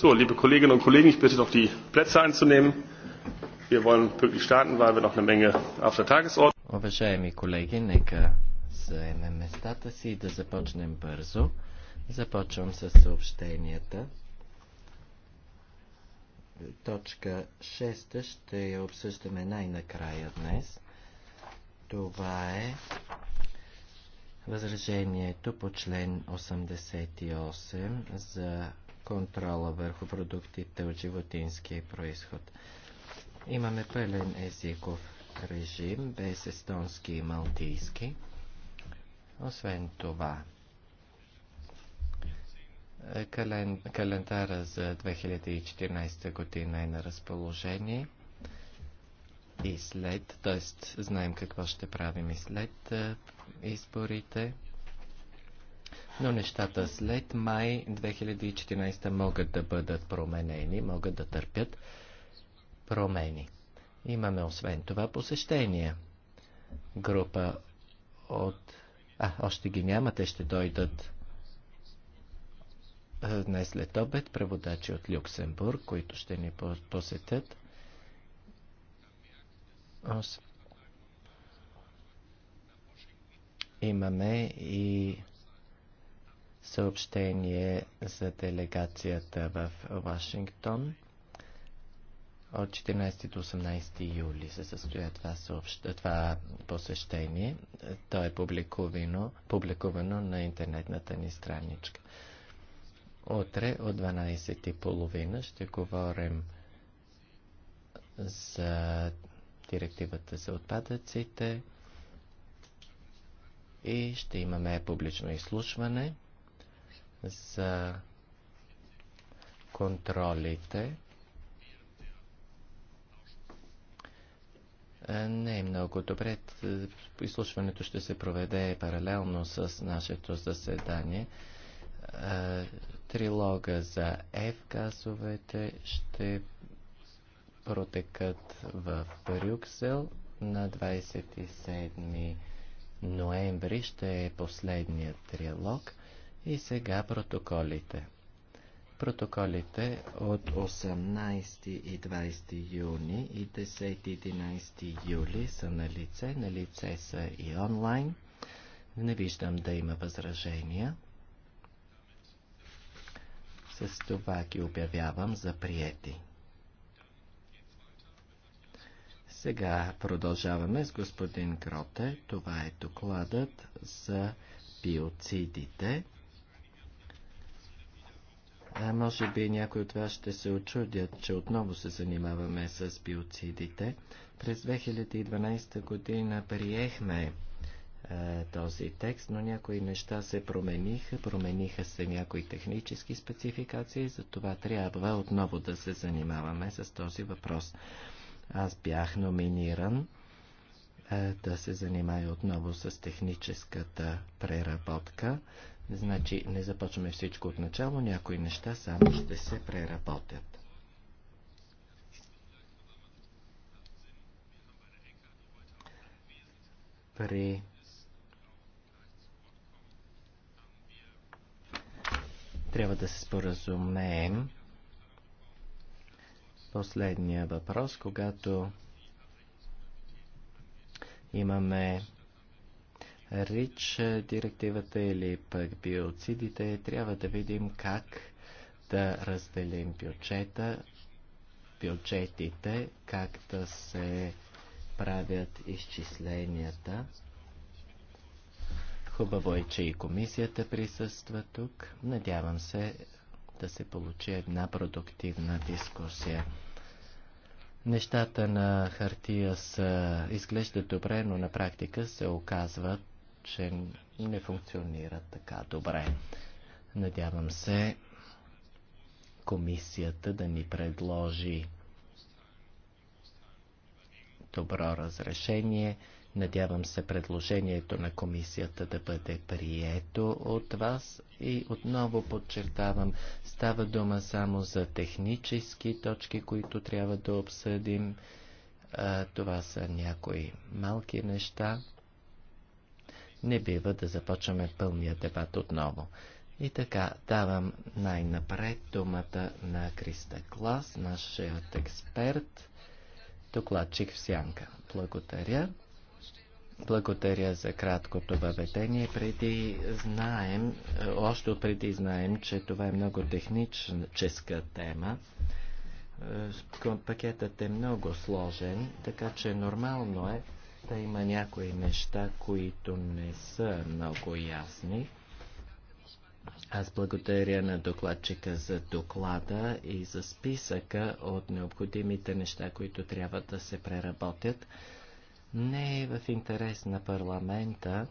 So, liebe Kolleginnen und Kollegen, ich bitte doch die Plätze einzunehmen. Wir wollen pünktlich starten, weil wir noch eine Menge auf der Tagesordnung. haben. Започвам с съобщенията. Точка 6 ще я обсъждаме най-накрая днес. Това е възражението по член 88 за контрола върху продуктите от животински происход. Имаме пълен езиков режим, без естонски и малтийски. Освен това, е, кален, календара за 2014 година е на разположение и след, т.е. знаем какво ще правим и след е, изборите но нещата след май 2014 могат да бъдат променени, могат да търпят промени. Имаме освен това посещение. Група от... А, още ги няма, те ще дойдат днес след обед, преводачи от Люксембург, които ще ни посетят. Имаме и съобщение за делегацията в Вашингтон. От 14 до 18 юли се състоя това, съобщ... това посещение. То е публикувано, публикувано на интернетната ни страничка. Утре от 12.30 ще говорим за директивата за отпадъците и ще имаме публично изслушване за контролите. Е, не е много добре. Изслушването ще се проведе паралелно с нашето заседание. Е, трилога за F-газовете ще протекат в Брюксел на 27 ноември ще е последният трилог. И сега протоколите. Протоколите от 18 и 20 юни и 10 и 11 юли са на лице. На лице са и онлайн. Не виждам да има възражения. С това ги обявявам за приети. Сега продължаваме с господин Кроте. Това е докладът за биоцидите. А може би някои от вас ще се очудят, че отново се занимаваме с биоцидите. През 2012 година приехме е, този текст, но някои неща се промениха, промениха се някои технически спецификации, затова трябва отново да се занимаваме с този въпрос. Аз бях номиниран е, да се занимая отново с техническата преработка Значи не започваме всичко от начало, някои неща само ще се преработят. При трябва да се споразумеем последния въпрос, когато имаме РИЧ директивата или пък биоцидите, трябва да видим как да разделим бюджета, бюджетите, как да се правят изчисленията. Хубаво е, че и комисията присъства тук. Надявам се да се получи една продуктивна дискусия. Нещата на хартия са, изглеждат добре, но на практика се оказват че не функционира така добре. Надявам се комисията да ни предложи добро разрешение. Надявам се предложението на комисията да бъде прието от вас и отново подчертавам, става дума само за технически точки, които трябва да обсъдим. Това са някои малки неща не бива да започваме пълния дебат отново. И така, давам най-напред думата на Криста Клас, нашият експерт, докладчик в Сянка. Благодаря. Благодаря за краткото въведение. Преди знаем, още преди знаем, че това е много техническа тема. Пакетът е много сложен, така че нормално е текста има някои неща, които не са много ясни. Аз благодаря на докладчика за доклада и за списъка от необходимите неща, които трябва да се преработят. Не е в интерес на парламента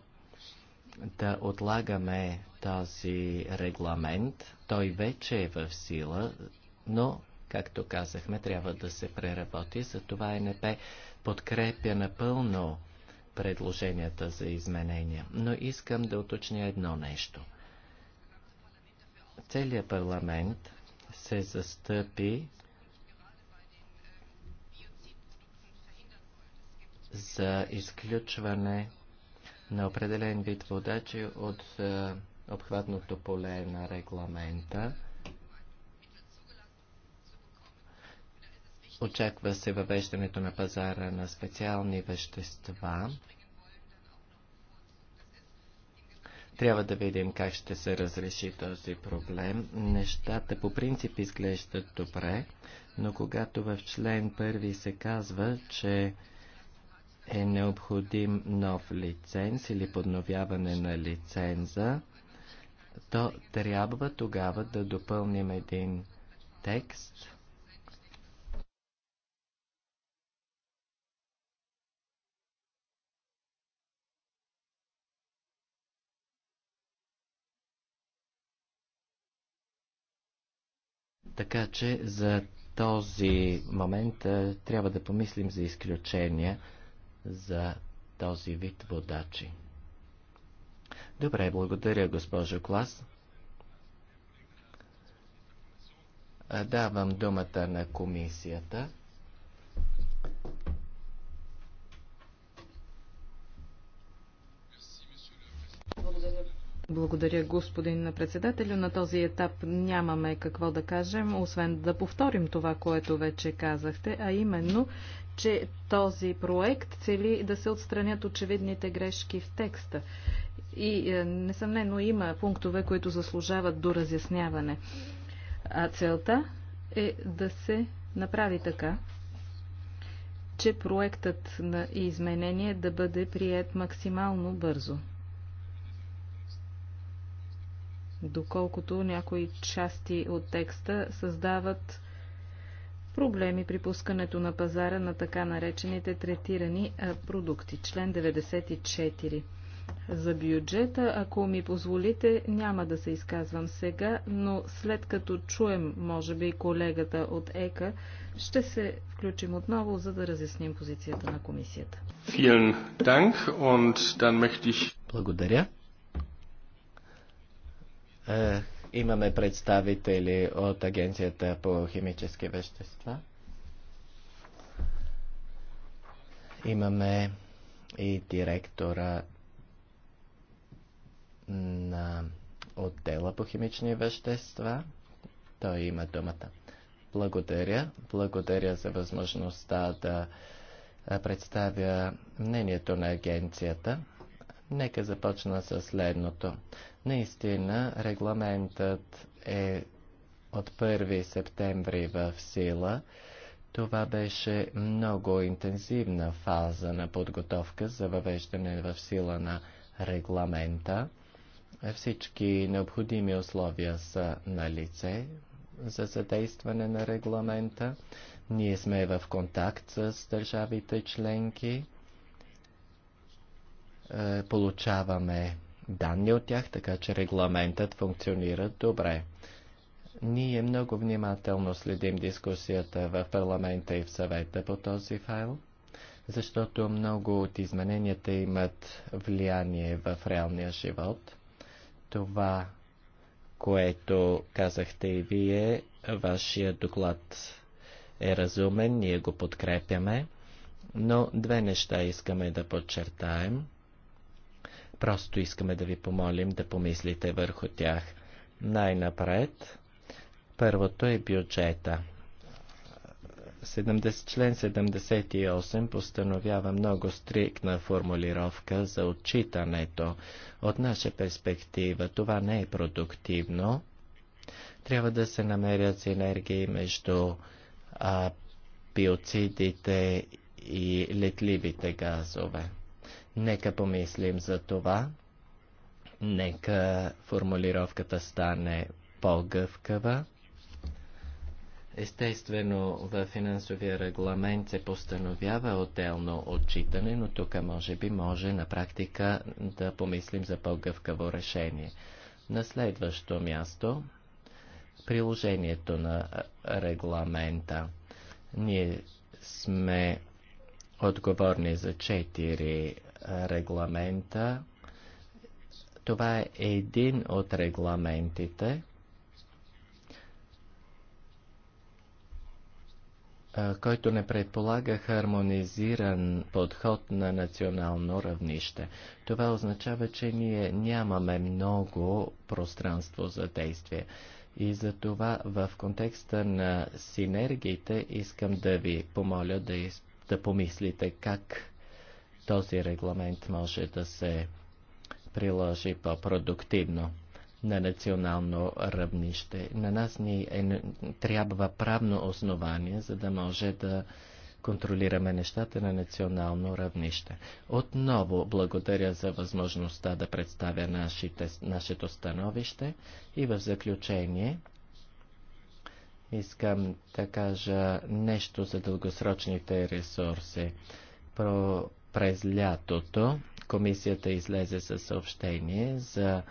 да отлагаме този регламент. Той вече е в сила, но както казахме, трябва да се преработи. Затова НП подкрепя напълно предложенията за изменения. Но искам да уточня едно нещо. Целият парламент се застъпи за изключване на определен вид водачи от е, обхватното поле на регламента. Очаква се въвеждането на пазара на специални вещества. Трябва да видим как ще се разреши този проблем. Нещата по принцип изглеждат добре, но когато в член първи се казва, че е необходим нов лиценз или подновяване на лиценза, то трябва тогава да допълним един текст – Така че за този момент трябва да помислим за изключения за този вид водачи. Добре, благодаря, госпожо Клас. Давам думата на комисията. Благодаря, господин председателю. На този етап нямаме какво да кажем, освен да повторим това, което вече казахте, а именно, че този проект цели да се отстранят очевидните грешки в текста. И е, несъмнено има пунктове, които заслужават до разясняване. А целта е да се направи така, че проектът на изменение да бъде прият максимално бързо доколкото някои части от текста създават проблеми при пускането на пазара на така наречените третирани продукти. Член 94. За бюджета, ако ми позволите, няма да се изказвам сега, но след като чуем, може би, колегата от ЕКА, ще се включим отново, за да разясним позицията на комисията. Благодаря. Е, имаме представители от Агенцията по химически вещества. Имаме и директора на отдела по химични вещества. Той има думата. Благодаря. Благодаря за възможността да е, представя мнението на агенцията. Нека започна с следното. Наистина, регламентът е от 1 септември в сила. Това беше много интензивна фаза на подготовка за въвеждане в сила на регламента. Всички необходими условия са на лице за задействане на регламента. Ние сме в контакт с държавите членки е, получаваме данни от тях, така че регламентът функционира добре. Ние много внимателно следим дискусията в парламента и в съвета по този файл, защото много от измененията имат влияние в реалния живот. Това, което казахте и вие, вашия доклад е разумен, ние го подкрепяме, но две неща искаме да подчертаем – Просто искаме да ви помолим да помислите върху тях. Най-напред, първото е бюджета. 70, член 78 постановява много стриктна формулировка за отчитането. От наша перспектива това не е продуктивно. Трябва да се намерят синергии между а, биоцидите и летливите газове. Нека помислим за това. Нека формулировката стане по-гъвкава. Естествено, в финансовия регламент се постановява отделно отчитане, но тук може би може на практика да помислим за по-гъвкаво решение. На следващо място, приложението на регламента. Ние сме отговорни за четири регламента. Това е един от регламентите, който не предполага хармонизиран подход на национално равнище. Това означава, че ние нямаме много пространство за действие. И за това в контекста на синергиите искам да ви помоля да, из... да помислите как този регламент може да се приложи по-продуктивно на национално равнище. На нас ни е, трябва правно основание, за да може да контролираме нещата на национално равнище. Отново благодаря за възможността да представя нашите, нашето становище и в заключение искам да кажа нещо за дългосрочните ресурси. Про през лятото комисията излезе със съобщение за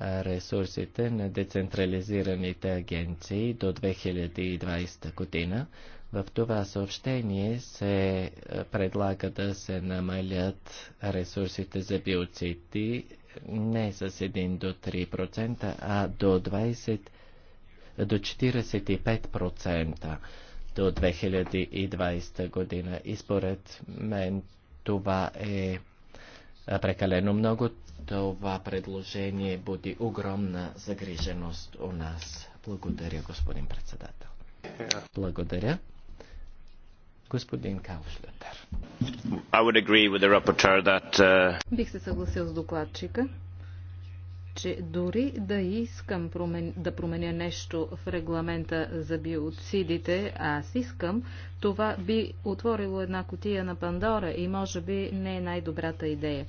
ресурсите на децентрализираните агенции до 2020 година. В това съобщение се предлага да се намалят ресурсите за биоцити не с 1 до 3%, а до 20 до 45% до 2020 година. И според мен това е прекалено много. Това предложение буди огромна загриженост у нас. Благодаря, господин председател. Благодаря. Господин Каушлетер. Uh, Бих се съгласил с докладчика че дори да искам промен... да променя нещо в регламента за биоцидите, аз искам, това би отворило една котия на Пандора и може би не е най-добрата идея.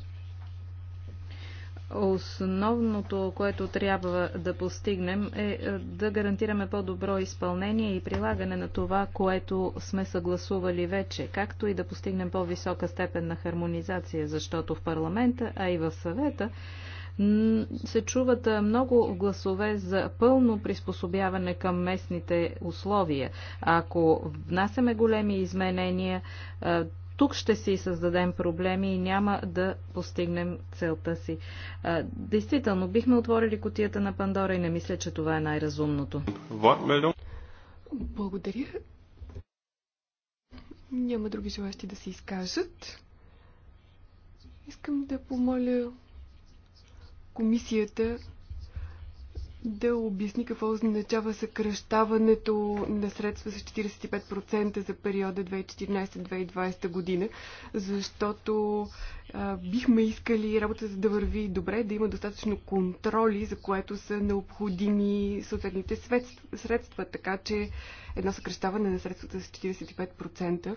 Основното, което трябва да постигнем е, е да гарантираме по-добро изпълнение и прилагане на това, което сме съгласували вече, както и да постигнем по-висока степен на хармонизация, защото в парламента, а и в съвета, се чуват много гласове за пълно приспособяване към местните условия. Ако внасяме големи изменения, тук ще си създадем проблеми и няма да постигнем целта си. Действително, бихме отворили котията на Пандора и не мисля, че това е най-разумното. Благодаря. Няма други желащи да се изкажат. Искам да помоля комисията да обясни какво означава съкръщаването на средства с 45% за периода 2014-2020 година, защото а, бихме искали работата да върви добре, да има достатъчно контроли, за което са необходими съответните средства, средства така че едно съкръщаване на средствата с 45%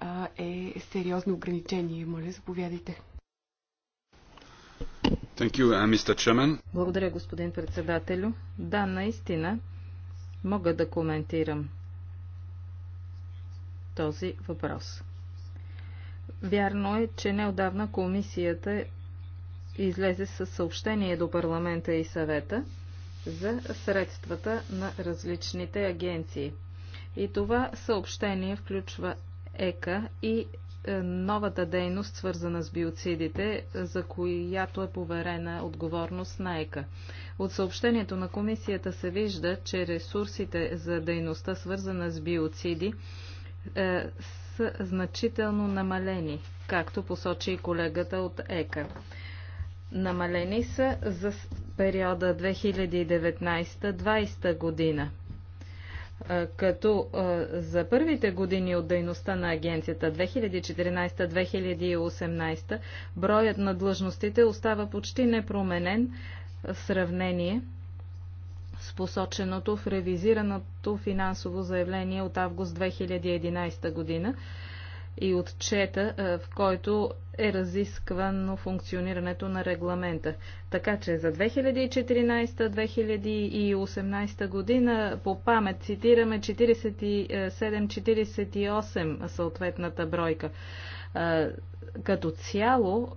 а, е сериозно ограничение. Моля, заповядайте. You, uh, Благодаря, господин председателю. Да, наистина мога да коментирам този въпрос. Вярно е, че неодавна комисията излезе със съобщение до парламента и съвета за средствата на различните агенции. И това съобщение включва ЕКА и е, новата дейност, свързана с биоцидите, за която е поверена отговорност на ЕКА. От съобщението на комисията се вижда, че ресурсите за дейността, свързана с биоциди, е, са значително намалени, както посочи и колегата от ЕКА. Намалени са за периода 2019-2020 година като за първите години от дейността на агенцията 2014-2018 броят на длъжностите остава почти непроменен в сравнение с посоченото в ревизираното финансово заявление от август 2011 година и отчета, е, в който е разисквано функционирането на регламента. Така че за 2014-2018 година по памет цитираме 47-48 съответната бройка. Е, като цяло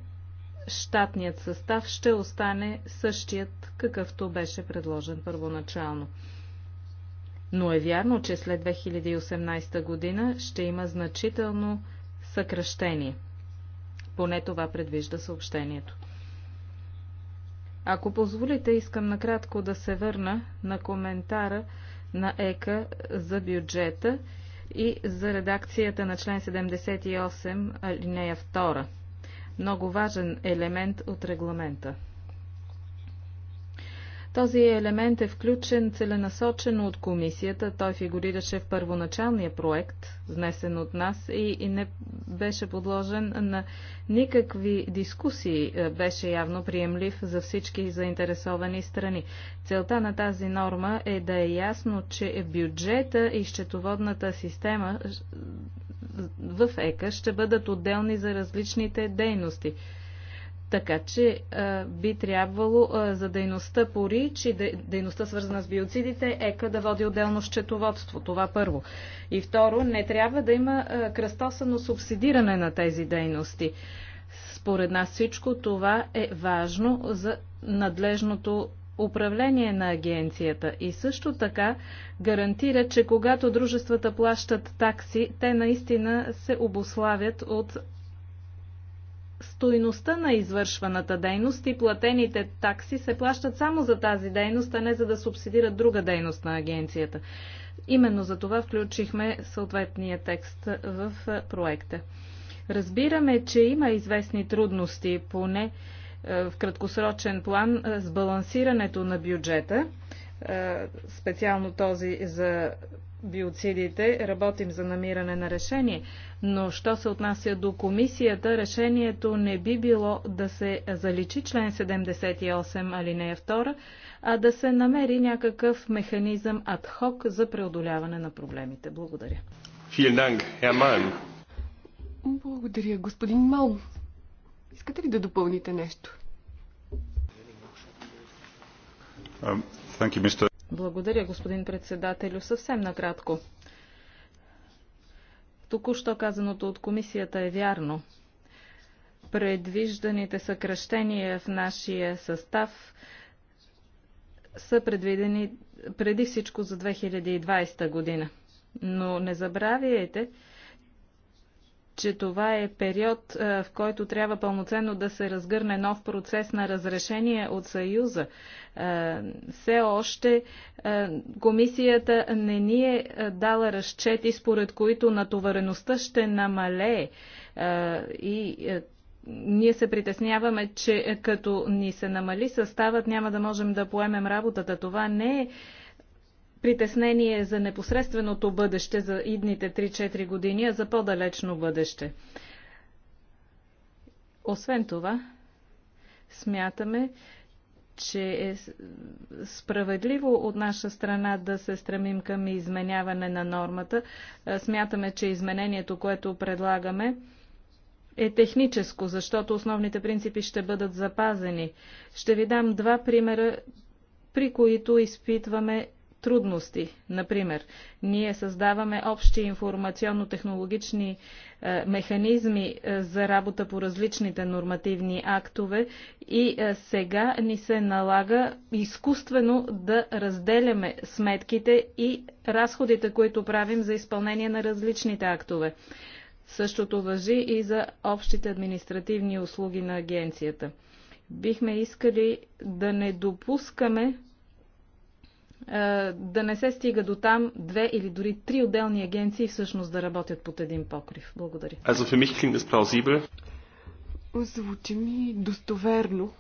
щатният състав ще остане същият, какъвто беше предложен първоначално но е вярно, че след 2018 година ще има значително съкръщение. Поне това предвижда съобщението. Ако позволите, искам накратко да се върна на коментара на ЕКА за бюджета и за редакцията на член 78, алинея 2. Много важен елемент от регламента. Този елемент е включен целенасочено от комисията. Той фигурираше в първоначалния проект, внесен от нас и не беше подложен на никакви дискусии. Е, беше явно приемлив за всички заинтересовани страни. Целта на тази норма е да е ясно, че бюджета и счетоводната система в ЕКА ще бъдат отделни за различните дейности. Така че а, би трябвало а, за дейността по РИЧ и дейността свързана с биоцидите ЕКА да води отделно счетоводство. Това първо. И второ, не трябва да има а, кръстосано субсидиране на тези дейности. Според нас всичко това е важно за надлежното управление на агенцията и също така гарантира, че когато дружествата плащат такси, те наистина се обославят от стойността на извършваната дейност и платените такси се плащат само за тази дейност, а не за да субсидират друга дейност на агенцията. Именно за това включихме съответния текст в проекта. Разбираме, че има известни трудности, поне в краткосрочен план, с балансирането на бюджета, специално този за биоцидите, работим за намиране на решение, но що се отнася до комисията, решението не би било да се заличи член 78 алинея 2, а да се намери някакъв механизъм адхок за преодоляване на проблемите. Благодаря. Благодаря, господин Малм. Искате ли да допълните нещо? Um, you, благодаря, господин председателю. Съвсем накратко. Току-що казаното от комисията е вярно. Предвижданите съкръщения в нашия състав са предвидени преди всичко за 2020 година. Но не забравяйте, че това е период, в който трябва пълноценно да се разгърне нов процес на разрешение от Съюза. Все още комисията не ни е дала разчети, според които натовареността ще намалее и ние се притесняваме, че като ни се намали съставът, няма да можем да поемем работата. Това не е притеснение за непосредственото бъдеще за идните 3-4 години, а за по-далечно бъдеще. Освен това, смятаме, че е справедливо от наша страна да се стремим към изменяване на нормата. Е, смятаме, че изменението, което предлагаме, е техническо, защото основните принципи ще бъдат запазени. Ще ви дам два примера, при които изпитваме трудности. Например, ние създаваме общи информационно-технологични е, механизми е, за работа по различните нормативни актове и е, сега ни се налага изкуствено да разделяме сметките и разходите, които правим за изпълнение на различните актове. Същото въжи и за общите административни услуги на агенцията. Бихме искали да не допускаме е, да не се стига до там две или дори три отделни агенции всъщност да работят под един покрив. Благодаря. Also für mich klingt es plausibel. Звучи ми достоверно.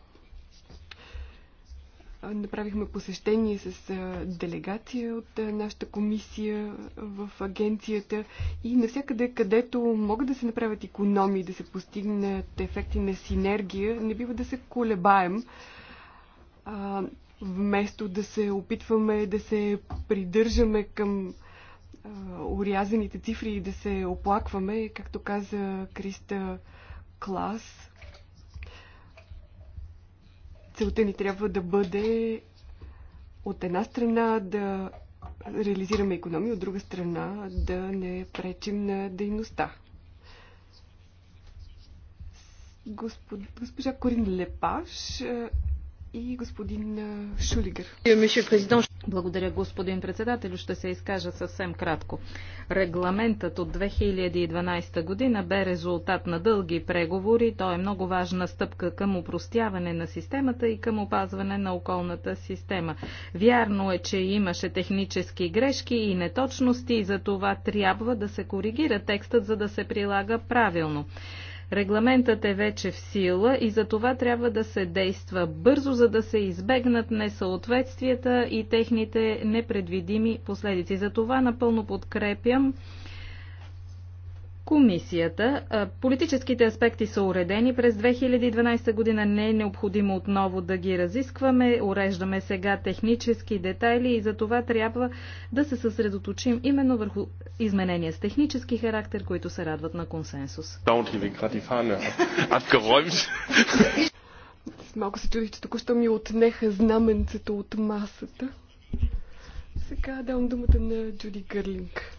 Направихме посещение с е, делегация от е, нашата комисия в агенцията и навсякъде, където могат да се направят економии, да се постигнат ефекти на синергия, не бива да се колебаем вместо да се опитваме да се придържаме към а, урязаните цифри и да се оплакваме, както каза Криста Клас, целта ни трябва да бъде от една страна да реализираме економия, от друга страна да не пречим на дейността. госпожа Корин Лепаш и господин Шулигер. Благодаря, господин председател. Ще се изкажа съвсем кратко. Регламентът от 2012 година бе резултат на дълги преговори. Той е много важна стъпка към упростяване на системата и към опазване на околната система. Вярно е, че имаше технически грешки и неточности и за това трябва да се коригира текстът, за да се прилага правилно. Регламентът е вече в сила и за това трябва да се действа бързо, за да се избегнат несъответствията и техните непредвидими последици. За това напълно подкрепям комисията. Политическите аспекти са уредени през 2012 година. Не е необходимо отново да ги разискваме. Уреждаме сега технически детайли и за това трябва да се съсредоточим именно върху изменения с технически характер, които се радват на консенсус. Малко се чудих, че току-що ми отнеха знаменцето от масата. Сега давам думата на Джуди Гърлинг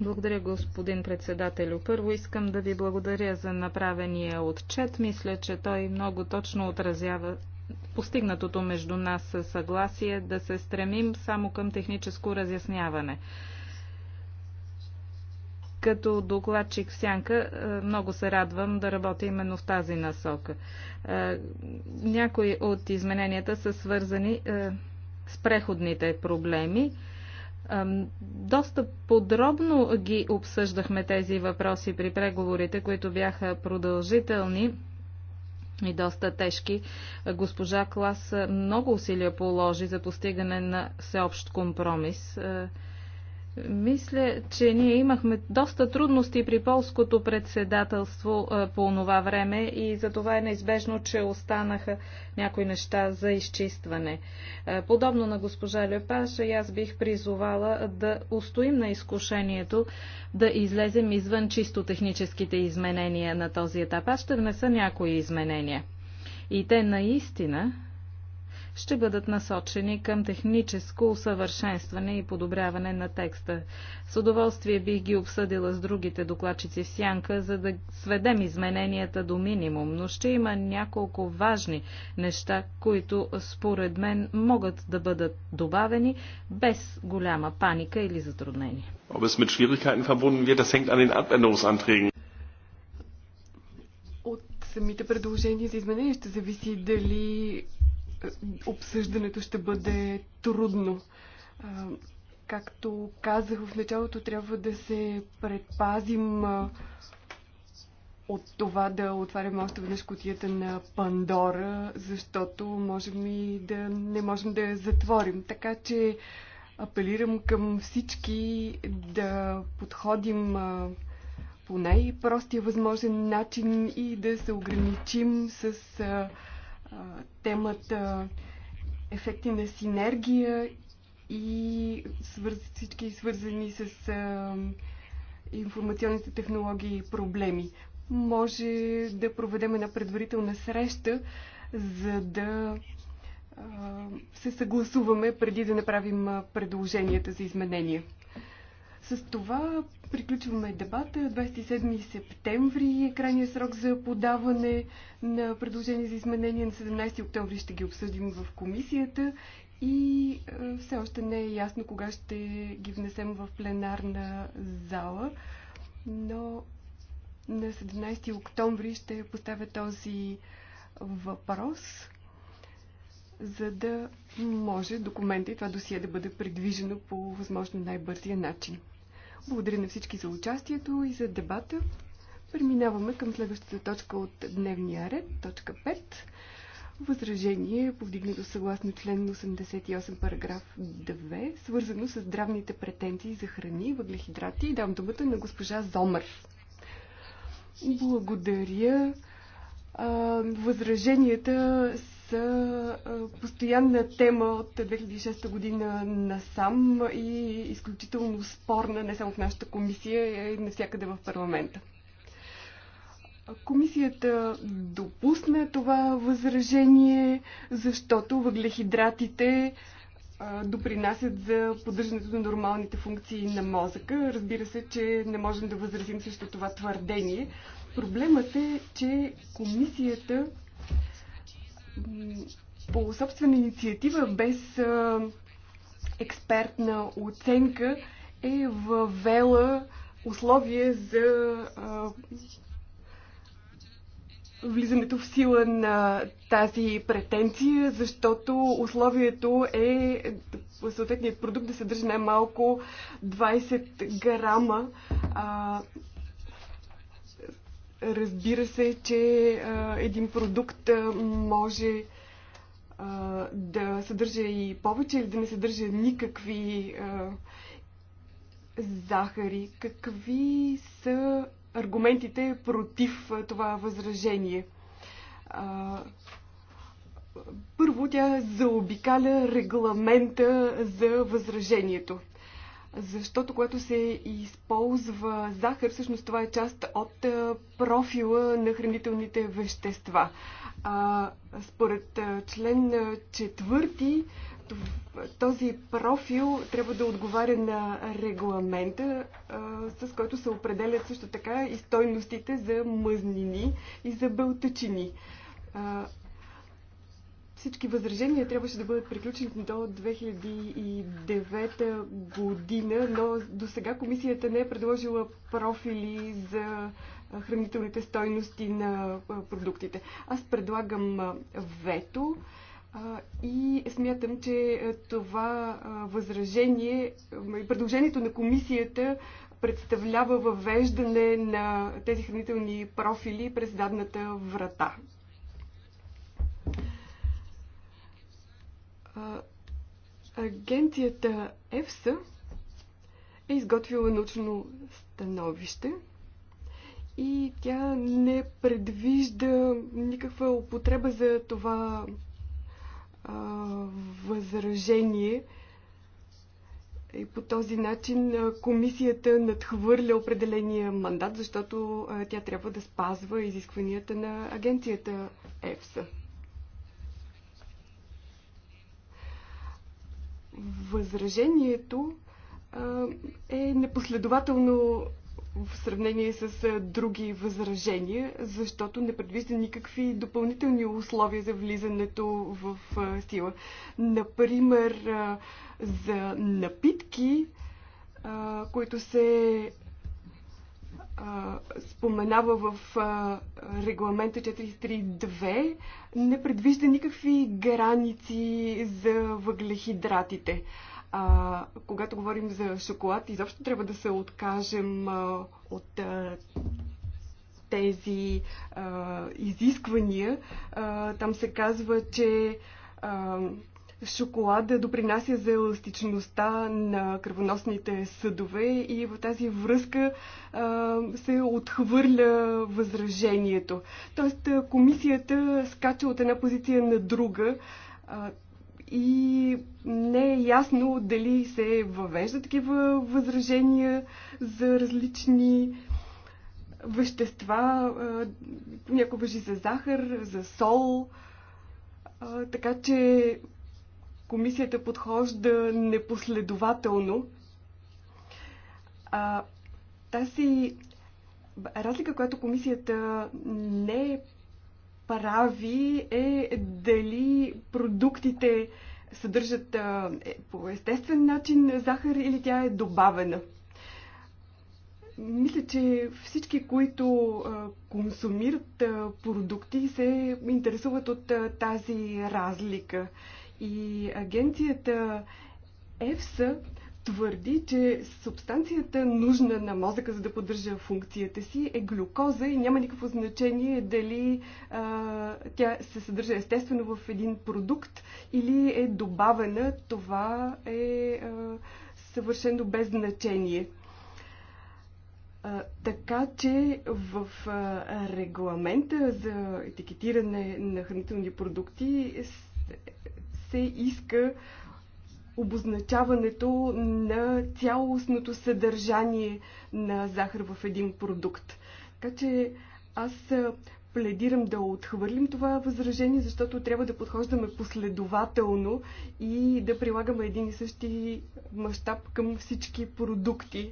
благодаря, господин председателю. Първо искам да ви благодаря за направения отчет. Мисля, че той много точно отразява постигнатото между нас съгласие да се стремим само към техническо разясняване. Като докладчик в Сянка е, много се радвам да работя именно в тази насока. Е, някои от измененията са свързани е, с преходните проблеми. Доста подробно ги обсъждахме тези въпроси при преговорите, които бяха продължителни и доста тежки. Госпожа Клас много усилия положи за постигане на всеобщ компромис. Е, мисля, че ние имахме доста трудности при полското председателство по това време и за това е неизбежно, че останаха някои неща за изчистване. Подобно на госпожа Лепаш, аз бих призовала да устоим на изкушението да излезем извън чисто техническите изменения на този етап. Аз ще внеса някои изменения. И те наистина ще бъдат насочени към техническо усъвършенстване и подобряване на текста. С удоволствие бих ги обсъдила с другите докладчици в сянка, за да сведем измененията до минимум, но ще има няколко важни неща, които според мен могат да бъдат добавени без голяма паника или затруднение. От самите предложения за изменения ще зависи дали обсъждането ще бъде трудно. Както казах в началото, трябва да се предпазим от това да отваряме още веднъж котията на Пандора, защото можем и да не можем да я затворим. Така че апелирам към всички да подходим по най-простия възможен начин и да се ограничим с темата ефекти на синергия и свърз, всички свързани с а, информационните технологии и проблеми. Може да проведем една предварителна среща, за да а, се съгласуваме преди да направим предложенията за изменения. С това приключваме дебата. 27 септември е крайният срок за подаване на предложение за изменение. На 17 октомври ще ги обсъдим в комисията и все още не е ясно кога ще ги внесем в пленарна зала, но на 17 октомври ще поставя този въпрос, за да може документа и това досие да бъде предвижено по възможно най-бързия начин. Благодаря на всички за участието и за дебата. Преминаваме към следващата точка от дневния ред, точка 5. Възражение, повдигнато съгласно член 88, параграф 2, свързано с здравните претенции за храни, въглехидрати и дам думата на госпожа Зомър. Благодаря. Възраженията са постоянна тема от 2006 година насам и изключително спорна не само в нашата комисия, а и навсякъде в парламента. Комисията допусна това възражение, защото въглехидратите допринасят за поддържането на нормалните функции на мозъка. Разбира се, че не можем да възразим срещу това твърдение. Проблемът е, че комисията по собствена инициатива, без експертна оценка, е въвела условие за влизането в сила на тази претенция, защото условието е съответният продукт да съдържа най-малко 20 грама а, Разбира се, че а, един продукт а, може а, да съдържа и повече или да не съдържа никакви а, захари. Какви са аргументите против а, това възражение? А, първо, тя заобикаля регламента за възражението защото когато се използва захар, всъщност това е част от е, профила на хранителните вещества. А, според е, член четвърти, този профил трябва да отговаря на регламента, а, е, с който се определят също така и стойностите за мъзнини и за белтъчини. Всички възражения трябваше да бъдат приключени до 2009 година, но до сега комисията не е предложила профили за хранителните стойности на продуктите. Аз предлагам вето и смятам, че това възражение, предложението на комисията представлява въвеждане на тези хранителни профили през дадната врата, агенцията ЕФСА е изготвила научно становище и тя не предвижда никаква употреба за това а, възражение. И по този начин комисията надхвърля определения мандат, защото тя трябва да спазва изискванията на агенцията ЕФСА. възражението е непоследователно в сравнение с други възражения, защото не предвижда никакви допълнителни условия за влизането в сила. Например, за напитки, които се споменава в регламента 432, не предвижда никакви граници за въглехидратите. А, когато говорим за шоколад, изобщо трябва да се откажем а, от а, тези а, изисквания. А, там се казва, че а, Шоколада допринася за еластичността на кръвоносните съдове и в тази връзка а, се отхвърля възражението. Тоест комисията скача от една позиция на друга а, и не е ясно дали се въвежда такива възражения за различни вещества. Някои въжи за захар, за сол. А, така че комисията подхожда непоследователно. А, тази разлика, която комисията не прави, е дали продуктите съдържат а, е, по естествен начин захар или тя е добавена. Мисля, че всички, които а, консумират а, продукти, се интересуват от а, тази разлика. И агенцията ЕФСА твърди, че субстанцията нужна на мозъка, за да поддържа функцията си, е глюкоза и няма никакво значение дали а, тя се съдържа естествено в един продукт или е добавена. Това е а, съвършено без значение. А, така че в а, регламента за етикетиране на хранителни продукти се иска обозначаването на цялостното съдържание на захар в един продукт. Така че аз пледирам да отхвърлим това възражение, защото трябва да подхождаме последователно и да прилагаме един и същи мащаб към всички продукти.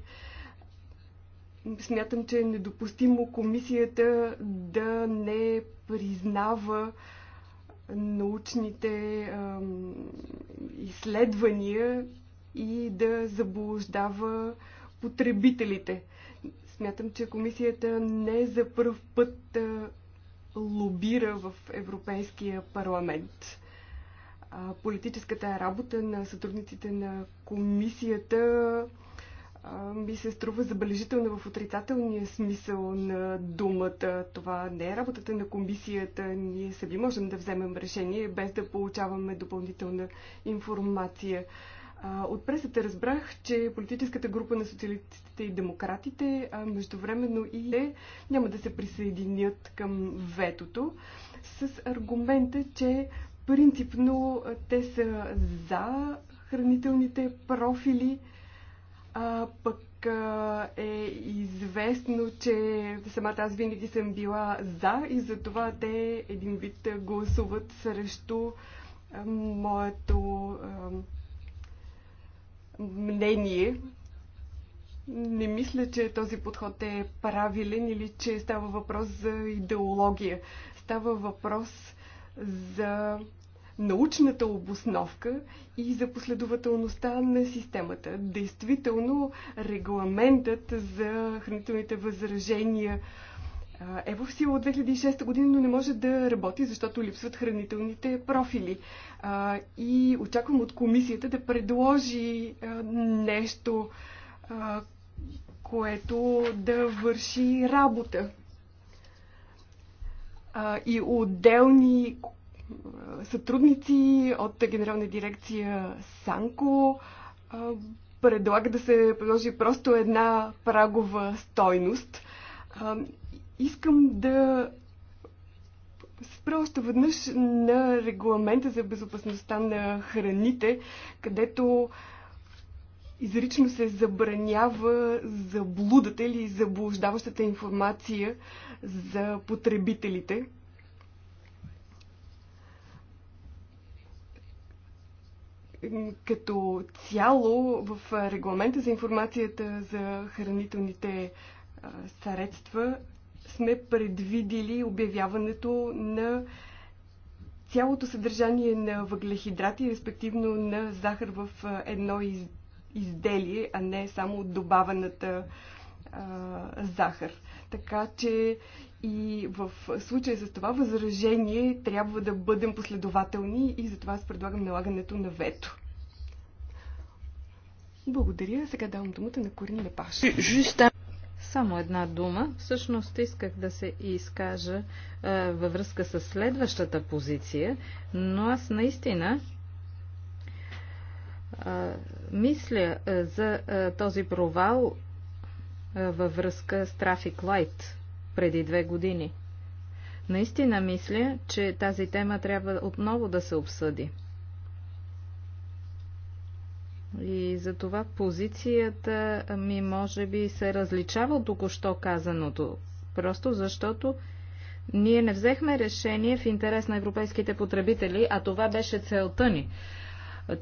Смятам, че е недопустимо комисията да не признава научните изследвания и да заблуждава потребителите. Смятам, че комисията не за първ път а, лобира в Европейския парламент. А, политическата работа на сътрудниците на комисията ми се струва забележително в отрицателния смисъл на думата. Това не е работата на комисията. Ние сами можем да вземем решение, без да получаваме допълнителна информация. От пресата разбрах, че политическата група на социалистите и демократите, междувременно и те, няма да се присъединят към ветото с аргумента, че принципно те са за хранителните профили а, пък а, е известно, че самата аз винаги съм била за и затова те един вид гласуват срещу а, моето а, мнение. Не мисля, че този подход е правилен или че става въпрос за идеология. Става въпрос за научната обосновка и за последователността на системата. Действително, регламентът за хранителните възражения е в сила от 2006 година, но не може да работи, защото липсват хранителните профили. И очаквам от комисията да предложи нещо, което да върши работа. И отделни сътрудници от Генерална дирекция Санко предлага да се предложи просто една прагова стойност. Искам да спра още веднъж на регламента за безопасността на храните, където изрично се забранява заблудата или заблуждаващата информация за потребителите. като цяло в регламента за информацията за хранителните средства сме предвидили обявяването на цялото съдържание на въглехидрати, респективно на захар в едно изделие, а не само добавената захар. Така че и в случай с това възражение трябва да бъдем последователни и затова аз предлагам налагането на вето. Благодаря. Сега давам думата на Корин Лепаш. Само една дума. Всъщност исках да се изкажа е, във връзка с следващата позиция, но аз наистина е, мисля е, за е, този провал във връзка с Трафик Лайт преди две години. Наистина мисля, че тази тема трябва отново да се обсъди. И затова позицията ми може би се различава от току-що казаното. Просто защото ние не взехме решение в интерес на европейските потребители, а това беше целта ни.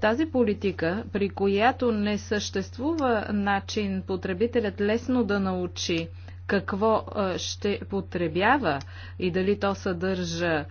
Тази политика, при която не съществува начин потребителят лесно да научи какво ще потребява и дали то съдържа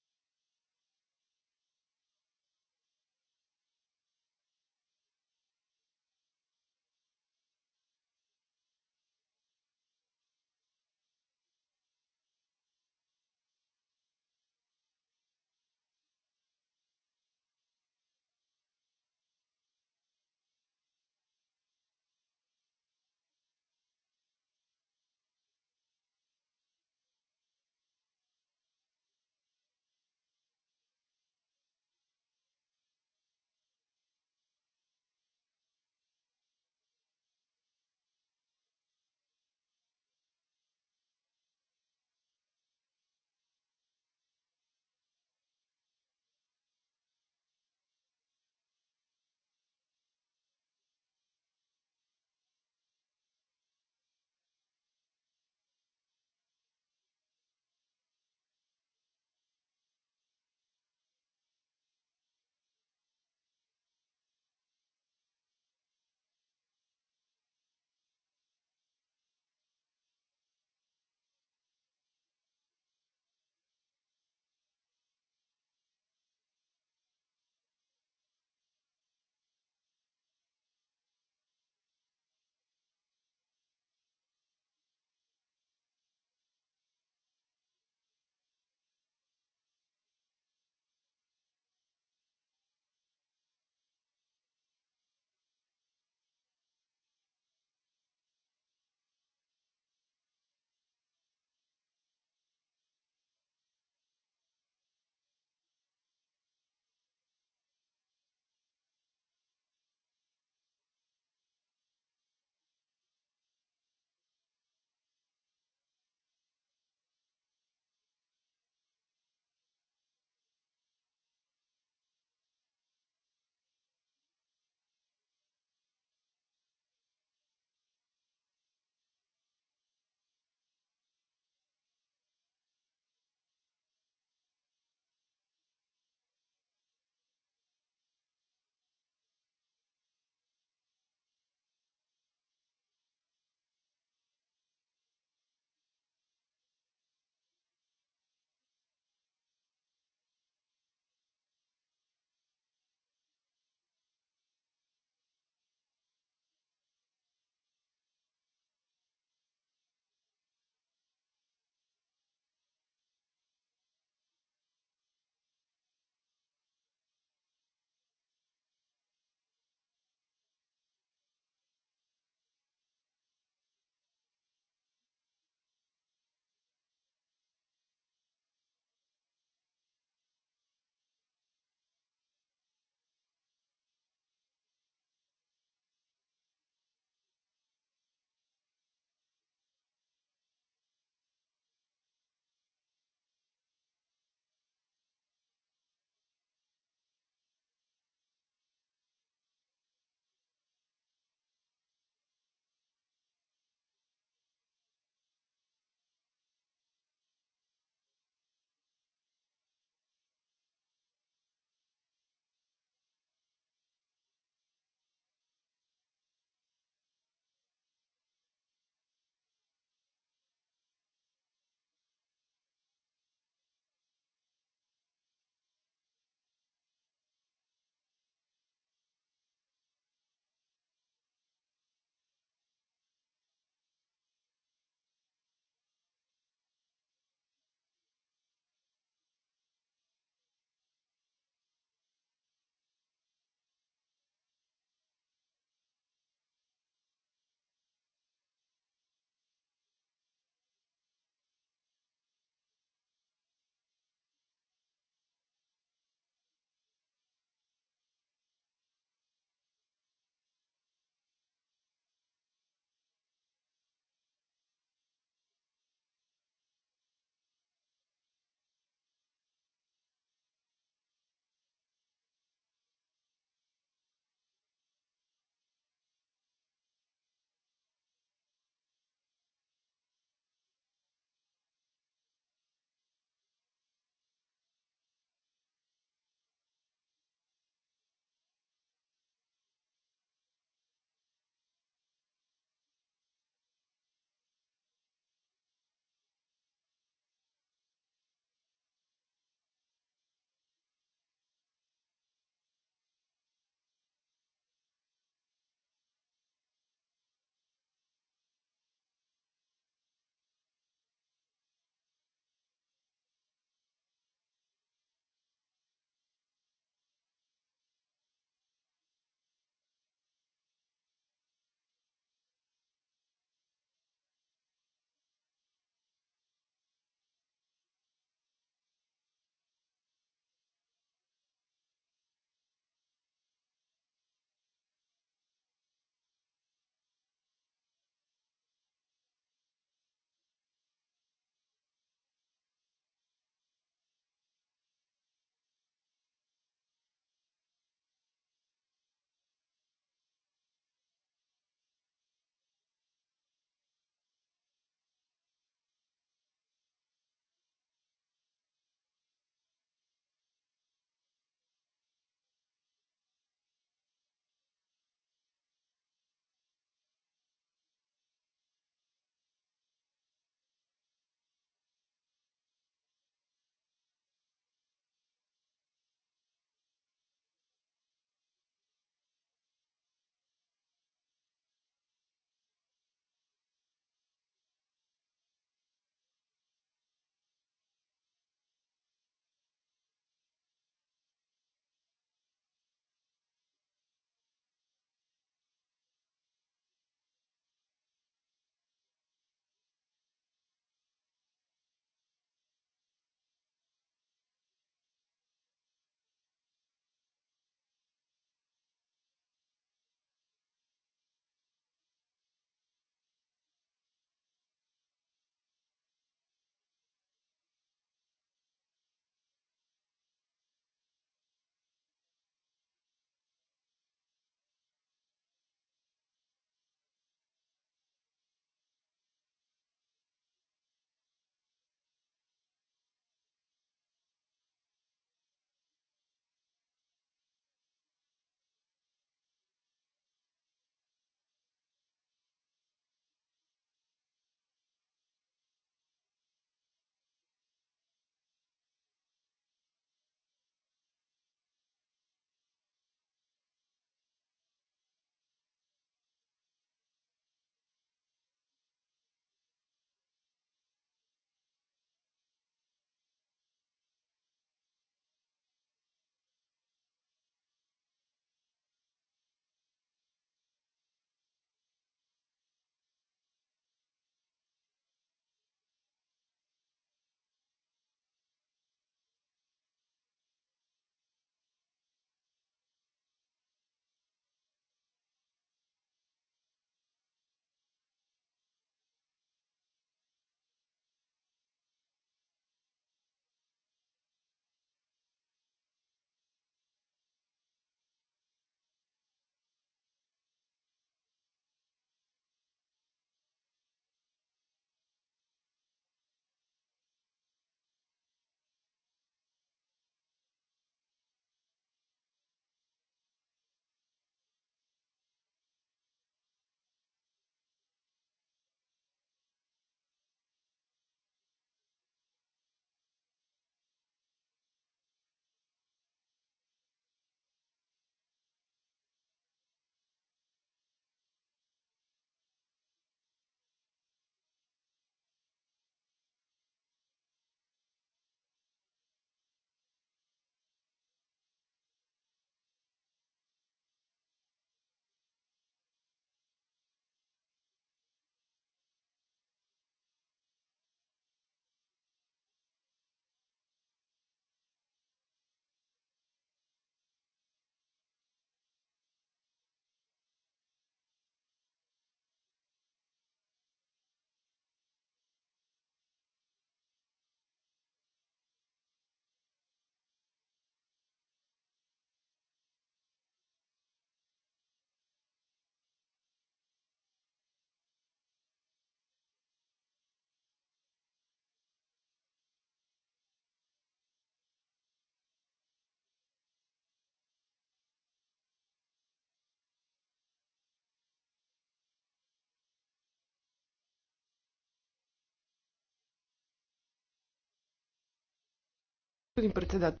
Господин председател,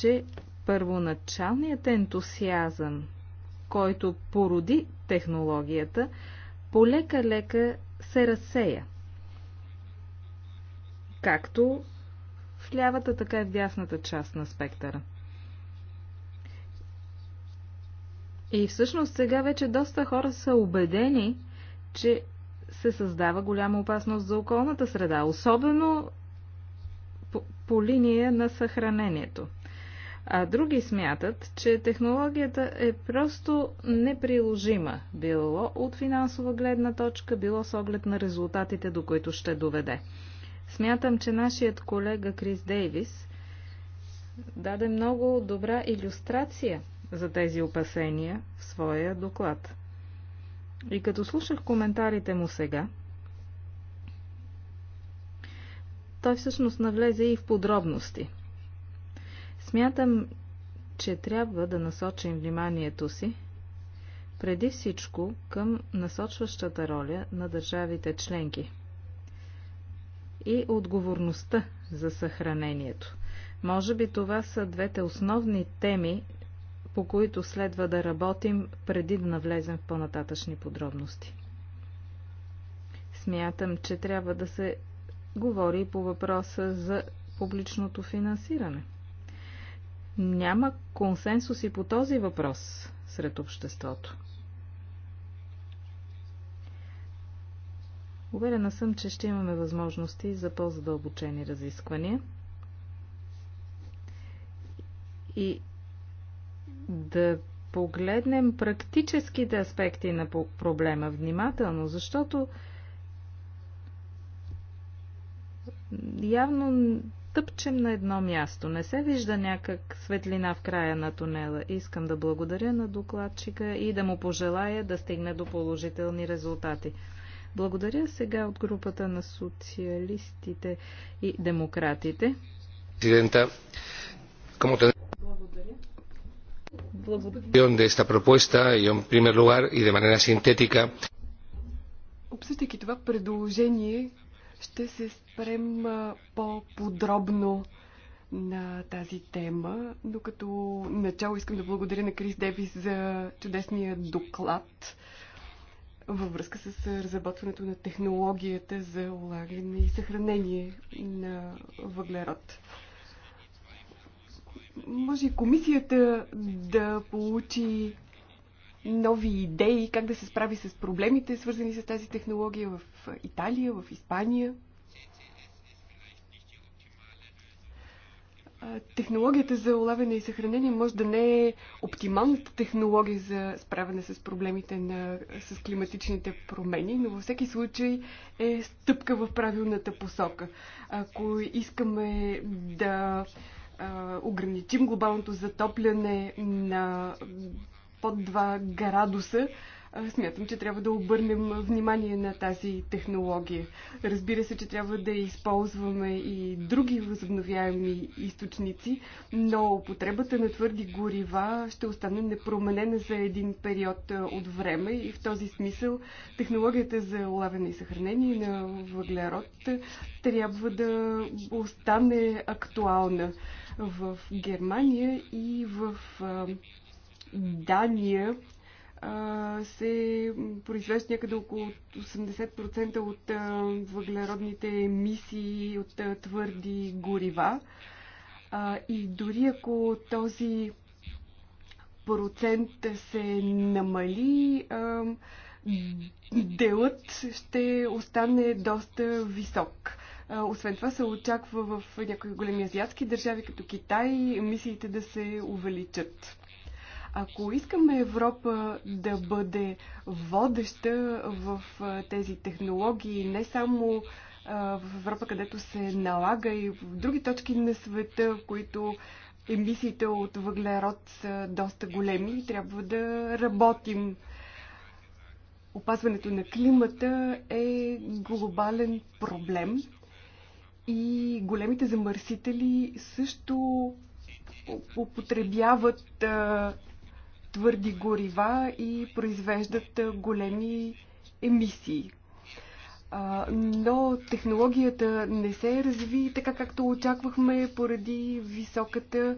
че първоначалният ентусиазъм, който породи технологията, полека-лека се разсея. Както в лявата, така и в дясната част на спектъра. И всъщност сега вече доста хора са убедени, че се създава голяма опасност за околната среда, особено по, по линия на съхранението а други смятат, че технологията е просто неприложима, било от финансова гледна точка, било с оглед на резултатите, до които ще доведе. Смятам, че нашият колега Крис Дейвис даде много добра иллюстрация за тези опасения в своя доклад. И като слушах коментарите му сега, той всъщност навлезе и в подробности – Смятам, че трябва да насочим вниманието си преди всичко към насочващата роля на държавите членки и отговорността за съхранението. Може би това са двете основни теми, по които следва да работим преди да навлезем в по-нататъчни подробности. Смятам, че трябва да се говори по въпроса за публичното финансиране – няма консенсус и по този въпрос сред обществото. Уверена съм, че ще имаме възможности за по-задълбочени разисквания и да погледнем практическите аспекти на проблема внимателно, защото явно тъпчем на едно място. Не се вижда някак светлина в края на тунела. Искам да благодаря на докладчика и да му пожелая да стигне до положителни резултати. Благодаря сега от групата на социалистите и демократите. Президента, Благодаря. Благодаря. de esta propuesta, yo en primer lugar y de manera sintética. Обсъждайки това предложение, ще се спрем по-подробно на тази тема, но като начало искам да благодаря на Крис Девис за чудесния доклад във връзка с разработването на технологията за улагане и съхранение на въглерод. Може и комисията да получи нови идеи как да се справи с проблемите, свързани с тази технология в Италия, в Испания. Технологията за улавяне и съхранение може да не е оптималната технология за справяне с проблемите на, с климатичните промени, но във всеки случай е стъпка в правилната посока. Ако искаме да ограничим глобалното затопляне на под 2 градуса, смятам, че трябва да обърнем внимание на тази технология. Разбира се, че трябва да използваме и други възобновяеми източници, но употребата на твърди горива ще остане непроменена за един период от време и в този смисъл технологията за улавяне и съхранение на въглерод трябва да остане актуална в Германия и в Дания се произвежда някъде около 80% от въглеродните емисии от твърди горива. И дори ако този процент се намали, делът ще остане доста висок. Освен това се очаква в някои големи азиатски държави, като Китай, емисиите да се увеличат. Ако искаме Европа да бъде водеща в тези технологии, не само в Европа, където се налага и в други точки на света, в които емисиите от въглерод са доста големи и трябва да работим. Опазването на климата е глобален проблем и големите замърсители също употребяват твърди горива и произвеждат големи емисии. Но технологията не се разви така както очаквахме поради високата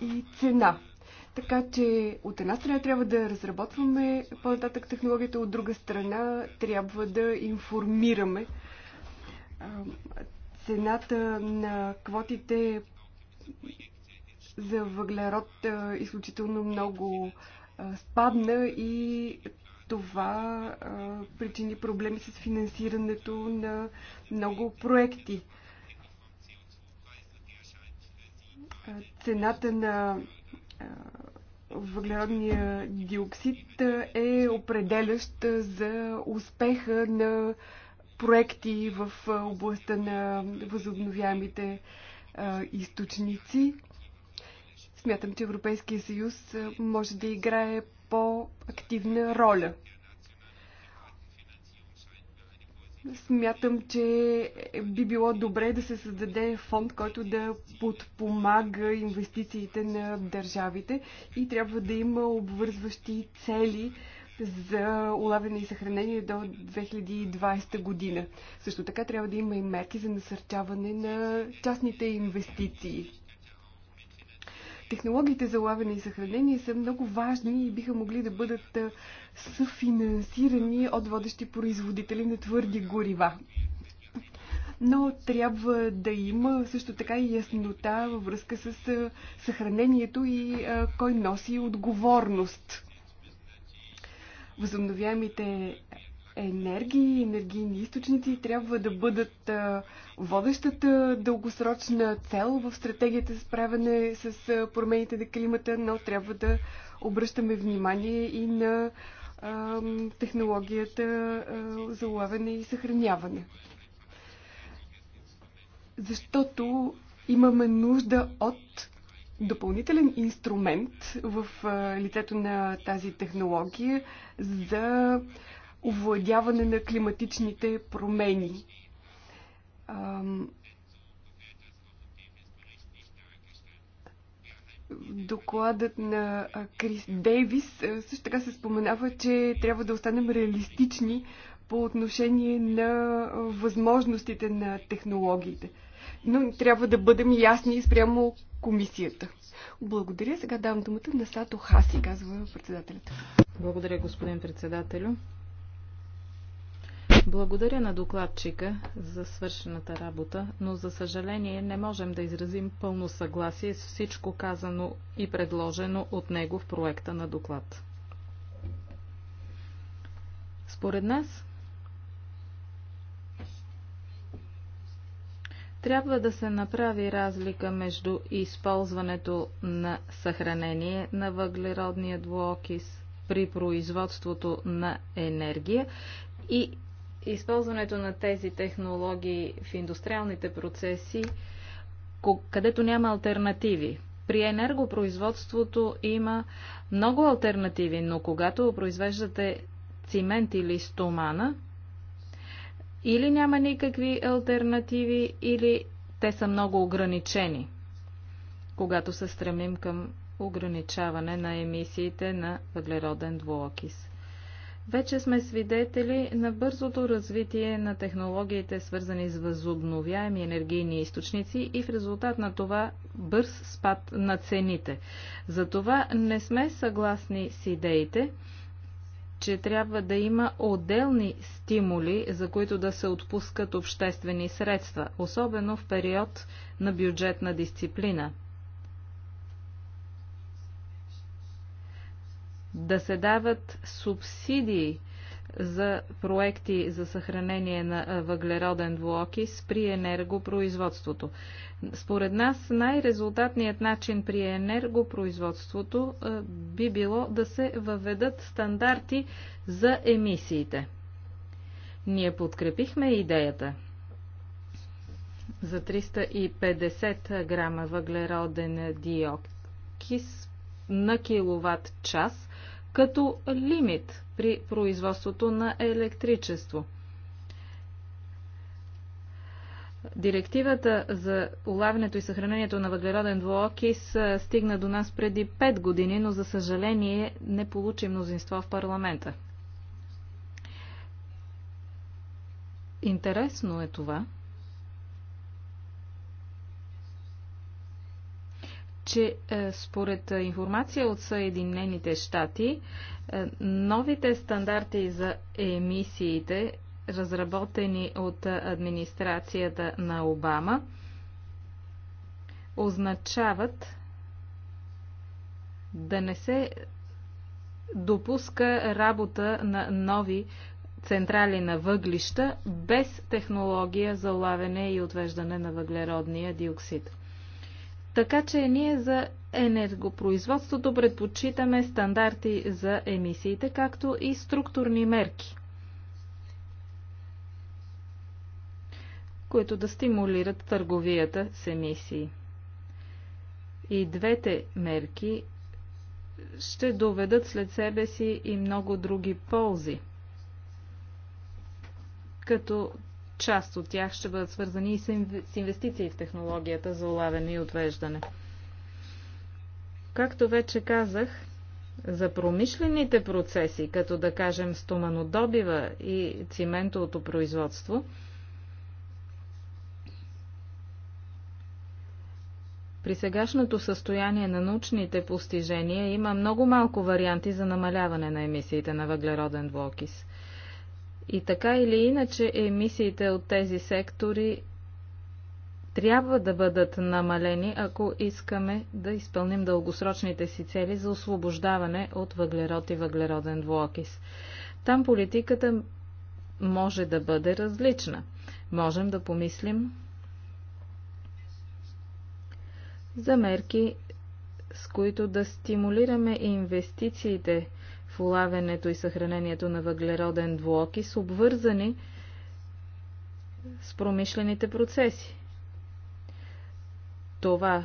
и цена. Така че от една страна трябва да разработваме по-нататък технологията, от друга страна трябва да информираме. Цената на квотите за въглерод е, изключително много е, спадна и това е, причини проблеми с финансирането на много проекти. Цената на въглеродния диоксид е определящ за успеха на проекти в областта на възобновяемите източници. Смятам, че Европейския съюз може да играе по-активна роля. Смятам, че би било добре да се създаде фонд, който да подпомага инвестициите на държавите и трябва да има обвързващи цели за улавяне и съхранение до 2020 година. Също така трябва да има и мерки за насърчаване на частните инвестиции. Технологиите за лавене и съхранение са много важни и биха могли да бъдат съфинансирани от водещи производители на твърди горива. Но трябва да има също така и яснота във връзка с съхранението и кой носи отговорност. Възобновяемите енергии, енергийни източници трябва да бъдат водещата дългосрочна цел в стратегията за справяне с промените на климата, но трябва да обръщаме внимание и на технологията за улавяне и съхраняване. Защото имаме нужда от допълнителен инструмент в лицето на тази технология за овладяване на климатичните промени. докладът на Крис Дейвис също така се споменава, че трябва да останем реалистични по отношение на възможностите на технологиите. Но трябва да бъдем ясни спрямо комисията. Благодаря. Сега давам думата на Сато Хаси, казва председателят. Благодаря, господин председателю. Благодаря на докладчика за свършената работа, но за съжаление не можем да изразим пълно съгласие с всичко казано и предложено от него в проекта на доклад. Според нас, трябва да се направи разлика между използването на съхранение на въглеродния двуокис при производството на енергия и използването на тези технологии в индустриалните процеси, където няма альтернативи. При енергопроизводството има много альтернативи, но когато произвеждате цимент или стомана, или няма никакви альтернативи, или те са много ограничени, когато се стремим към ограничаване на емисиите на въглероден двуокис. Вече сме свидетели на бързото развитие на технологиите, свързани с възобновяеми енергийни източници и в резултат на това бърз спад на цените. Затова не сме съгласни с идеите, че трябва да има отделни стимули, за които да се отпускат обществени средства, особено в период на бюджетна дисциплина. да се дават субсидии за проекти за съхранение на въглероден двуокис при енергопроизводството. Според нас най-резултатният начин при енергопроизводството би било да се въведат стандарти за емисиите. Ние подкрепихме идеята за 350 грама въглероден диокис на киловатт час като лимит при производството на електричество. Директивата за улавянето и съхранението на въглероден двуокис стигна до нас преди 5 години, но за съжаление не получи мнозинство в парламента. Интересно е това, че е, според е, информация от Съединените щати, е, новите стандарти за емисиите, разработени от администрацията на Обама, означават да не се допуска работа на нови централи на въглища без технология за лавене и отвеждане на въглеродния диоксид. Така че ние за енергопроизводството предпочитаме стандарти за емисиите, както и структурни мерки, които да стимулират търговията с емисии. И двете мерки ще доведат след себе си и много други ползи, като част от тях ще бъдат свързани и с инвестиции в технологията за улавяне и отвеждане. Както вече казах, за промишлените процеси, като да кажем стоманодобива и циментовото производство, При сегашното състояние на научните постижения има много малко варианти за намаляване на емисиите на въглероден двуокис. И така или иначе емисиите от тези сектори трябва да бъдат намалени, ако искаме да изпълним дългосрочните си цели за освобождаване от въглерод и въглероден двуокис. Там политиката може да бъде различна. Можем да помислим за мерки, с които да стимулираме инвестициите улавянето и съхранението на въглероден са обвързани с промишлените процеси. Това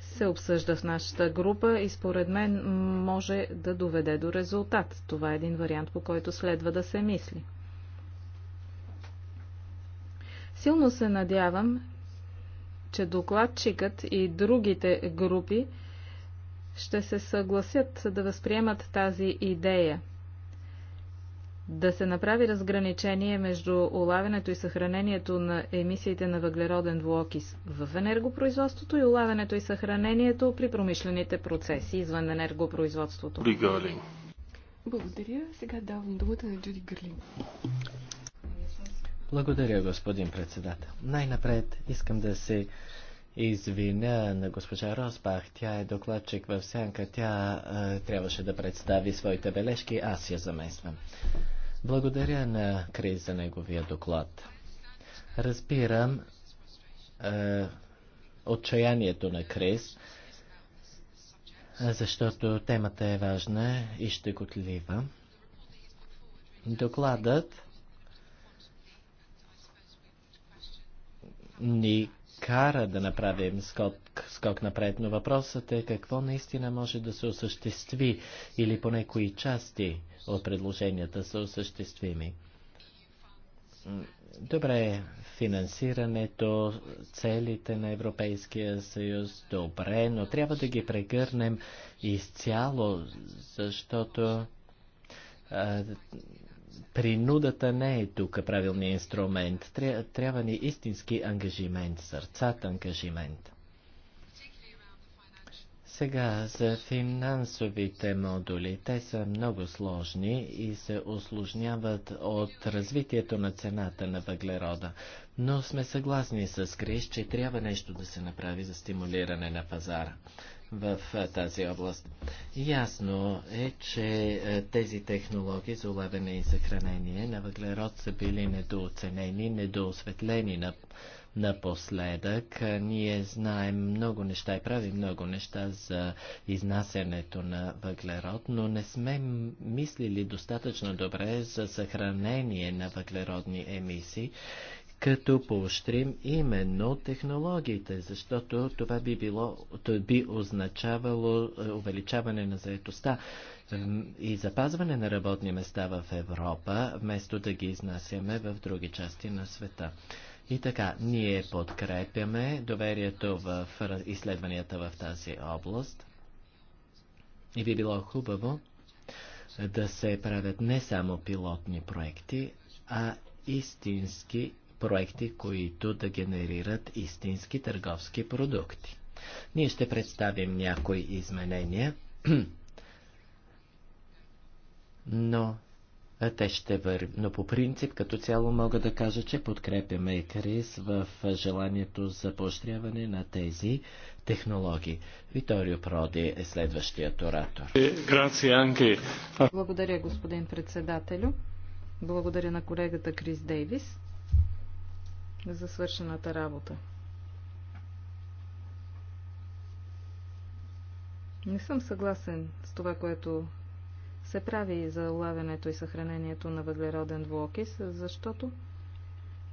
се обсъжда в нашата група и според мен може да доведе до резултат. Това е един вариант, по който следва да се мисли. Силно се надявам, че докладчикът и другите групи ще се съгласят да възприемат тази идея. Да се направи разграничение между улавянето и съхранението на емисиите на въглероден двуокис в енергопроизводството и улавянето и съхранението при промишлените процеси извън енергопроизводството. Благодаря. Сега давам думата на Джуди Гърлин. Благодаря, господин председател. Най-напред искам да се извиня на госпожа Росбах. Тя е докладчик в Сянка. Тя е, трябваше да представи своите бележки. Аз я замествам. Благодаря на Крис за неговия доклад. Разбирам е, отчаянието на Крис, защото темата е важна и щекотлива. Докладът ни кара да направим скок, скок напред, но въпросът е какво наистина може да се осъществи или поне кои части от предложенията са осъществими. Добре, финансирането, целите на Европейския съюз, добре, но трябва да ги прегърнем изцяло, защото а, принудата не е тук правилният инструмент. Тря, трябва ни истински ангажимент, сърцат ангажимент. Сега за финансовите модули. Те са много сложни и се осложняват от развитието на цената на въглерода. Но сме съгласни с Криш, че трябва нещо да се направи за стимулиране на пазара в тази област. Ясно е, че тези технологии за улавяне и съхранение на въглерод са били недооценени, недоосветлени напоследък. Ние знаем много неща и правим много неща за изнасянето на въглерод, но не сме мислили достатъчно добре за съхранение на въглеродни емисии като поощрим именно технологиите, защото това би, било, то би означавало е, увеличаване на заетостта и запазване на работни места в Европа, вместо да ги изнасяме в други части на света. И така, ние подкрепяме доверието в изследванията в тази област. И би било хубаво да се правят не само пилотни проекти, а истински проекти, които да генерират истински търговски продукти. Ние ще представим някои изменения, но те ще вър... Но по принцип, като цяло мога да кажа, че подкрепяме Крис в желанието за поощряване на тези технологии. Виторио Проди е следващият оратор. Е, Благодаря, господин председателю. Благодаря на колегата Крис Дейвис за свършената работа. Не съм съгласен с това, което се прави за улавянето и съхранението на въглероден двуокис, защото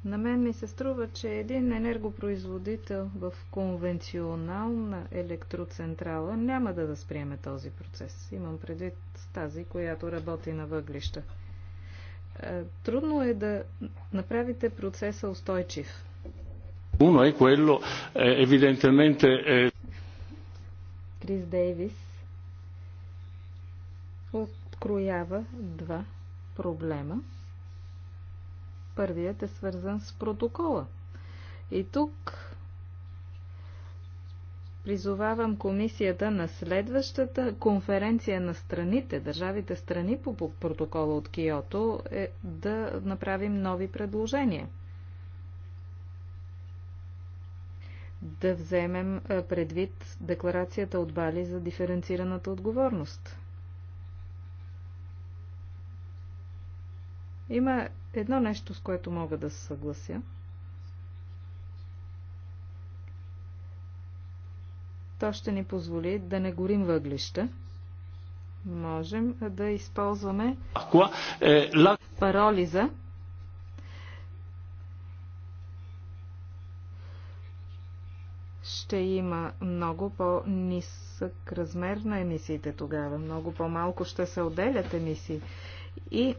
на мен ми се струва, че един енергопроизводител в конвенционална електроцентрала няма да възприеме този процес. Имам предвид тази, която работи на въглища. Е, трудно е да направите процеса устойчив. Uno è quello е, evidentemente е, Крис Дейвис откроява два проблема. Първият е свързан с протокола. И тук Призовавам комисията на следващата конференция на страните, държавите страни по протокола от Киото, е да направим нови предложения. Да вземем предвид декларацията от Бали за диференцираната отговорност. Има едно нещо, с което мога да се съглася – То ще ни позволи да не горим въглища. Можем да използваме е, паролиза. ще има много по-нисък размер на емисиите тогава. Много по-малко ще се отделят емисии. И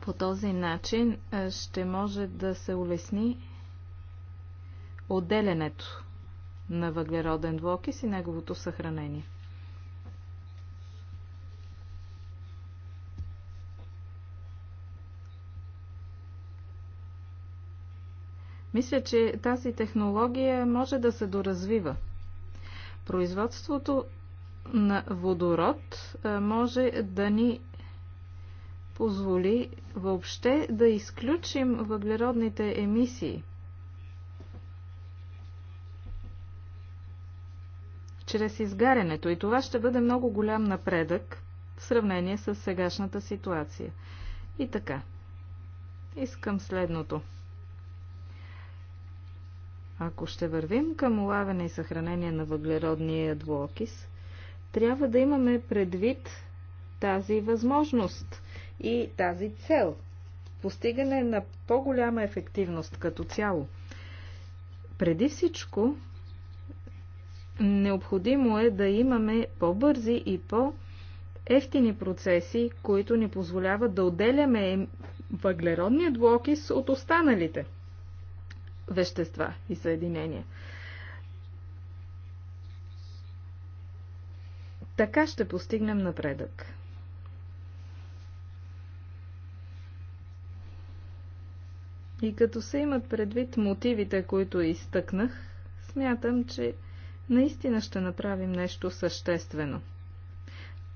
по този начин е, ще може да се улесни отделянето на въглероден двуокис и неговото съхранение. Мисля, че тази технология може да се доразвива. Производството на водород може да ни позволи въобще да изключим въглеродните емисии. чрез изгарянето и това ще бъде много голям напредък в сравнение с сегашната ситуация. И така, искам следното. Ако ще вървим към улавяне и съхранение на въглеродния двуокис, трябва да имаме предвид тази възможност и тази цел – постигане на по-голяма ефективност като цяло. Преди всичко Необходимо е да имаме по-бързи и по-ефтини процеси, които ни позволяват да отделяме въглеродния двуокис от останалите вещества и съединения. Така ще постигнем напредък. И като се имат предвид мотивите, които изтъкнах, смятам, че наистина ще направим нещо съществено.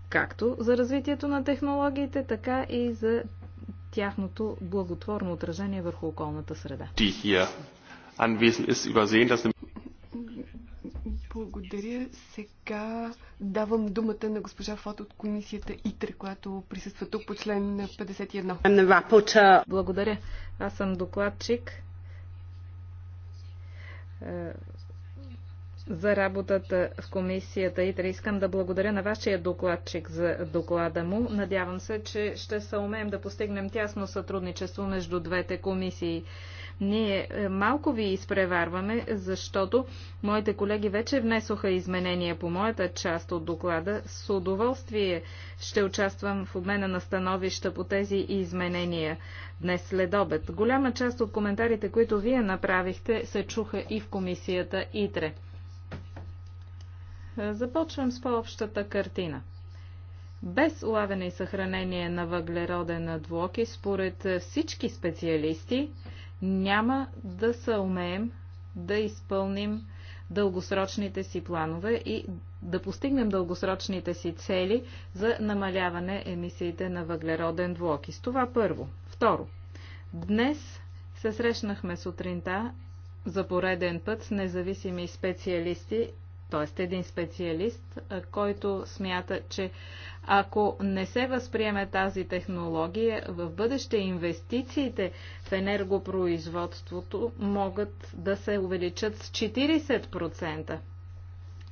Както за развитието на технологиите, така и за тяхното благотворно отражение върху околната среда. Благодаря. Сега давам думата на госпожа Фото от комисията ИТР, която присъства тук по член 51. Благодаря. Аз съм докладчик е, за работата в комисията и да искам да благодаря на вашия докладчик за доклада му. Надявам се, че ще се умеем да постигнем тясно сътрудничество между двете комисии. Ние е, малко ви изпреварваме, защото моите колеги вече внесоха изменения по моята част от доклада. С удоволствие ще участвам в обмена на становища по тези изменения днес след обед. Голяма част от коментарите, които вие направихте, се чуха и в комисията ИТРЕ. Е, започвам с по-общата картина. Без улавяне и съхранение на въглероден двуоки, според всички специалисти, няма да се умеем да изпълним дългосрочните си планове и да постигнем дългосрочните си цели за намаляване емисиите на въглероден двуокис. Това първо. Второ. Днес се срещнахме сутринта за пореден път с независими специалисти т.е. един специалист, който смята, че ако не се възприеме тази технология, в бъдеще инвестициите в енергопроизводството могат да се увеличат с 40%.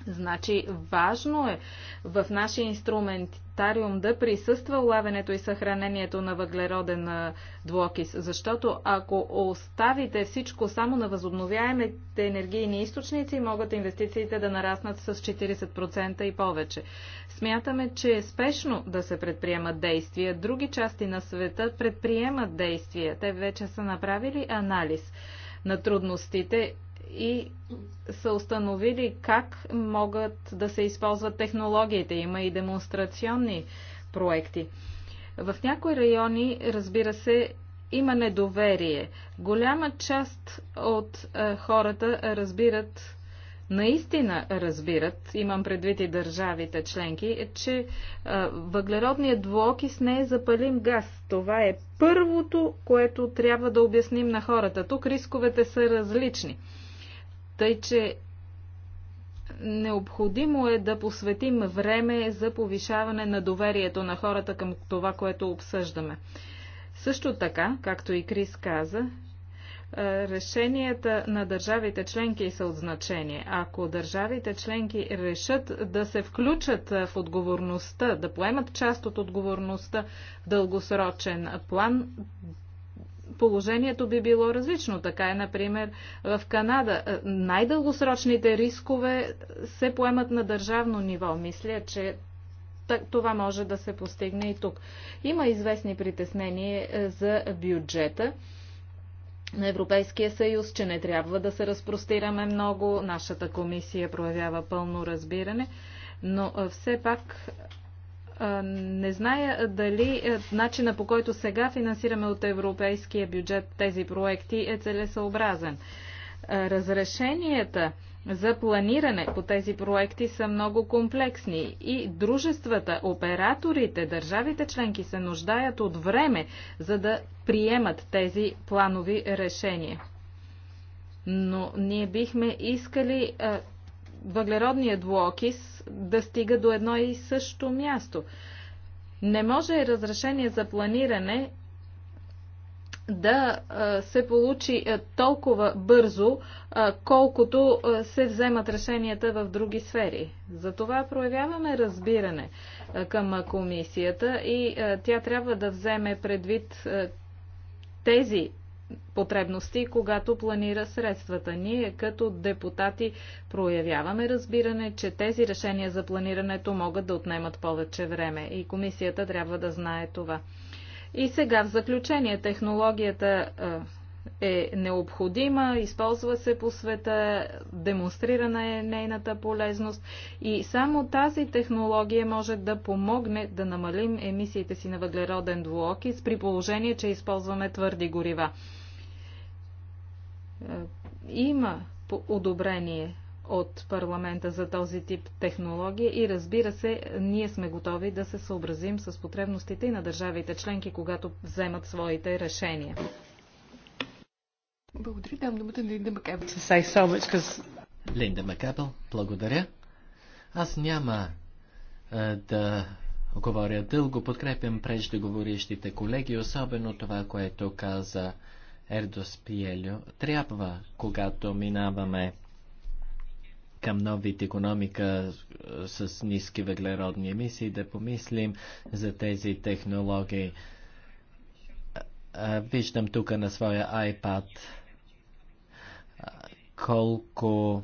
Значи важно е в нашия инструментариум да присъства улавянето и съхранението на въглероден двуокис, защото ако оставите всичко само на възобновяемите енергийни източници, могат инвестициите да нараснат с 40% и повече. Смятаме, че е спешно да се предприемат действия. Други части на света предприемат действия. Те вече са направили анализ на трудностите и са установили как могат да се използват технологиите. Има и демонстрационни проекти. В някои райони, разбира се, има недоверие. Голяма част от а, е, хората разбират, наистина разбират, имам предвид и държавите членки, че а, е, въглеродният двуокис не е запалим газ. Това е първото, което трябва да обясним на хората. Тук рисковете са различни. Тъй, че необходимо е да посветим време за повишаване на доверието на хората към това, което обсъждаме. Също така, както и Крис каза, е, решенията на държавите членки са от значение. Ако държавите членки решат да се включат в отговорността, да поемат част от отговорността в дългосрочен план, положението би било различно. Така е, например, в Канада. Е, най-дългосрочните рискове се поемат на държавно ниво. Мисля, че това може да се постигне и тук. Има известни притеснения е, за бюджета на Европейския съюз, че не трябва да се разпростираме много. Нашата комисия проявява пълно разбиране, но е, все пак не зная дали начина по който сега финансираме от европейския бюджет тези проекти е целесообразен. Разрешенията за планиране по тези проекти са много комплексни и дружествата, операторите, държавите членки се нуждаят от време, за да приемат тези планови решения. Но ние бихме искали въглеродния двуокис да стига до едно и също място. Не може разрешение за планиране да се получи толкова бързо, колкото се вземат решенията в други сфери. Затова проявяваме разбиране към комисията и тя трябва да вземе предвид тези потребности, когато планира средствата. Ние като депутати проявяваме разбиране, че тези решения за планирането могат да отнемат повече време и комисията трябва да знае това. И сега в заключение технологията е, е необходима, използва се по света, демонстрирана е нейната полезност и само тази технология може да помогне да намалим емисиите си на въглероден двуокис при положение, че използваме твърди горива. Е, има одобрение от парламента за този тип технология и разбира се, ние сме готови да се съобразим с потребностите и на държавите членки, когато вземат своите решения. Благодаря. Дам думата на Линда Макабел. Линда Макабел, благодаря. Аз няма е, да говоря дълго. Подкрепям преждеговорящите колеги, особено това, което каза Ердос Пиелю, трябва, когато минаваме към нов економика с ниски въглеродни емисии, да помислим за тези технологии. Виждам тук на своя iPad колко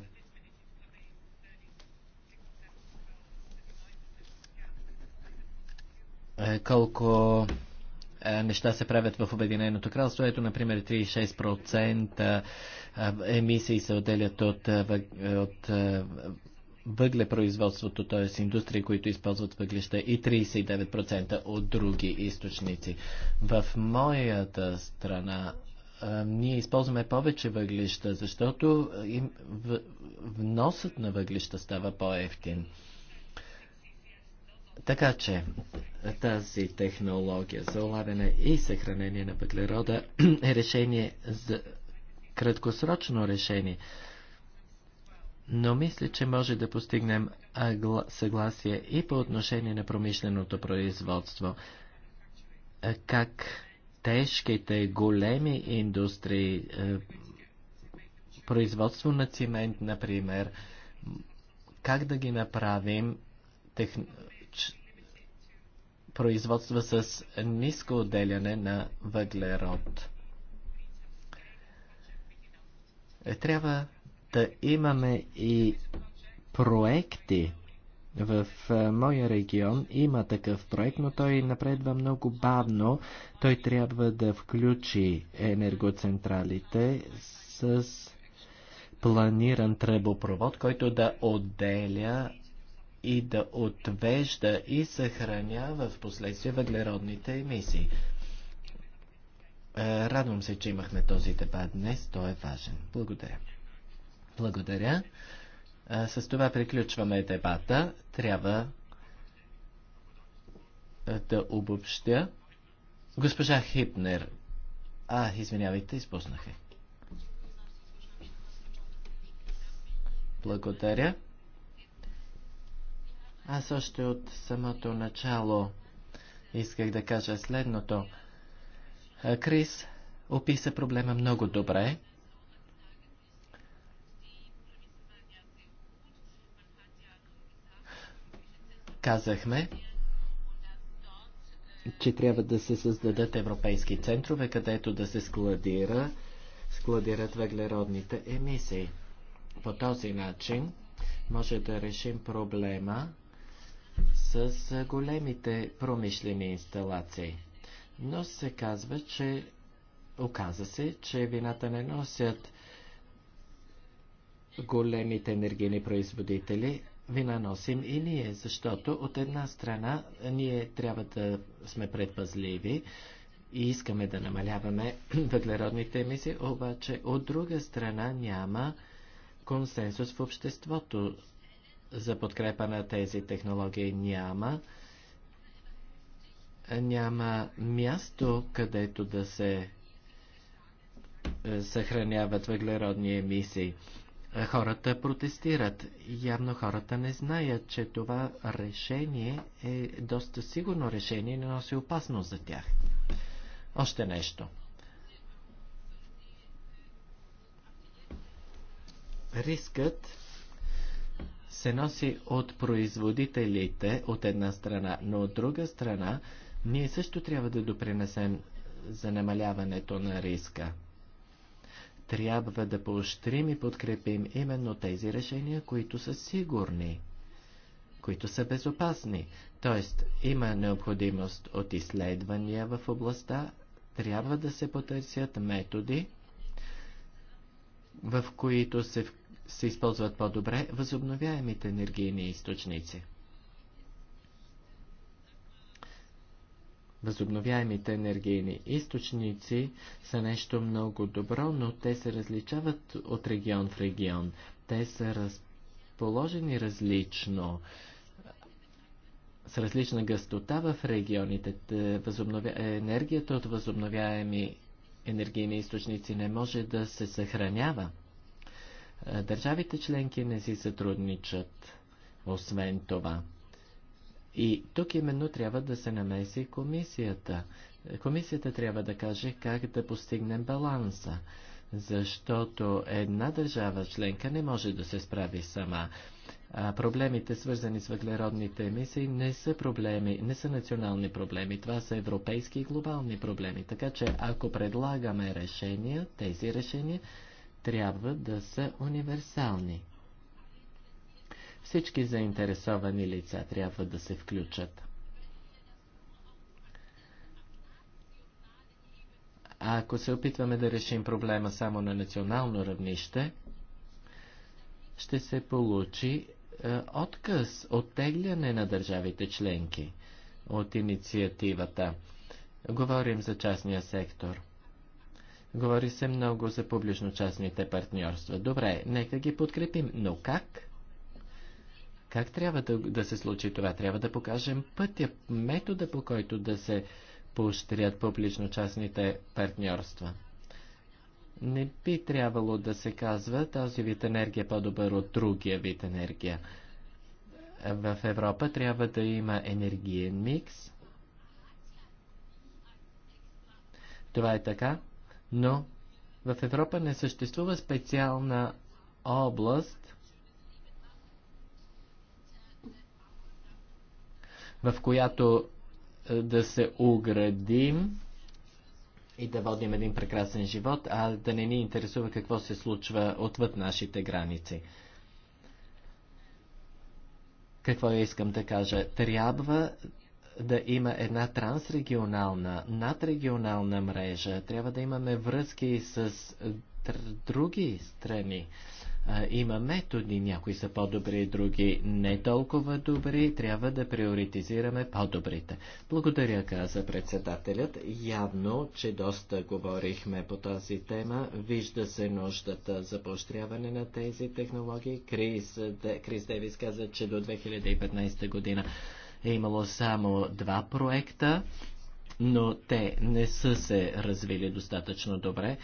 е, колко е, неща се правят в Обединеното кралство. Ето, например, 36% емисии се отделят от, от въглепроизводството, т.е. индустрии, които използват въглища и 39% от други източници. В моята страна ние използваме повече въглища, защото в, вносът на въглища става по-ефтин. Така че тази технология за улавяне и съхранение на въглерода е решение за краткосрочно решение. Но мисля, че може да постигнем съгласие и по отношение на промишленото производство. Е, как тежките, големи индустрии, е, производство на цимент, например, как да ги направим тех производства с ниско отделяне на въглерод. Е, трябва да имаме и проекти. В е, моя регион има такъв проект, но той напредва много бавно. Той трябва да включи енергоцентралите с планиран тръбопровод, който да отделя и да отвежда и съхранява в последствие въглеродните емисии. Е, радвам се, че имахме този дебат днес. Той е важен. Благодаря. Благодаря. Е, с това приключваме дебата. Трябва е, да обобщя. Госпожа Хипнер. А, извинявайте, изпуснахе. Благодаря. Аз още от самото начало исках да кажа следното. Крис описа проблема много добре. Казахме, че трябва да се създадат европейски центрове, където да се складира, складират въглеродните емисии. По този начин може да решим проблема с големите промишлени инсталации. Но се казва, че оказа се, че вината не носят големите енергийни производители, вина носим и ние, защото от една страна ние трябва да сме предпазливи и искаме да намаляваме въглеродните емисии, обаче от друга страна няма консенсус в обществото за подкрепа на тези технологии няма. Няма място, където да се е, съхраняват въглеродни емисии. Хората протестират. Явно хората не знаят, че това решение е доста сигурно решение и не носи опасност за тях. Още нещо. Рискът се носи от производителите от една страна, но от друга страна ние също трябва да допринесем за намаляването на риска. Трябва да поощрим и подкрепим именно тези решения, които са сигурни, които са безопасни. Тоест, има необходимост от изследвания в областта, трябва да се потърсят методи, в които се включат се използват по-добре възобновяемите енергийни източници. Възобновяемите енергийни източници са нещо много добро, но те се различават от регион в регион. Те са разположени различно, с различна гъстота в регионите. Възобновя... Енергията от възобновяеми енергийни източници не може да се съхранява. Е, държавите членки не си сътрудничат, освен това. И тук именно трябва да се намеси комисията. Е, комисията трябва да каже как да постигнем баланса, защото една държава членка не може да се справи сама. А проблемите, свързани с въглеродните емисии, не са проблеми, не са национални проблеми, това са европейски и глобални проблеми. Така че ако предлагаме решения, тези решения трябва да са универсални. Всички заинтересовани лица трябва да се включат. А ако се опитваме да решим проблема само на национално равнище, ще се получи е, отказ, оттегляне на държавите членки от инициативата. Говорим за частния сектор. Говори се много за публично-частните партньорства. Добре, нека ги подкрепим, но как? Как трябва да, да се случи това? Трябва да покажем пътя, метода по който да се поощрят публично-частните партньорства. Не би трябвало да се казва този вид енергия е по-добър от другия вид енергия. В Европа трябва да има енергиен микс. Това е така, но в Европа не съществува специална област, в която е, да се оградим и да водим един прекрасен живот, а да не ни интересува какво се случва отвъд нашите граници. Какво я искам да кажа? Трябва да има една трансрегионална, надрегионална мрежа. Трябва да имаме връзки с други страни. Има методи, някои са по-добри, други не толкова добри. Трябва да приоритизираме по-добрите. Благодаря, каза председателят. Явно, че доста говорихме по тази тема. Вижда се нуждата за поощряване на тези технологии. Крис, Крис Девис каза, че до 2015 година е имало само два проекта, но те не са се развили достатъчно добре.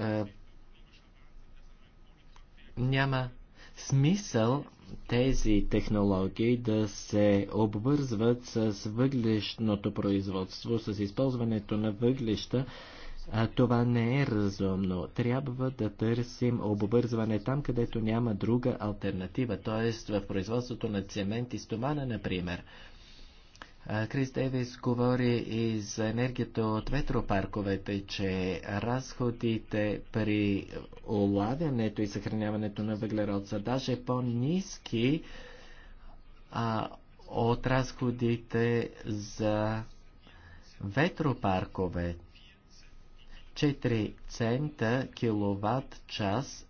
Е, няма смисъл тези технологии да се обвързват с въглешното производство, с използването на въглеща а това не е разумно. Трябва да търсим обвързване там, където няма друга альтернатива, т.е. в производството на цемент и стомана, например. Крис Дейвис говори и за енергията от ветропарковете, че разходите при улавянето и съхраняването на въглерод са даже по-низки от разходите за ветропарковете 4 цента киловатт час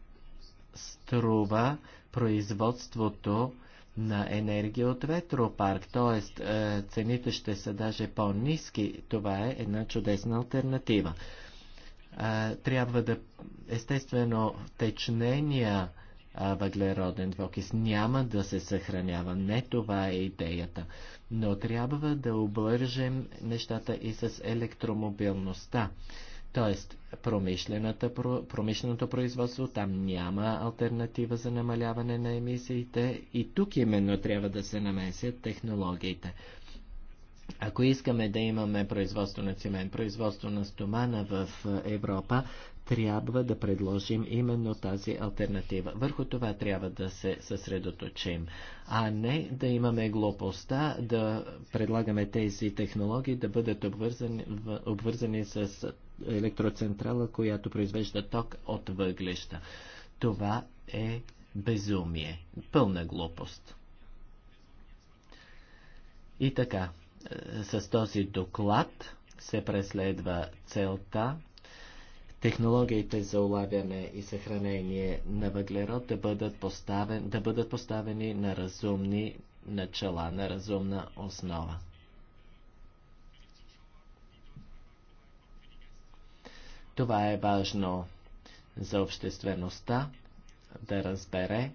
струва производството на енергия от ветропарк, т.е. цените ще са даже по-низки. Това е една чудесна альтернатива. Е, трябва да, естествено, течнения въглероден двокис няма да се съхранява. Не това е идеята. Но трябва да обвържем нещата и с електромобилността. Тоест, промишленото производство, там няма альтернатива за намаляване на емисиите и тук именно трябва да се намесят технологиите. Ако искаме да имаме производство на цимент, производство на стомана в Европа, трябва да предложим именно тази альтернатива. Върху това трябва да се съсредоточим, а не да имаме глупостта да предлагаме тези технологии да бъдат обвързани, обвързани с електроцентрала, която произвежда ток от въглеща. Това е безумие, пълна глупост. И така, е, с този доклад се преследва целта технологиите за улавяне и съхранение на въглерод да бъдат, поставен, да бъдат поставени на разумни начала, на разумна основа. Това е важно за обществеността да разбере,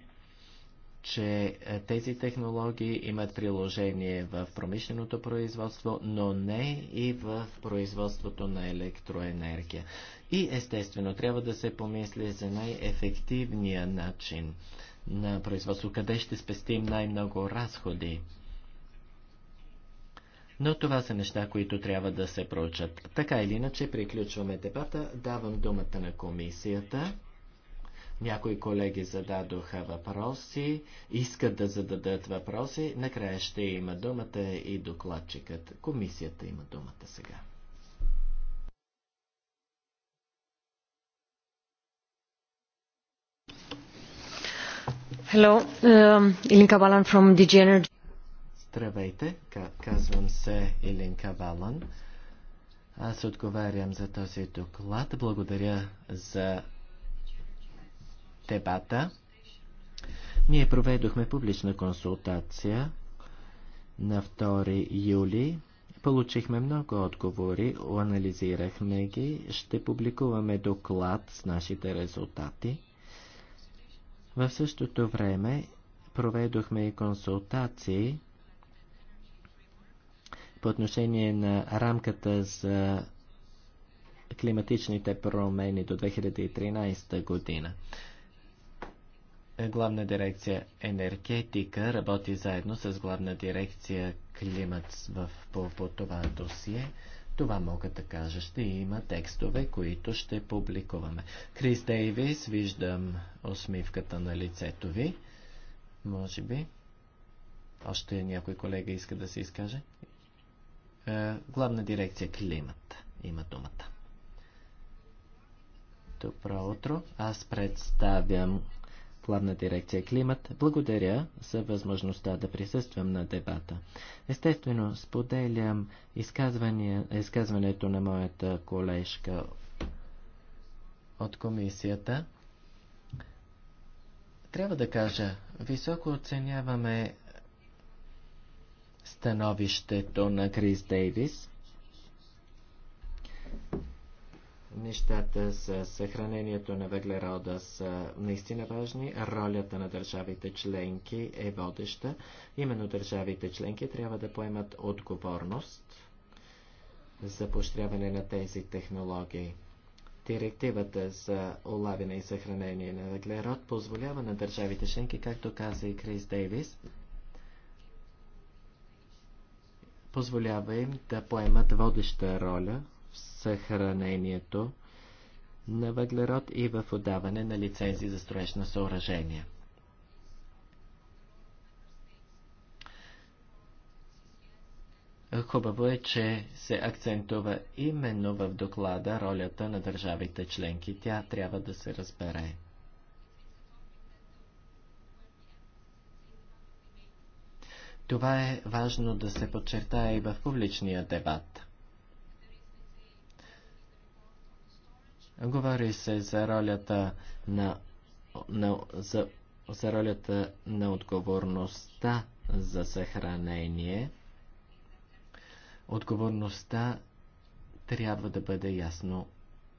че е, тези технологии имат приложение в промишленото производство, но не и в производството на електроенергия. И естествено, трябва да се помисли за най-ефективния начин на производство, къде ще спестим най-много разходи. Но това са неща, които трябва да се проучат. Така или иначе, приключваме дебата. Давам думата на комисията. Някои колеги зададоха въпроси, искат да зададат въпроси. Накрая ще има думата и докладчикът. Комисията има думата сега. Hello, um, Ilinka Balan from DG Energy. Здравейте, казвам се Илинка Валан. Аз отговарям за този доклад. Благодаря за дебата. Ние проведохме публична консултация на 2 юли. Получихме много отговори, анализирахме ги, ще публикуваме доклад с нашите резултати. В същото време проведохме и консултации по отношение на рамката за климатичните промени до 2013 година. Главна дирекция енергетика работи заедно с главна дирекция климат в, по, по това досие. Това мога да кажа. Ще има текстове, които ще публикуваме. Крис Дейвис, виждам усмивката на лицето ви. Може би. Още някой колега иска да се изкаже? Е, Главна дирекция Климат има думата. Добро утро. Аз представям Главна дирекция Климат. Благодаря за възможността да присъствам на дебата. Естествено, споделям изказването на моята колежка от комисията. Трябва да кажа, високо оценяваме становището на Крис Дейвис. Нещата с съхранението на въглерода са наистина важни. Ролята на държавите членки е водеща. Именно държавите членки трябва да поемат отговорност за поощряване на тези технологии. Директивата за улавяне и съхранение на въглерод позволява на държавите членки, както каза и Крис Дейвис, позволява им да поемат водеща роля в съхранението на въглерод и в отдаване на лицензии за строеж на съоръжения. Хубаво е, че се акцентува именно в доклада ролята на държавите членки. Тя трябва да се разбере. Това е важно да се подчертае и в публичния дебат. Говори се за ролята на, на, за, за ролята на отговорността за съхранение. Отговорността трябва да бъде ясно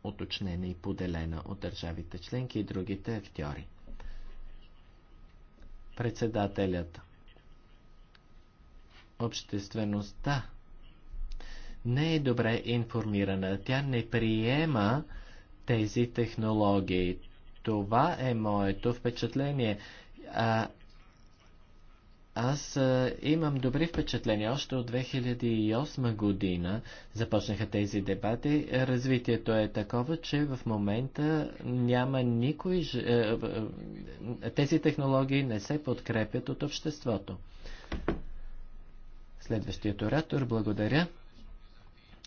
уточнена и поделена от държавите членки и другите актьори. Председателят обществеността не е добре информирана. Тя не приема тези технологии. Това е моето впечатление. А, аз а, имам добри впечатления. Още от 2008 година започнаха тези дебати. Развитието е такова, че в момента няма никой. Е, е, е, тези технологии не се подкрепят от обществото. Следващият оратор, благодаря.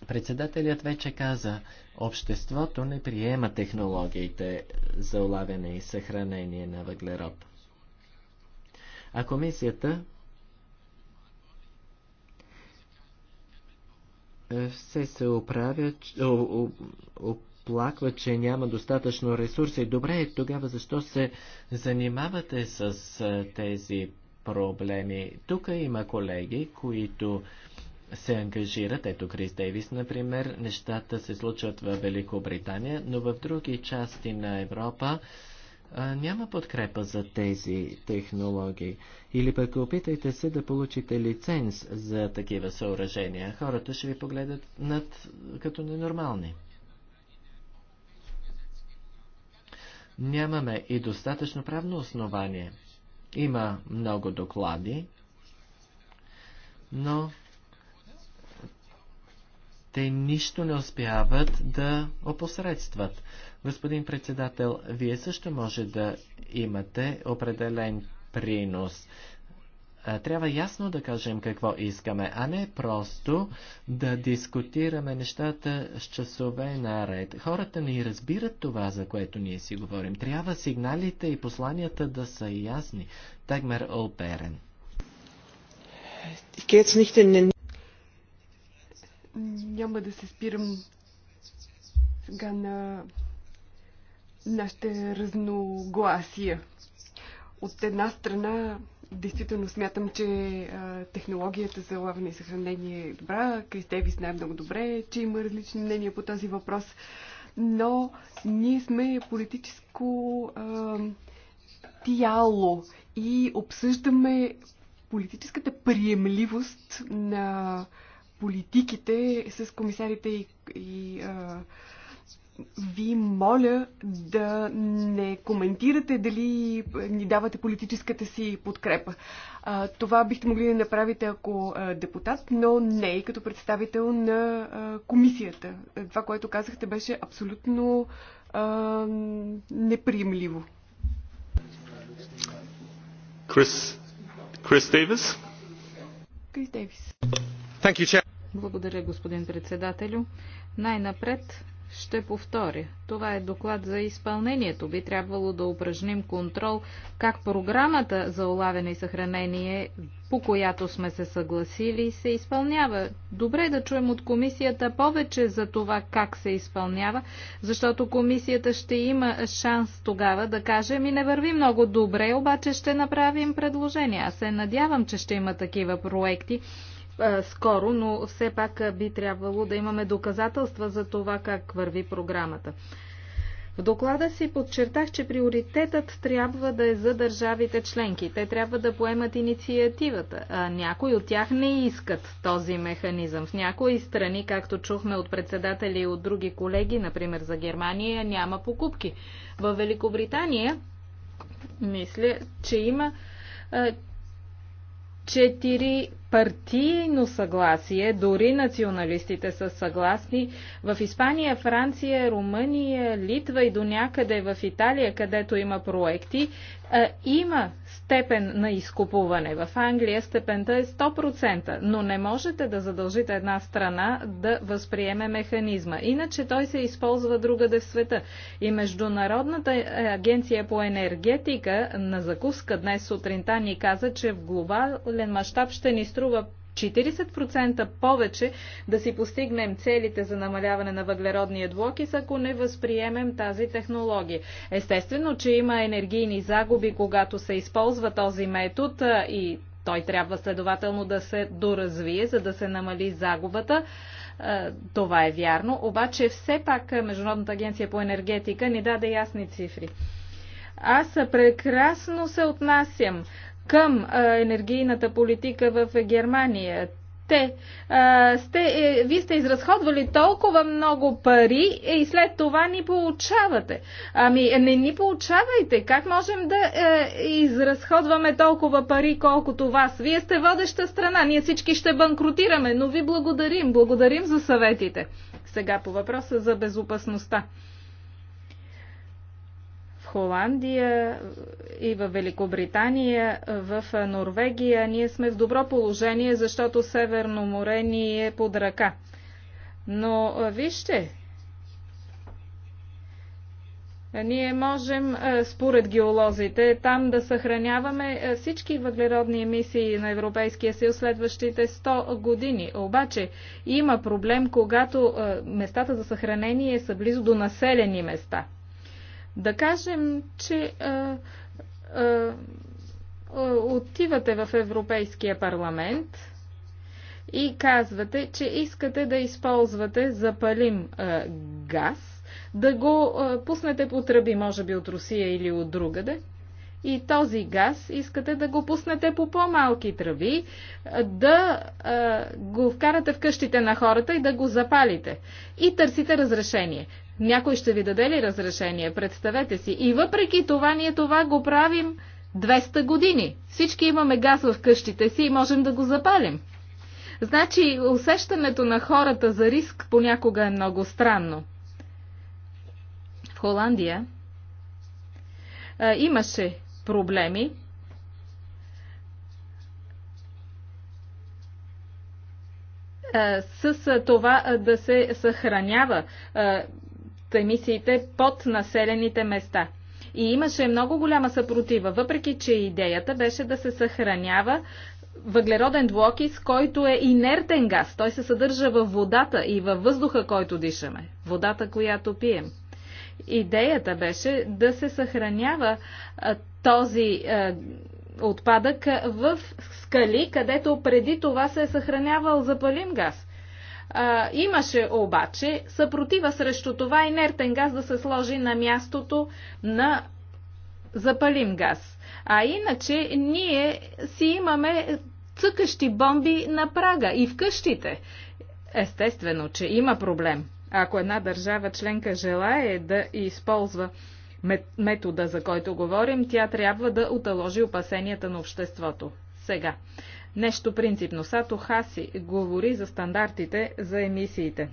Председателят вече каза, обществото не приема технологиите за улавяне и съхранение на въглерод. А комисията е, все се оправя, оплаква, че няма достатъчно ресурси. Добре, тогава защо се занимавате с е, тези проблеми. Тук има колеги, които се ангажират, ето Крис Дейвис, например, нещата се случват в Великобритания, но в други части на Европа а, няма подкрепа за тези технологии. Или пък опитайте се да получите лиценз за такива съоръжения. Хората ще ви погледат над като ненормални. Нямаме и достатъчно правно основание. Има много доклади, но те нищо не успяват да опосредстват. Господин председател, вие също може да имате определен принос. Трябва ясно да кажем какво искаме, а не просто да дискутираме нещата с часове наред. Хората не разбират това, за което ние си говорим. Трябва сигналите и посланията да са ясни. Тагмер Олперен. Няма да се спирам сега на нашите разногласия. От една страна Действително смятам, че технологията за лаване и съхранение е добра. Крис ви знае много добре, че има различни мнения по този въпрос. Но ние сме политическо а, тяло и обсъждаме политическата приемливост на политиките с комисарите и, и а, ви моля да не коментирате дали ни давате политическата си подкрепа. Това бихте могли да направите ако депутат, но не и като представител на комисията. Това, което казахте, беше абсолютно неприемливо. Крис, Крис Дейвис. Крис Дейвис. Благодаря, господин председателю. Най-напред ще повторя. Това е доклад за изпълнението. Би трябвало да упражним контрол как програмата за улавяне и съхранение, по която сме се съгласили, се изпълнява. Добре е да чуем от комисията повече за това как се изпълнява, защото комисията ще има шанс тогава да каже ми не върви много добре, обаче ще направим предложения. Аз се надявам, че ще има такива проекти скоро, но все пак би трябвало да имаме доказателства за това как върви програмата. В доклада си подчертах, че приоритетът трябва да е за държавите членки. Те трябва да поемат инициативата. А някои от тях не искат този механизъм. В някои страни, както чухме от председатели и от други колеги, например за Германия, няма покупки. В Великобритания, мисля, че има четири партийно съгласие, дори националистите са съгласни. В Испания, Франция, Румъния, Литва и до някъде в Италия, където има проекти, е, има степен на изкупуване. В Англия степента е 100%, но не можете да задължите една страна да възприеме механизма. Иначе той се използва другаде в света. И Международната агенция по енергетика на закуска днес сутринта ни каза, че в глобален мащаб ще ни струва 40% повече да си постигнем целите за намаляване на въглеродния двокис, ако не възприемем тази технология. Естествено, че има енергийни загуби, когато се използва този метод и той трябва следователно да се доразвие, за да се намали загубата. Това е вярно, обаче все пак Международната агенция по енергетика ни даде ясни цифри. Аз прекрасно се отнасям към енергийната политика в Германия. Те, а, сте, е, вие сте изразходвали толкова много пари е, и след това ни получавате. Ами, не ни получавайте. Как можем да е, изразходваме толкова пари, колкото вас? Вие сте водеща страна. Ние всички ще банкротираме, но ви благодарим. Благодарим за съветите. Сега по въпроса за безопасността. Холандия и в Великобритания, в Норвегия. Ние сме в добро положение, защото Северно море ни е под ръка. Но вижте, ние можем, според геолозите, там да съхраняваме всички въглеродни емисии на Европейския съюз следващите 100 години. Обаче има проблем, когато местата за съхранение са близо до населени места – да кажем, че а, а, отивате в Европейския парламент и казвате, че искате да използвате запалим а, газ, да го а, пуснете по тръби, може би от Русия или от другаде. И този газ искате да го пуснете по по-малки тръби, да а, го вкарате в къщите на хората и да го запалите. И търсите разрешение. Някой ще ви даде ли разрешение? Представете си. И въпреки това, ние това го правим 200 години. Всички имаме газ в къщите си и можем да го запалим. Значи, усещането на хората за риск понякога е много странно. В Холандия а, имаше проблеми. с това да се съхранява емисиите под населените места. И имаше много голяма съпротива, въпреки че идеята беше да се съхранява въглероден двуокис, който е инертен газ. Той се съдържа във водата и във въздуха, който дишаме. Водата, която пием. Идеята беше да се съхранява а, този а, отпадък в скали, където преди това се е съхранявал запалим газ. А, имаше обаче съпротива срещу това инертен газ да се сложи на мястото на запалим газ. А иначе ние си имаме цъкащи бомби на прага и в къщите. Естествено, че има проблем. Ако една държава членка желае да използва метода, за който говорим, тя трябва да оталожи опасенията на обществото. Сега, нещо принципно. Сато Хаси говори за стандартите за емисиите.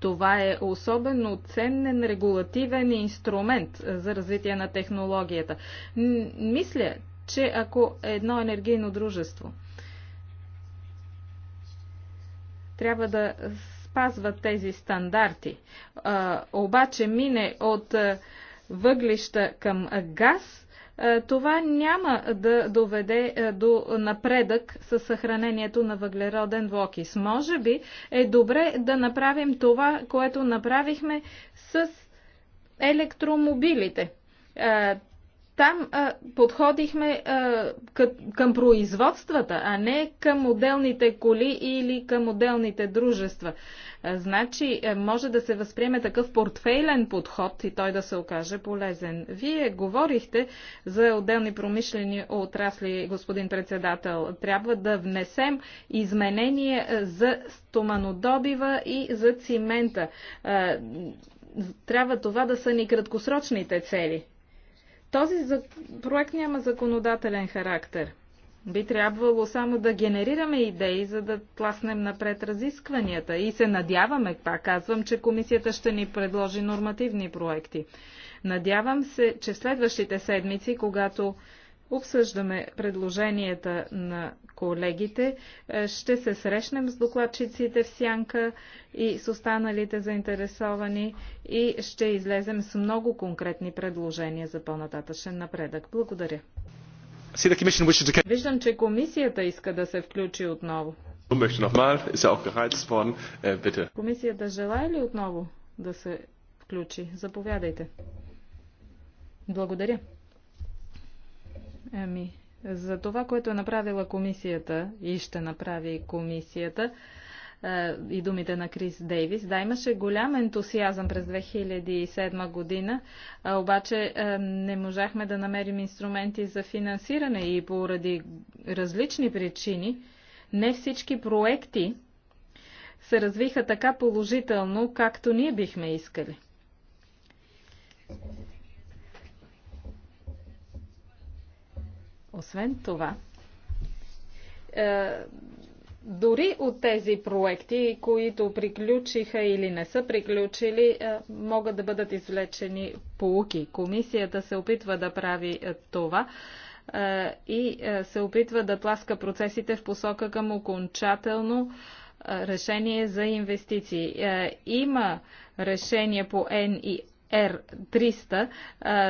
Това е особено ценен регулативен инструмент за развитие на технологията. Мисля, че ако едно енергийно дружество трябва да спазва тези стандарти, обаче мине от въглища към газ, е, това няма да доведе е, до напредък със съхранението на въглероден двуокис. Може би е добре да направим това, което направихме с електромобилите е, там а, подходихме а, към производствата, а не към отделните коли или към отделните дружества. А, значи, а, може да се възприеме такъв портфейлен подход и той да се окаже полезен. Вие говорихте за отделни промишлени отрасли, господин председател. Трябва да внесем изменение за стоманодобива и за цимента. А, трябва това да са ни краткосрочните цели. Този проект няма законодателен характер. Би трябвало само да генерираме идеи, за да тласнем напред разискванията. И се надяваме, пак казвам, че комисията ще ни предложи нормативни проекти. Надявам се, че в следващите седмици, когато обсъждаме предложенията на колегите. Е, ще се срещнем с докладчиците в Сянка и с останалите заинтересовани и ще излезем с много конкретни предложения за по-нататъчен напредък. Благодаря. Виждам, че комисията иска да се включи отново. Hm, äh, комисията желая ли отново да се включи? Заповядайте. Благодаря. Ами, за това, което е направила комисията и ще направи комисията е, и думите на Крис Дейвис. Да, имаше голям ентусиазъм през 2007 година, обаче е, не можахме да намерим инструменти за финансиране и поради различни причини не всички проекти се развиха така положително, както ние бихме искали. Освен това, е, дори от тези проекти, които приключиха или не са приключили, е, могат да бъдат извлечени полуки. Комисията се опитва да прави е, това и се опитва да тласка процесите в посока към окончателно решение за инвестиции. Има решение по N и R300.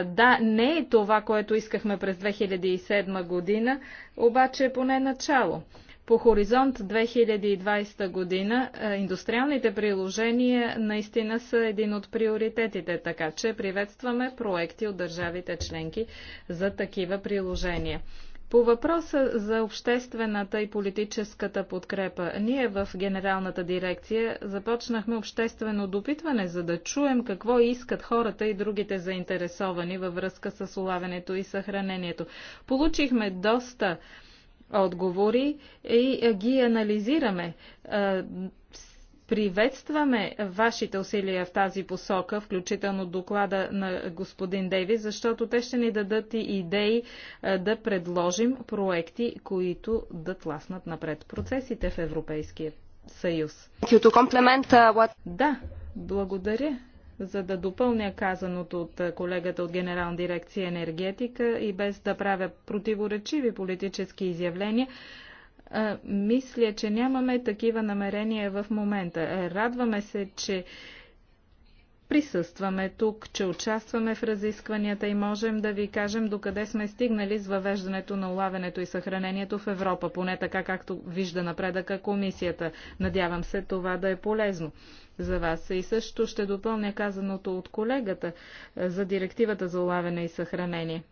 Да, не е това, което искахме през 2007 година, обаче е поне начало. По хоризонт 2020 година индустриалните приложения наистина са един от приоритетите, така че приветстваме проекти от държавите членки за такива приложения. По въпроса за обществената и политическата подкрепа, ние в Генералната дирекция започнахме обществено допитване, за да чуем какво искат хората и другите заинтересовани във връзка с улавянето и съхранението. Получихме доста отговори и ги анализираме Приветстваме вашите усилия в тази посока, включително доклада на господин Дейвис, защото те ще ни дадат и идеи да предложим проекти, които да тласнат напред процесите в Европейския съюз. Uh, да, благодаря за да допълня казаното от колегата от Генерална дирекция енергетика и без да правя противоречиви политически изявления, мисля, че нямаме такива намерения в момента. Е, радваме се, че присъстваме тук, че участваме в разискванията и можем да ви кажем докъде сме стигнали с въвеждането на улавянето и съхранението в Европа, поне така както вижда напредъка комисията. Надявам се това да е полезно за вас. И също ще допълня казаното от колегата е, за директивата за улавяне и съхранение.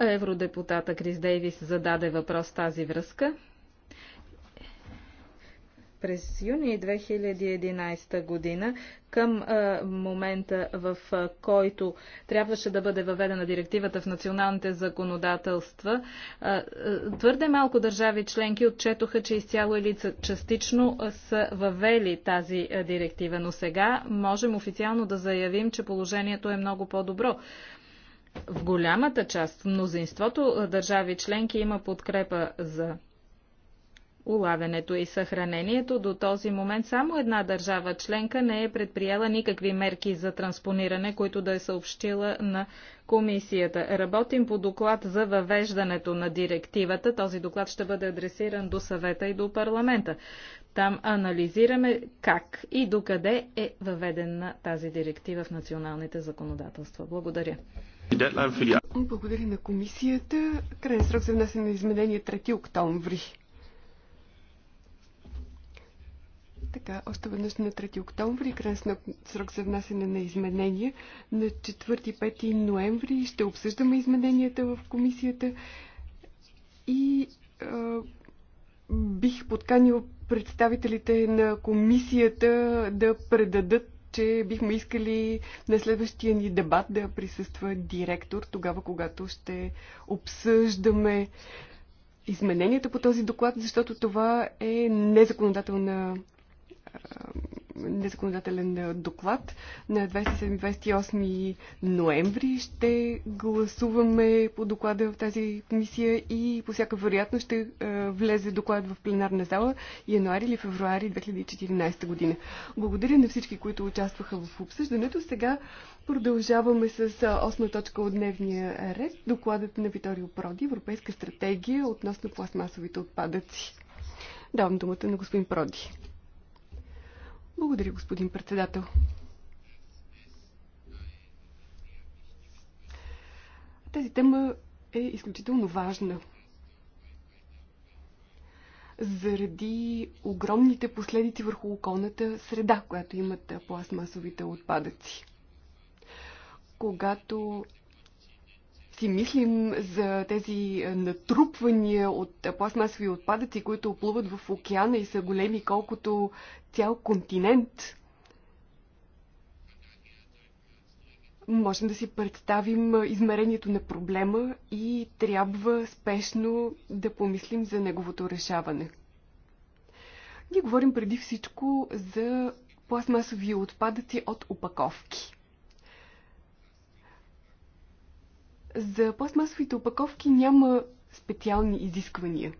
Евродепутата Крис Дейвис зададе въпрос тази връзка. През юни 2011 година, към а, момента в а, който трябваше да бъде въведена директивата в националните законодателства, а, твърде малко държави членки отчетоха, че изцяло или частично са въвели тази директива. Но сега можем официално да заявим, че положението е много по-добро. В голямата част, в мнозинството държави членки има подкрепа за улавянето и съхранението. До този момент само една държава членка не е предприела никакви мерки за транспониране, които да е съобщила на комисията. Работим по доклад за въвеждането на директивата. Този доклад ще бъде адресиран до съвета и до парламента. Там анализираме как и докъде е въведена тази директива в националните законодателства. Благодаря. Благодаря на комисията. Крайен срок за внасяне на изменения 3 е октомври. Така, още веднъж на 3 октомври, крайен срок за внасяне на изменения. На 4-5 ноември ще обсъждаме измененията в комисията и а, бих подканил представителите на комисията да предадат че бихме искали на следващия ни дебат да присъства директор, тогава когато ще обсъждаме измененията по този доклад, защото това е незаконодателна незаконодателен е, доклад. На 27-28 ноември ще гласуваме по доклада в тази комисия и по всяка вероятност ще е, влезе доклад в пленарна зала януари или февруари 2014 година. Благодаря на всички, които участваха в обсъждането. Сега продължаваме с 8 е, точка от дневния ред. Докладът на Виторио Проди, Европейска стратегия относно пластмасовите отпадъци. Давам думата на господин Проди. Благодаря, господин председател. Тази тема е изключително важна. Заради огромните последици върху околната среда, която имат пластмасовите отпадъци. Когато си мислим за тези е, натрупвания от пластмасови отпадъци, които оплуват в океана и са големи колкото цял континент, можем да си представим е, измерението на проблема и трябва спешно да помислим за неговото решаване. Ние говорим преди всичко за пластмасови отпадъци от опаковки. За пластмасовите опаковки няма специални изисквания.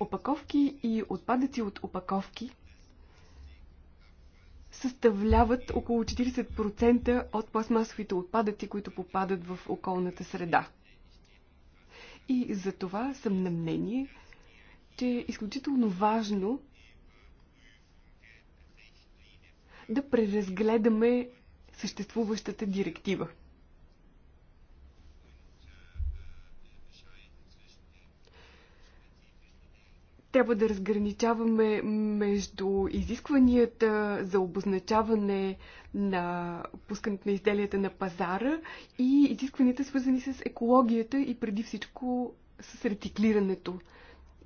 Опаковки и отпадъци от опаковки съставляват около 40% от пластмасовите отпадъци, които попадат в околната среда. И за това съм на мнение, че е изключително важно да преразгледаме съществуващата директива. Трябва да разграничаваме между изискванията за обозначаване на пускането на изделията на пазара и изискванията свързани с екологията и преди всичко с рециклирането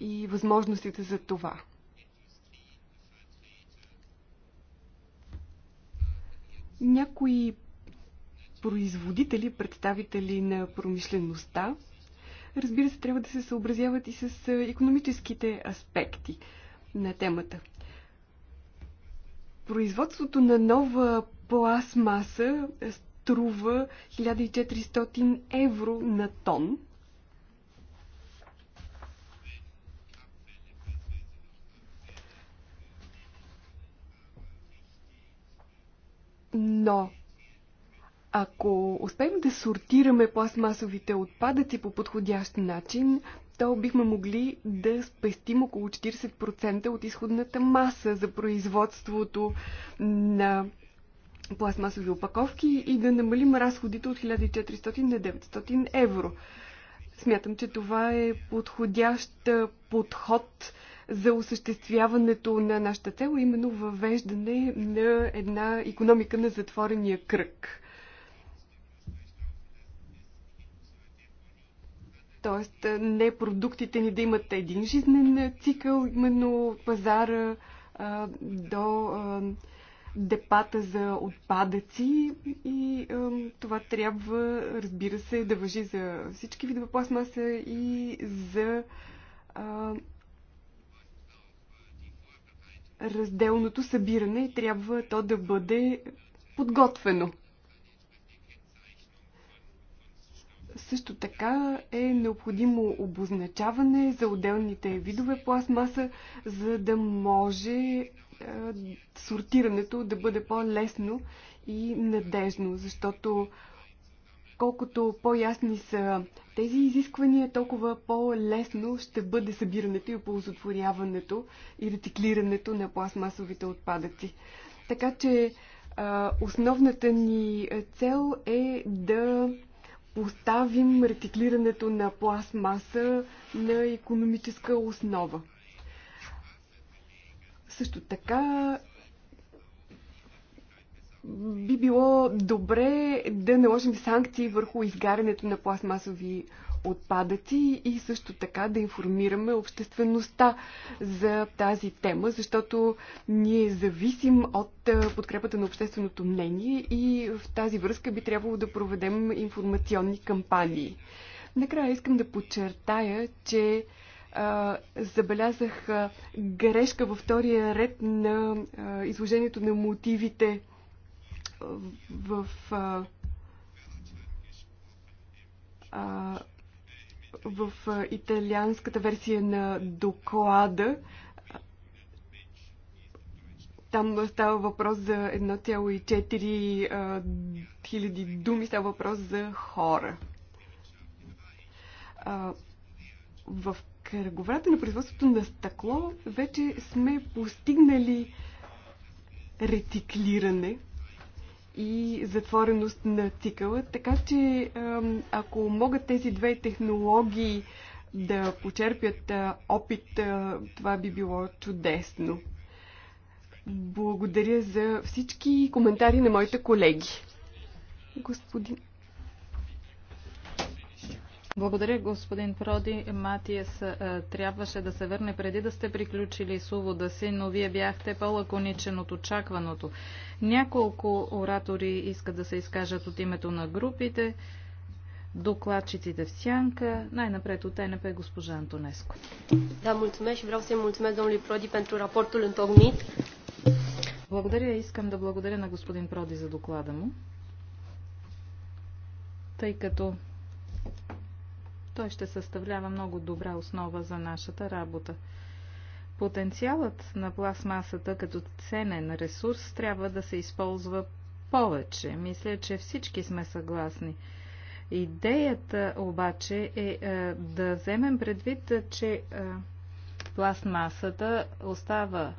и възможностите за това. Някои производители, представители на промишлеността, разбира се, трябва да се съобразяват и с економическите аспекти на темата. Производството на нова пластмаса струва 1400 евро на тон – Но ако успеем да сортираме пластмасовите отпадъци по подходящ начин, то бихме могли да спестим около 40% от изходната маса за производството на пластмасови опаковки и да намалим разходите от 1400 на 900 евро. Смятам, че това е подходящ подход за осъществяването на нашата цел, именно въвеждане на една економика на затворения кръг. Тоест, не продуктите ни да имат един жизнен цикъл, именно пазара а, до а, депата за отпадъци и а, това трябва, разбира се, да въжи за всички видове пластмаса и за а, разделното събиране трябва то да бъде подготвено. Също така е необходимо обозначаване за отделните видове пластмаса, за да може сортирането да бъде по-лесно и надежно, защото Колкото по-ясни са тези изисквания, толкова по-лесно ще бъде събирането и оползотворяването и рециклирането на пластмасовите отпадъци. Така че основната ни цел е да поставим рециклирането на пластмаса на економическа основа. Също така би било добре да наложим санкции върху изгарянето на пластмасови отпадъци и също така да информираме обществеността за тази тема, защото ние зависим от подкрепата на общественото мнение и в тази връзка би трябвало да проведем информационни кампании. Накрая искам да подчертая, че забелязах грешка във втория ред на изложението на мотивите в в, а, в италианската версия на доклада там става въпрос за 1,4 хиляди думи, става въпрос за хора. А, в кръговрата на производството на стъкло вече сме постигнали рециклиране и затвореност на цикъла. Така че ако могат тези две технологии да почерпят опит, това би било чудесно. Благодаря за всички коментари на моите колеги. Господин благодаря, господин Проди. Матиес е, трябваше да се върне преди да сте приключили с увода си, но вие бяхте по-лаконичен от очакваното. Няколко оратори искат да се изкажат от името на групите. Докладчиците в сянка, най-напред от ТНП госпожа Антонеско. Да, мулțumesc și să-i mulțumesc domnului Prodi pentru raportul întocmit. Благодаря, искам да благодаря на господин Проди за доклада му, тъй като той ще съставлява много добра основа за нашата работа. Потенциалът на пластмасата като ценен ресурс трябва да се използва повече. Мисля, че всички сме съгласни. Идеята обаче е, е да вземем предвид, че е, пластмасата остава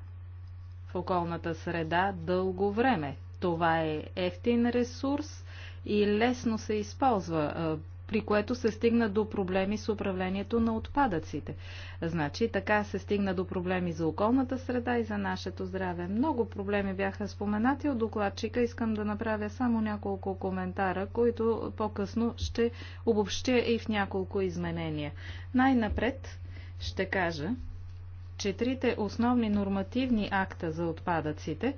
в околната среда дълго време. Това е ефтин ресурс и лесно се използва. Е, при което се стигна до проблеми с управлението на отпадъците. Значи така се стигна до проблеми за околната среда и за нашето здраве. Много проблеми бяха споменати от докладчика. Искам да направя само няколко коментара, които по-късно ще обобщя и в няколко изменения. Най-напред ще кажа, че трите основни нормативни акта за отпадъците,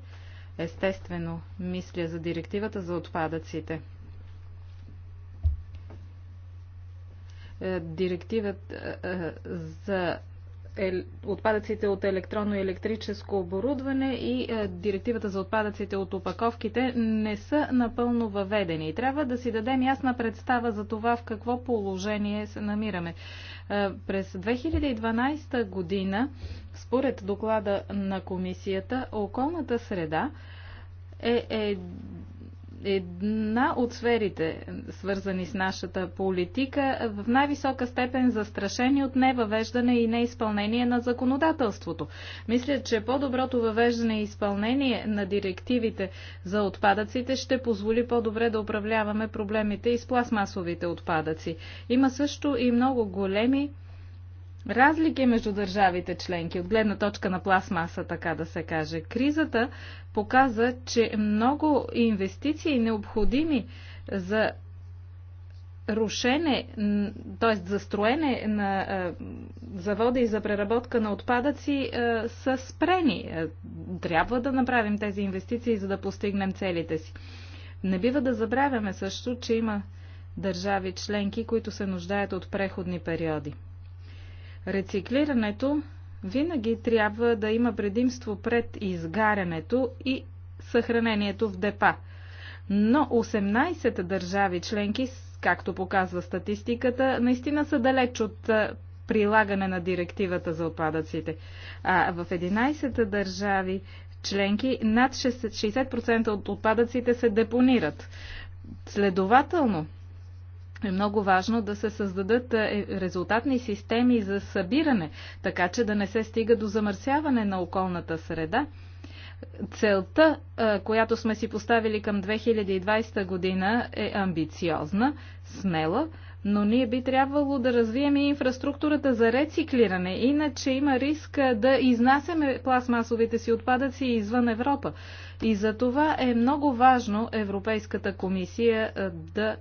естествено мисля за директивата за отпадъците – Е, директивът е, е, за отпадъците от електронно и електрическо оборудване и директивата за отпадъците от опаковките не са напълно въведени. Трябва да си дадем ясна представа за това в какво положение се намираме. През 2012 година, според доклада на комисията, околната среда е, е една от сферите, свързани с нашата политика, в най-висока степен застрашени от невъвеждане и неизпълнение на законодателството. Мисля, че по-доброто въвеждане и изпълнение на директивите за отпадъците ще позволи по-добре да управляваме проблемите и с пластмасовите отпадъци. Има също и много големи разлики между държавите членки от гледна точка на пластмаса, така да се каже. Кризата показа, че много инвестиции необходими за рушене, т.е. застроене на завода и за преработка на отпадъци са спрени. Трябва да направим тези инвестиции, за да постигнем целите си. Не бива да забравяме също, че има държави членки, които се нуждаят от преходни периоди. Рециклирането винаги трябва да има предимство пред изгарянето и съхранението в депа. Но 18 държави членки, както показва статистиката, наистина са далеч от прилагане на директивата за отпадъците. А в 11 държави членки над 60% от отпадъците се депонират. Следователно, е много важно да се създадат е, резултатни системи за събиране, така че да не се стига до замърсяване на околната среда. Целта, е, която сме си поставили към 2020 година, е амбициозна, смела, но ние би трябвало да развием и инфраструктурата за рециклиране, иначе има риск е, да изнасяме пластмасовите си отпадъци извън Европа. И за това е много важно Европейската комисия да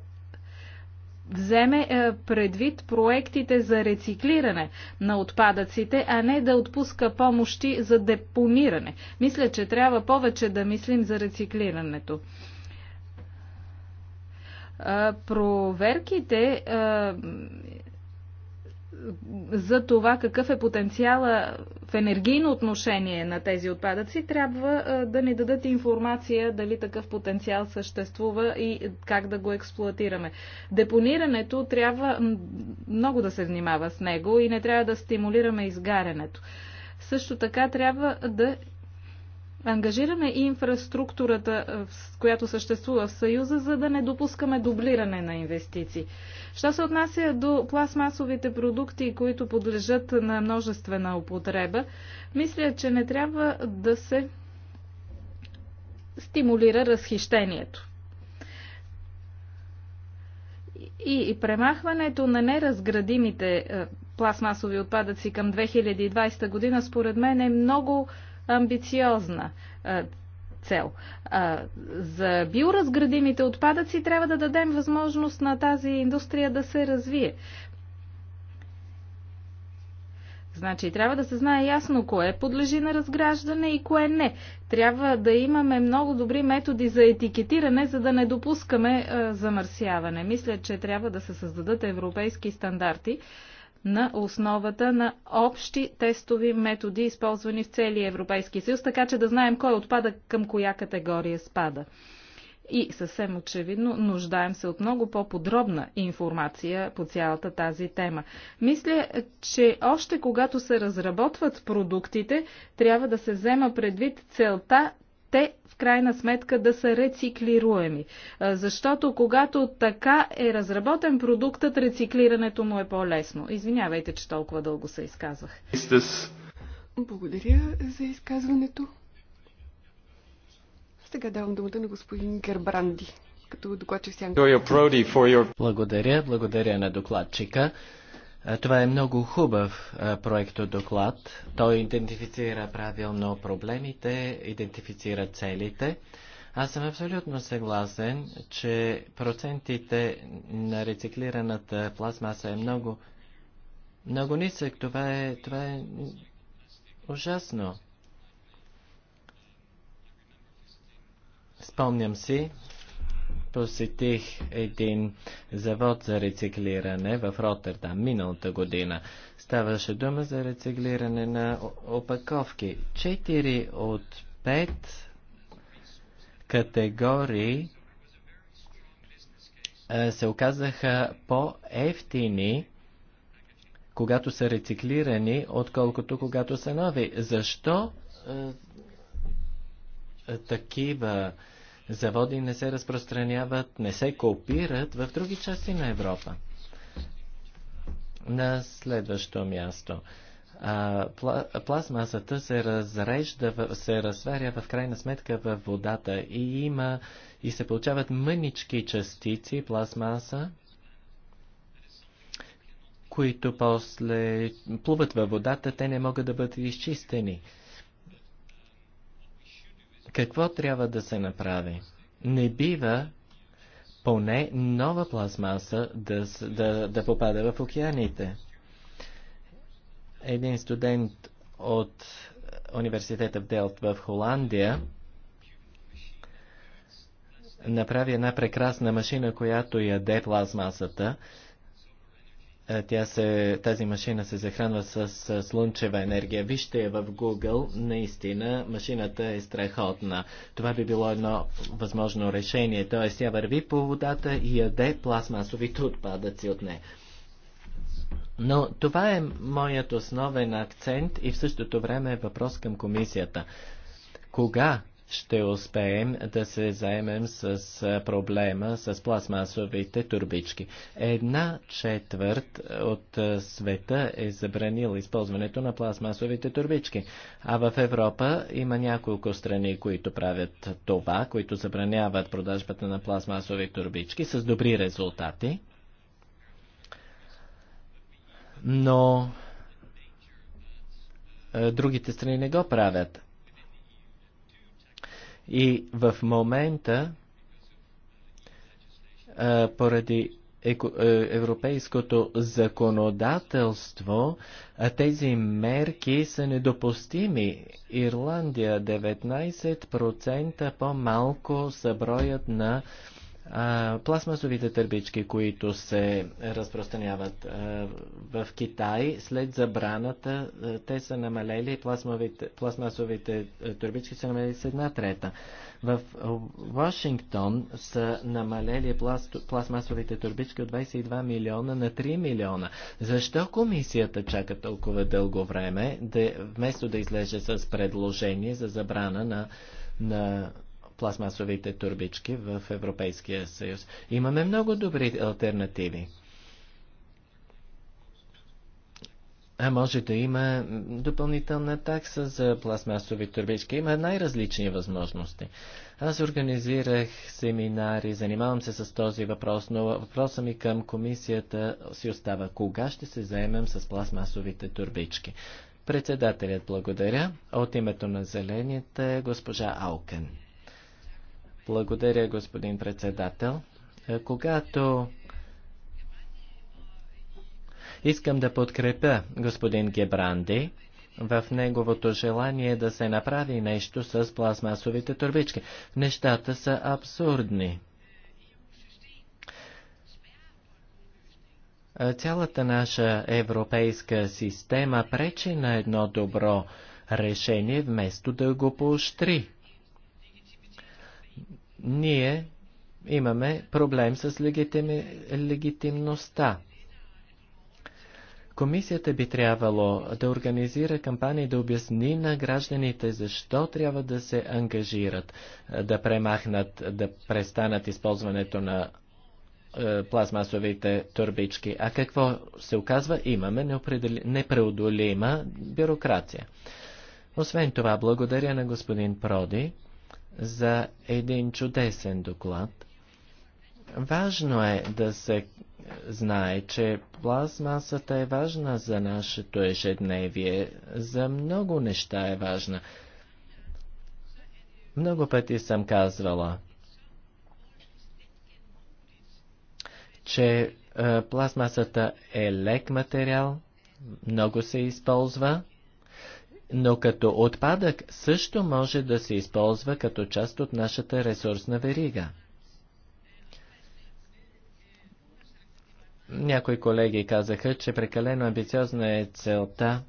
вземе е, предвид проектите за рециклиране на отпадъците, а не да отпуска помощи за депониране. Мисля, че трябва повече да мислим за рециклирането. Е, проверките е, за това какъв е потенциала в енергийно отношение на тези отпадъци, трябва да ни дадат информация дали такъв потенциал съществува и как да го експлуатираме. Депонирането трябва много да се внимава с него и не трябва да стимулираме изгарянето. Също така трябва да ангажираме и инфраструктурата, е, която съществува в Съюза, за да не допускаме дублиране на инвестиции. Що се отнася до пластмасовите продукти, които подлежат на множествена употреба, мисля, че не трябва да се стимулира разхищението. И, и премахването на неразградимите е, пластмасови отпадъци към 2020 година, според мен е много амбициозна цел. За биоразградимите отпадъци трябва да дадем възможност на тази индустрия да се развие. Значи трябва да се знае ясно кое подлежи на разграждане и кое не. Трябва да имаме много добри методи за етикетиране, за да не допускаме е, замърсяване. Мисля, че трябва да се създадат европейски стандарти, на основата на общи тестови методи, използвани в целия Европейски съюз, така че да знаем кой отпада към коя категория спада. И съвсем очевидно нуждаем се от много по-подробна информация по цялата тази тема. Мисля, че още когато се разработват продуктите, трябва да се взема предвид целта те в крайна сметка да са рециклируеми. Защото когато така е разработен продуктът, рециклирането му е по-лесно. Извинявайте, че толкова дълго се изказвах. Благодаря за изказването. Сега давам думата на господин Гербранди, като докладчик сянка. Е благодаря, благодаря на докладчика. Това е много хубав проекто доклад. Той идентифицира правилно проблемите, идентифицира целите. Аз съм абсолютно съгласен, че процентите на рециклираната пластмаса е много, много нисък. Това е, това е ужасно. Спомням си, посетих един завод за рециклиране в Роттердам миналата година. Ставаше дума за рециклиране на опаковки. Четири от пет категории се оказаха по-ефтини, когато са рециклирани, отколкото когато са нови. Защо такива заводи не се разпространяват, не се копират в други части на Европа. На следващо място. А, пла, пластмасата се разрежда, се разваря в крайна сметка в водата и има и се получават мънички частици пластмаса, които после плуват във водата, те не могат да бъдат изчистени. Какво трябва да се направи? Не бива поне нова пластмаса да, да, да попада в океаните. Един студент от университета в Делт в Холандия направи една прекрасна машина, която яде пластмасата е, тя се, тази машина се захранва с, с слънчева енергия. Вижте я в Google, наистина машината е страхотна. Това би било едно възможно решение. Т.е. тя върви по водата и яде пластмасовите отпадъци от нея. Но това е моят основен акцент и в същото време е въпрос към комисията. Кога ще успеем да се заемем с проблема с пластмасовите турбички. Една четвърт от света е забранил използването на пластмасовите турбички, а в Европа има няколко страни, които правят това, които забраняват продажбата на пластмасови турбички с добри резултати. Но другите страни не го правят. И в момента, поради европейското законодателство, тези мерки са недопустими. Ирландия 19% по-малко са броят на а, пластмасовите търбички, които се разпространяват а, в Китай, след забраната а, те са намалели, пластмасовите, пластмасовите търбички са намалели с една трета. В Вашингтон са намалели пласт, пластмасовите турбички от 22 милиона на 3 милиона. Защо комисията чака толкова дълго време, да, вместо да излезе с предложение за забрана на, на пластмасовите турбички в Европейския съюз. Имаме много добри альтернативи. А може да има допълнителна такса за пластмасови турбички. Има най-различни възможности. Аз организирах семинари, занимавам се с този въпрос, но въпросът ми към комисията си остава. Кога ще се заемем с пластмасовите турбички? Председателят благодаря. От името на зелените госпожа Алкен. Благодаря, господин председател. Е, когато искам да подкрепя господин Гебранди, в неговото желание да се направи нещо с пластмасовите турбички. Нещата са абсурдни. Е, цялата наша европейска система пречи на едно добро решение, вместо да го поощри ние имаме проблем с легитими, легитимността. Комисията би трябвало да организира кампании да обясни на гражданите защо трябва да се ангажират, е, да премахнат, да престанат използването на е, пластмасовите турбички. А какво се оказва? Имаме непреодолима бюрокрация. Освен това, благодаря на господин Проди за един чудесен доклад. Важно е да се знае, че пластмасата е важна за нашето ежедневие, за много неща е важна. Много пъти съм казвала, че е, пластмасата е лек материал, много се използва, но като отпадък също може да се използва като част от нашата ресурсна верига. Някои колеги казаха, че прекалено амбициозна е целта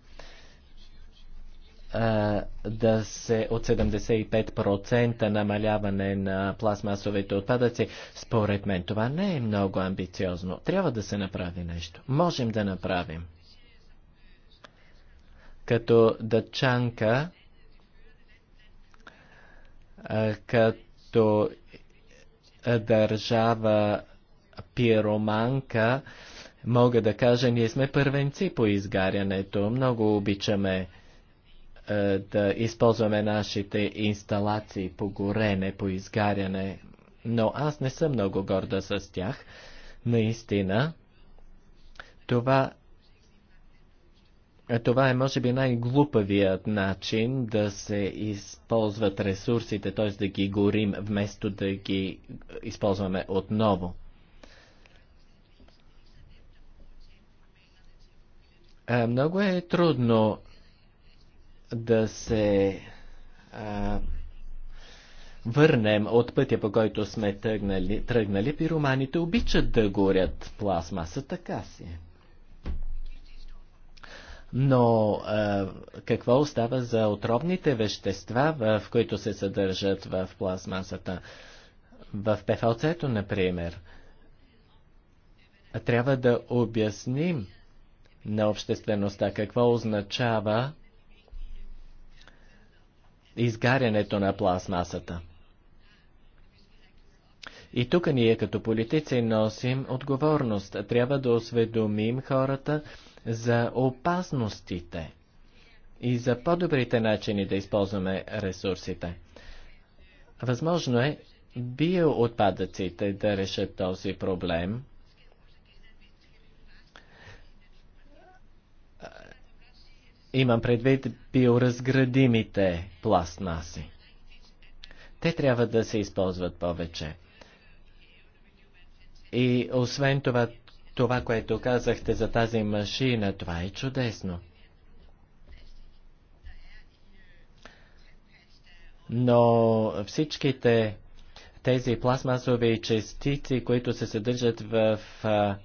а, да се от 75% намаляване на пластмасовите отпадъци. Според мен това не е много амбициозно. Трябва да се направи нещо. Можем да направим като дъчанка, като държава пироманка, мога да кажа, ние сме първенци по изгарянето. Много обичаме да използваме нашите инсталации по горене, по изгаряне, но аз не съм много горда с тях. Наистина, това е, това е, може би, най-глупавият начин да се използват ресурсите, т.е. да ги горим, вместо да ги използваме отново. Е, много е трудно да се а, е, върнем от пътя, по който сме тръгнали. тръгнали пироманите обичат да горят пластмаса, така си е. Но а, какво остава за отровните вещества, в които се съдържат в пластмасата? В ПФЛЦ-то, например, трябва да обясним на обществеността какво означава изгарянето на пластмасата. И тук ние като политици носим отговорност. Трябва да осведомим хората, за опасностите и за по-добрите начини да използваме ресурсите. Възможно е биоотпадъците да решат този проблем. Имам предвид биоразградимите пластмаси. Те трябва да се използват повече. И освен това, това, което казахте за тази машина, това е чудесно. Но всичките тези пластмасови частици, които се съдържат в, в,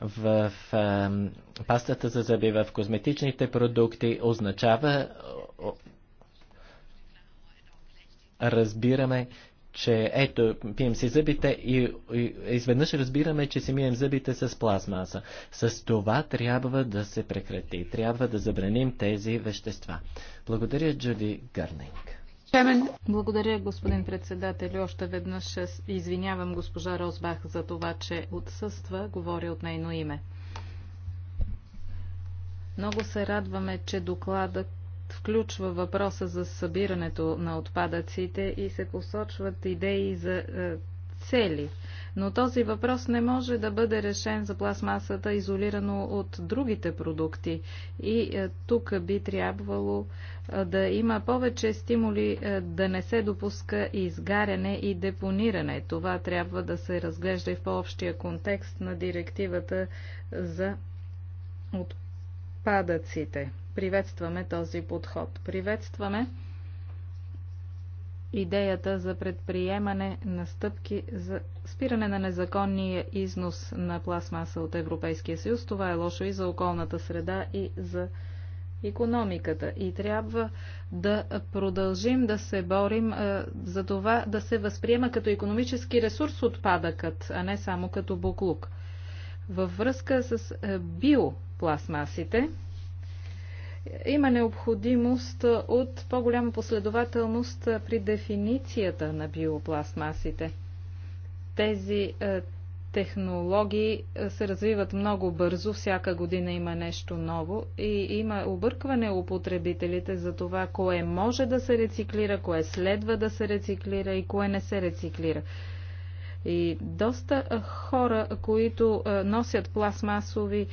в, в пастата за зъби, в козметичните продукти, означава, разбираме, че ето, пием си зъбите и, и изведнъж разбираме, че си мием зъбите с пластмаса. С това трябва да се прекрати. Трябва да забраним тези вещества. Благодаря, Джуди Гърнинг. Благодаря, господин председател. Още веднъж извинявам госпожа Розбах за това, че отсъства. Говори от нейно име. Много се радваме, че докладът включва въпроса за събирането на отпадъците и се посочват идеи за е, цели. Но този въпрос не може да бъде решен за пластмасата изолирано от другите продукти. И е, тук би трябвало е, да има повече стимули да не се допуска изгаряне и депониране. Това трябва да се разглежда и в по-общия контекст на директивата за отпадъците. Приветстваме този подход. Приветстваме идеята за предприемане на стъпки за спиране на незаконния износ на пластмаса от Европейския съюз. Това е лошо и за околната среда, и за економиката. И трябва да продължим да се борим е, за това да се възприема като економически ресурс отпадъкът, а не само като буклук. Във връзка с е, биопластмасите, има необходимост от по-голяма последователност при дефиницията на биопластмасите. Тези е, технологии е, се развиват много бързо, всяка година има нещо ново и има объркване у потребителите за това, кое може да се рециклира, кое следва да се рециклира и кое не се рециклира. И доста хора, които носят пластмасови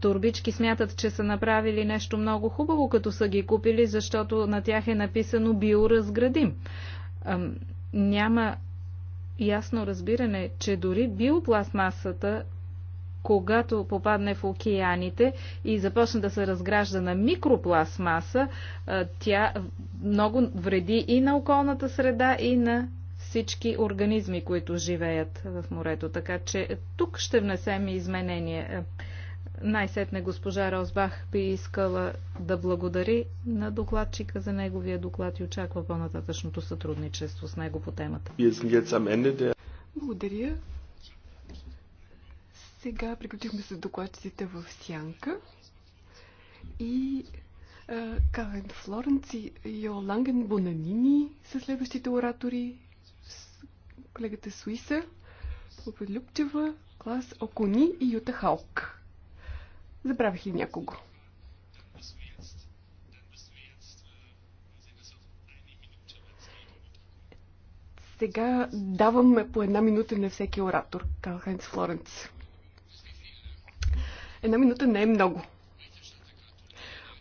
турбички, смятат, че са направили нещо много хубаво, като са ги купили, защото на тях е написано биоразградим. Няма ясно разбиране, че дори биопластмасата когато попадне в океаните и започне да се разгражда на микропластмаса, тя много вреди и на околната среда, и на всички организми, които живеят в морето. Така че тук ще внесем изменение. Е, най-сетне госпожа Розбах би искала да благодари на докладчика за неговия доклад и очаква по-нататъчното сътрудничество с него по темата. Благодаря. Сега приключихме с докладчиците в Сянка и е, кавен Флоренци, Йо Ланген, Бонанини са следващите оратори колегата Суиса, Лупелюпчева, Клас Окони и Юта Халк. Забравих ли някого? Сега даваме по една минута на всеки оратор. Карл Хайнц Флоренц. Една минута не е много.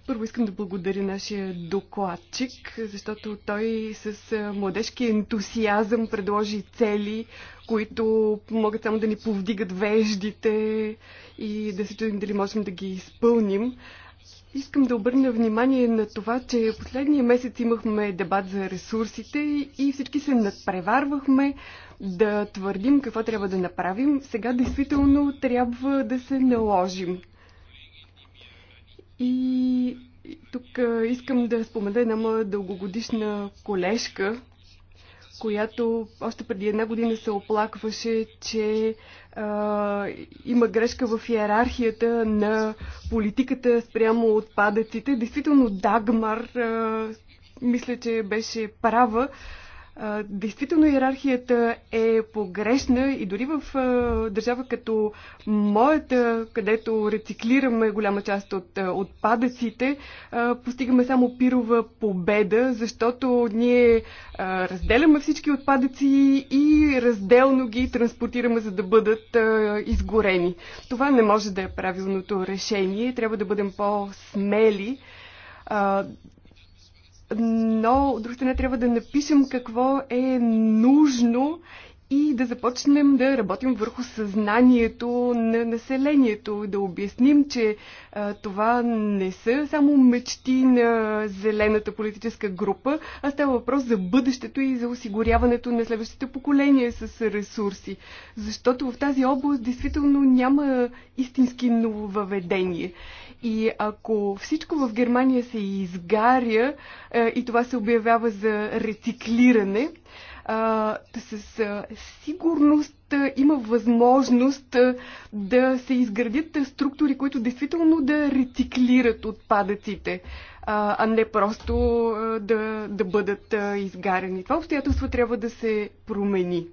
Първо искам да благодаря нашия докладчик, защото той с младежки ентусиазъм предложи цели, които могат само да ни повдигат веждите и да се чудим дали можем да ги изпълним. Искам да обърна внимание на това, че последния месец имахме дебат за ресурсите и всички се надпреварвахме да твърдим какво трябва да направим. Сега действително трябва да се наложим. И тук искам да спомена една моя дългогодишна колежка, която още преди една година се оплакваше, че а, има грешка в иерархията на политиката спрямо отпадъците. Действително Дагмар, а, мисля, че беше права. А, Действително иерархията е погрешна и дори в държава като моята, където рециклираме голяма част от отпадъците, постигаме само пирова победа, защото ние разделяме всички отпадъци и разделно ги транспортираме, за да бъдат изгорени. Това не може да е правилното решение. Трябва да бъдем по-смели но от друга страна трябва да напишем какво е нужно и да започнем да работим върху съзнанието на населението, да обясним, че а, това не са само мечти на зелената политическа група, а става въпрос за бъдещето и за осигуряването на следващите поколения с ресурси. Защото в тази област действително няма истински нововведение. И ако всичко в Германия се изгаря е, и това се обявява за рециклиране, е, с е, сигурност има възможност да се изградят структури, които действително да рециклират отпадъците, а не просто да, да бъдат изгарени. Това обстоятелство трябва да се промени.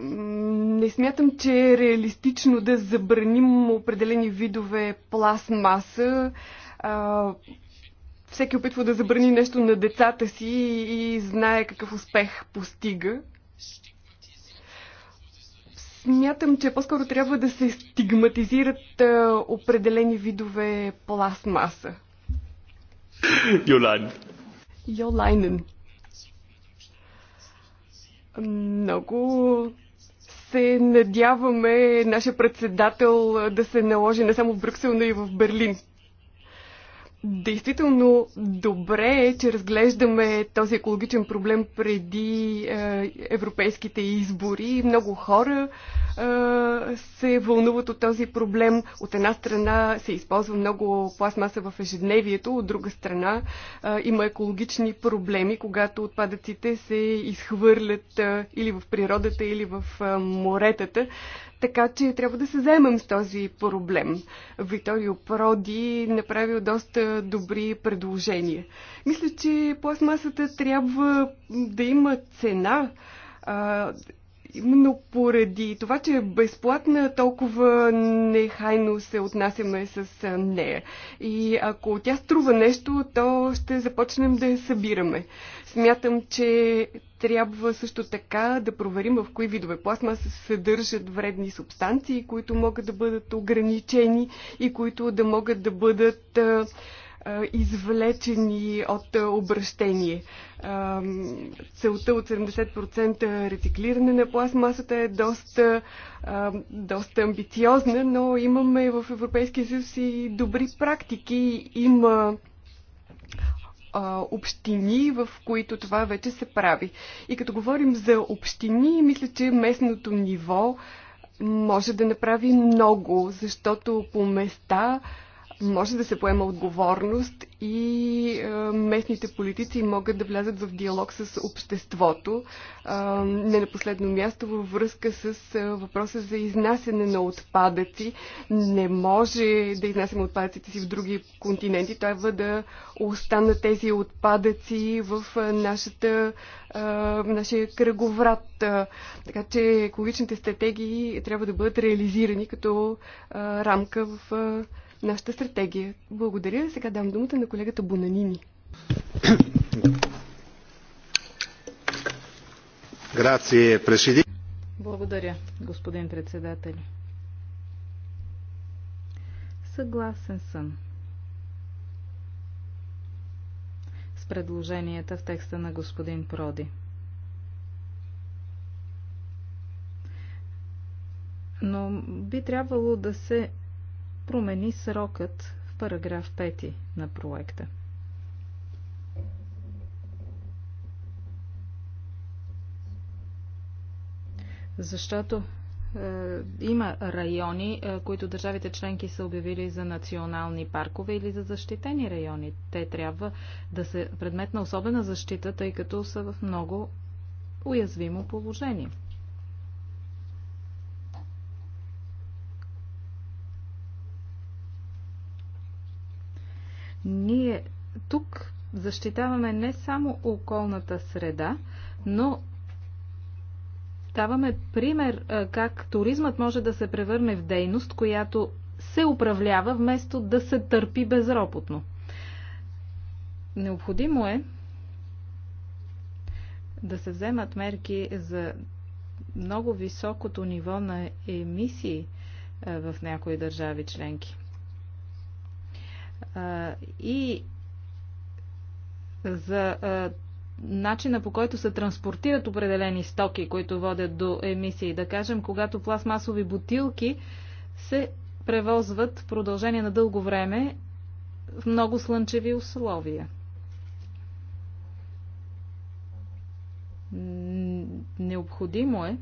Не смятам, че е реалистично да забраним определени видове пластмаса. А, всеки опитва да забрани нещо на децата си и знае какъв успех постига. Смятам, че по-скоро трябва да се стигматизират а, определени видове пластмаса. Йолайн. Йолайнен. Много се надяваме нашия председател да се наложи не само в Брюксел, но и в Берлин. Действително добре е, че разглеждаме този екологичен проблем преди е, европейските избори. Много хора е, се вълнуват от този проблем. От една страна се използва много пластмаса в ежедневието, от друга страна е, има екологични проблеми, когато отпадъците се изхвърлят е, или в природата, или в е, моретата. Така че трябва да се заемем с този проблем. Виторио Проди направил доста добри предложения. Мисля, че пластмасата трябва да има цена. А, именно поради това, че е безплатна, толкова нехайно се отнасяме с нея. И ако тя струва нещо, то ще започнем да я събираме. Смятам, че трябва също така да проверим в кои видове пластмаса се съдържат вредни субстанции, които могат да бъдат ограничени и които да могат да бъдат извлечени от обращение. Целта от 70% рециклиране на пластмасата е доста, доста амбициозна, но имаме в Европейския съюз и добри практики. Има а, общини, в които това вече се прави. И като говорим за общини, мисля, че местното ниво може да направи много, защото по места може да се поема отговорност и е, местните политици могат да влязат в диалог с обществото. Е, не на последно място във връзка с е, въпроса за изнасяне на отпадъци. Не може да изнасяме отпадъците си в други континенти. Трябва да останат тези отпадъци в нашата, нашия кръговрат. Така че екологичните стратегии трябва да бъдат реализирани като рамка в нашата стратегия. Благодаря. Сега дам думата на колегата Бонанини. Благодаря, господин председател. Съгласен съм с предложенията в текста на господин Проди. Но би трябвало да се промени срокът в параграф 5 на проекта. Защото е, има райони, е, които държавите членки са обявили за национални паркове или за защитени райони. Те трябва да се предмет на особена защита, тъй като са в много уязвимо положение. Ние тук защитаваме не само околната среда, но даваме пример как туризмът може да се превърне в дейност, която се управлява вместо да се търпи безропотно. Необходимо е да се вземат мерки за много високото ниво на емисии в някои държави членки и за начина по който се транспортират определени стоки, които водят до емисии. Да кажем, когато пластмасови бутилки се превозват в продължение на дълго време в много слънчеви условия. Необходимо е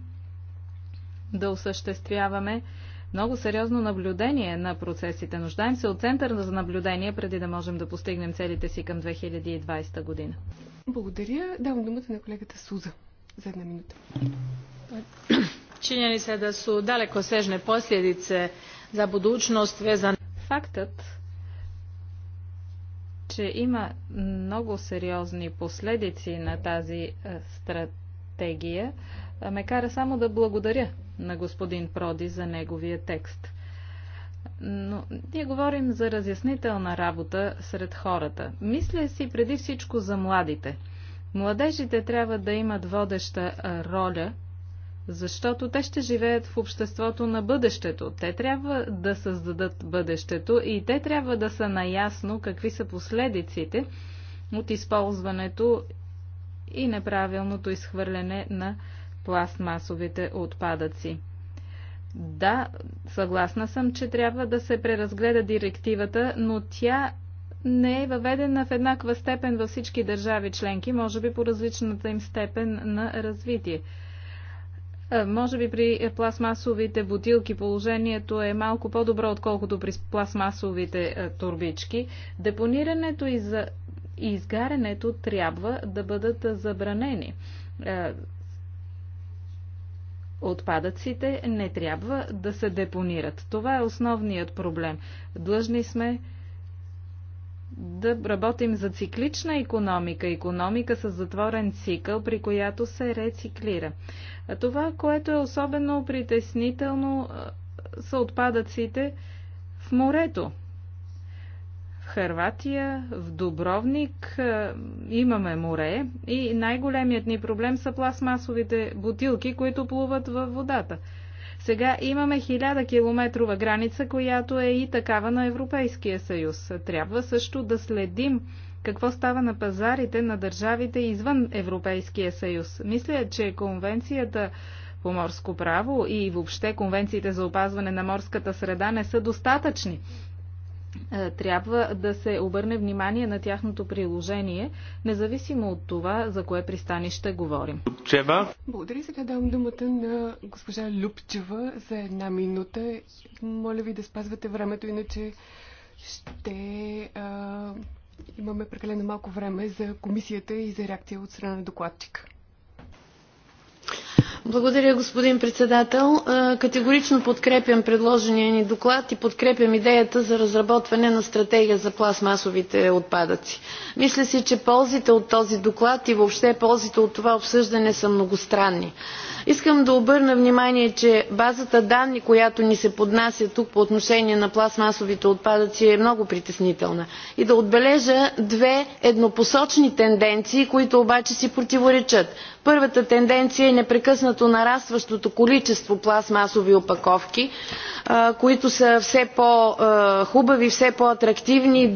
да осъществяваме много сериозно наблюдение на процесите. Нуждаем се от център за наблюдение, преди да можем да постигнем целите си към 2020 година. Благодаря. Давам думата на колегата Суза за една минута. се да са далеко сежне posljedice за будучност везан. Фактът, че има много сериозни последици на тази е, стратегия, е, ме кара само да благодаря на господин Проди за неговия текст. Но ние говорим за разяснителна работа сред хората. Мисля си преди всичко за младите. Младежите трябва да имат водеща роля, защото те ще живеят в обществото на бъдещето. Те трябва да създадат бъдещето и те трябва да са наясно какви са последиците от използването и неправилното изхвърляне на пластмасовите отпадъци. Да, съгласна съм, че трябва да се преразгледа директивата, но тя не е въведена в еднаква степен във всички държави членки, може би по различната им степен на развитие. Е, може би при пластмасовите бутилки положението е малко по-добро, отколкото при пластмасовите е, турбички. Депонирането и, за... и изгарянето трябва да бъдат забранени. Е, отпадъците не трябва да се депонират. Това е основният проблем. Длъжни сме да работим за циклична економика, економика с затворен цикъл, при която се рециклира. Това, което е особено притеснително, са отпадъците в морето. Харватия, в Добровник е, имаме море и най-големият ни проблем са пластмасовите бутилки, които плуват във водата. Сега имаме 1000 километрова граница, която е и такава на Европейския съюз. Трябва също да следим какво става на пазарите на държавите извън Европейския съюз. Мисля, че конвенцията по морско право и въобще конвенциите за опазване на морската среда не са достатъчни. Е, трябва да се обърне внимание на тяхното приложение, независимо от това, за кое пристанище говорим. Лупчева. Благодаря. Сега давам думата на госпожа Любчева за една минута. Моля ви да спазвате времето, иначе ще а, имаме прекалено малко време за комисията и за реакция от страна на докладчика. Благодаря, господин председател. Категорично подкрепям предложения ни доклад и подкрепям идеята за разработване на стратегия за пластмасовите отпадъци. Мисля си, че ползите от този доклад и въобще ползите от това обсъждане са многостранни. Искам да обърна внимание, че базата данни, която ни се поднася тук по отношение на пластмасовите отпадъци е много притеснителна. И да отбележа две еднопосочни тенденции, които обаче си противоречат. Първата тенденция е непрекъснато нарастващото количество пластмасови опаковки, които са все по-хубави, все по-атрактивни,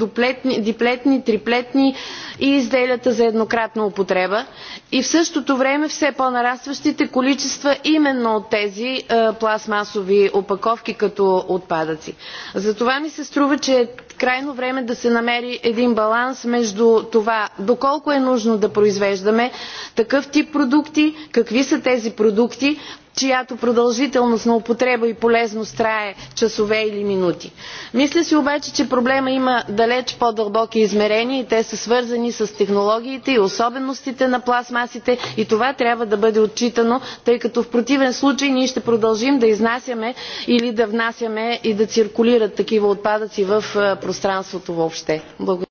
диплетни, триплетни и изделята за еднократна употреба. И в същото време все по-нарастващите количества количества именно от тези е, пластмасови опаковки като отпадъци. Затова ми се струва, че е крайно време да се намери един баланс между това доколко е нужно да произвеждаме такъв тип продукти, какви са тези продукти, чиято продължителност на употреба и полезност трае часове или минути. Мисля си обаче, че проблема има далеч по-дълбоки измерения и те са свързани с технологиите и особеностите на пластмасите и това трябва да бъде отчитано, тъй като в противен случай ние ще продължим да изнасяме или да внасяме и да циркулират такива отпадъци в пространството въобще. Благодаря.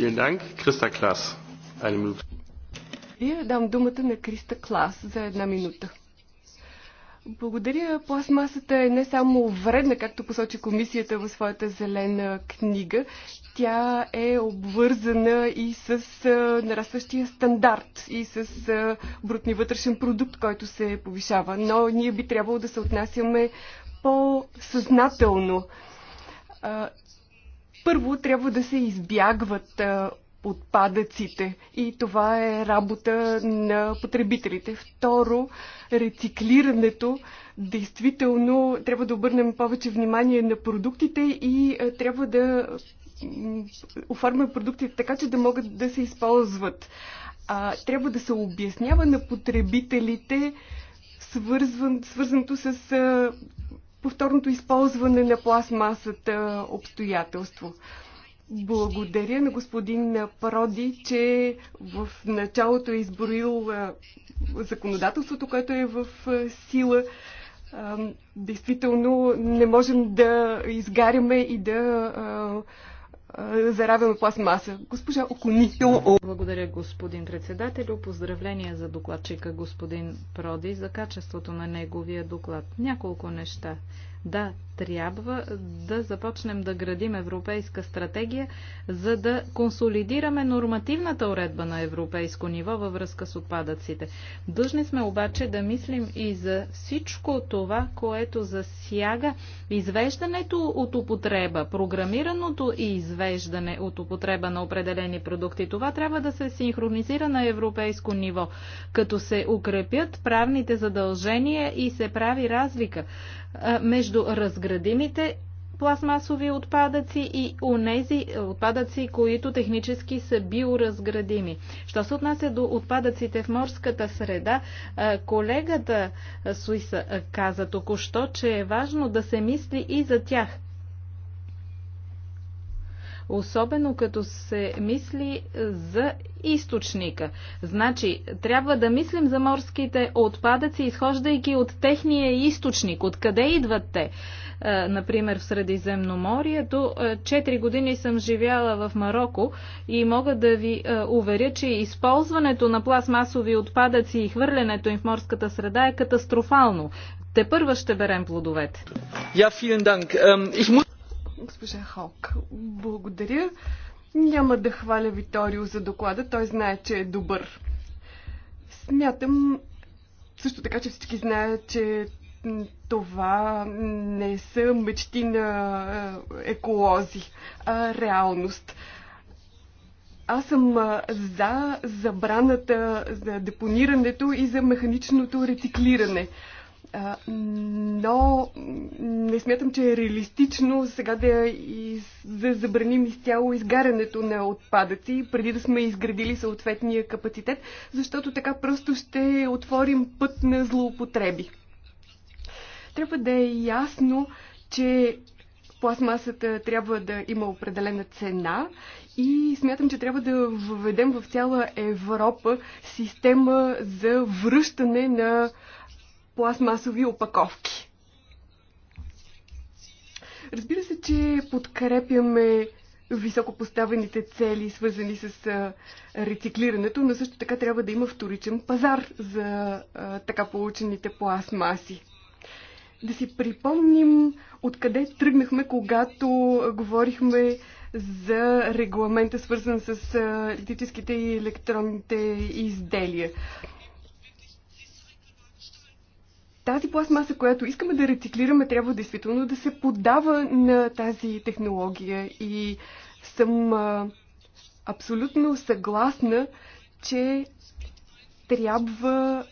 Vielen Dank. Christa Klaas, eine Minute. Благодаря. Дам думата на Криста Клас за една минута. Благодаря. Пластмасата е не само вредна, както посочи комисията в своята зелена книга, тя е обвързана и с нарастващия стандарт и с брутни вътрешен продукт, който се повишава. Но ние би трябвало да се отнасяме по-съзнателно. първо трябва да се избягват отпадъците. И това е работа на потребителите. Второ, рециклирането. Действително трябва да обърнем повече внимание на продуктите и трябва да оформим продуктите така, че да могат да се използват. А, трябва да се обяснява на потребителите свързван, свързаното с а, повторното използване на пластмасата обстоятелство. Благодаря на господин Пароди, че в началото е изброил законодателството, което е в сила. Действително не можем да изгаряме и да заравяме пластмаса. Госпожа Окуни. Благодаря, господин председател, Поздравления за докладчика господин Проди за качеството на неговия доклад. Няколко неща. Да, трябва да започнем да градим европейска стратегия, за да консолидираме нормативната уредба на европейско ниво във връзка с отпадъците. Дължни сме обаче да мислим и за всичко това, което засяга извеждането от употреба, програмираното и извеждане от употреба на определени продукти. Това трябва да се синхронизира на европейско ниво, като се укрепят правните задължения и се прави разлика между разграничението градимите пластмасови отпадъци и унези отпадъци, които технически са биоразградими. Що се отнася до отпадъците в морската среда, колегата Суиса каза току-що, че е важно да се мисли и за тях. Особено като се мисли за източника. Значи, трябва да мислим за морските отпадъци, изхождайки от техния източник, откъде идват те. Е, например в Средиземноморието. Е, четири години съм живяла в Марокко и мога да ви е, уверя, че използването на пластмасови отпадъци и хвърлянето им в морската среда е катастрофално. Те първа ще берем плодовете. Я, vielen Госпожа Хок, благодаря. Няма да хваля Виторио за доклада. Той знае, че е добър. Смятам също така, че всички знаят, че това не са мечти на еколози, а реалност. Аз съм за забраната за депонирането и за механичното рециклиране. Но не смятам, че е реалистично сега да, из... да забраним изцяло изгарянето на отпадъци, преди да сме изградили съответния капацитет, защото така просто ще отворим път на злоупотреби. Трябва да е ясно, че пластмасата трябва да има определена цена и смятам, че трябва да въведем в цяла Европа система за връщане на пластмасови опаковки. Разбира се, че подкрепяме високо поставените цели, свързани с рециклирането, но също така трябва да има вторичен пазар за така получените пластмаси да си припомним откъде тръгнахме, когато говорихме за регламента, свързан с електрическите и електронните изделия. Тази пластмаса, която искаме да рециклираме, трябва действително да се подава на тази технология и съм абсолютно съгласна, че трябва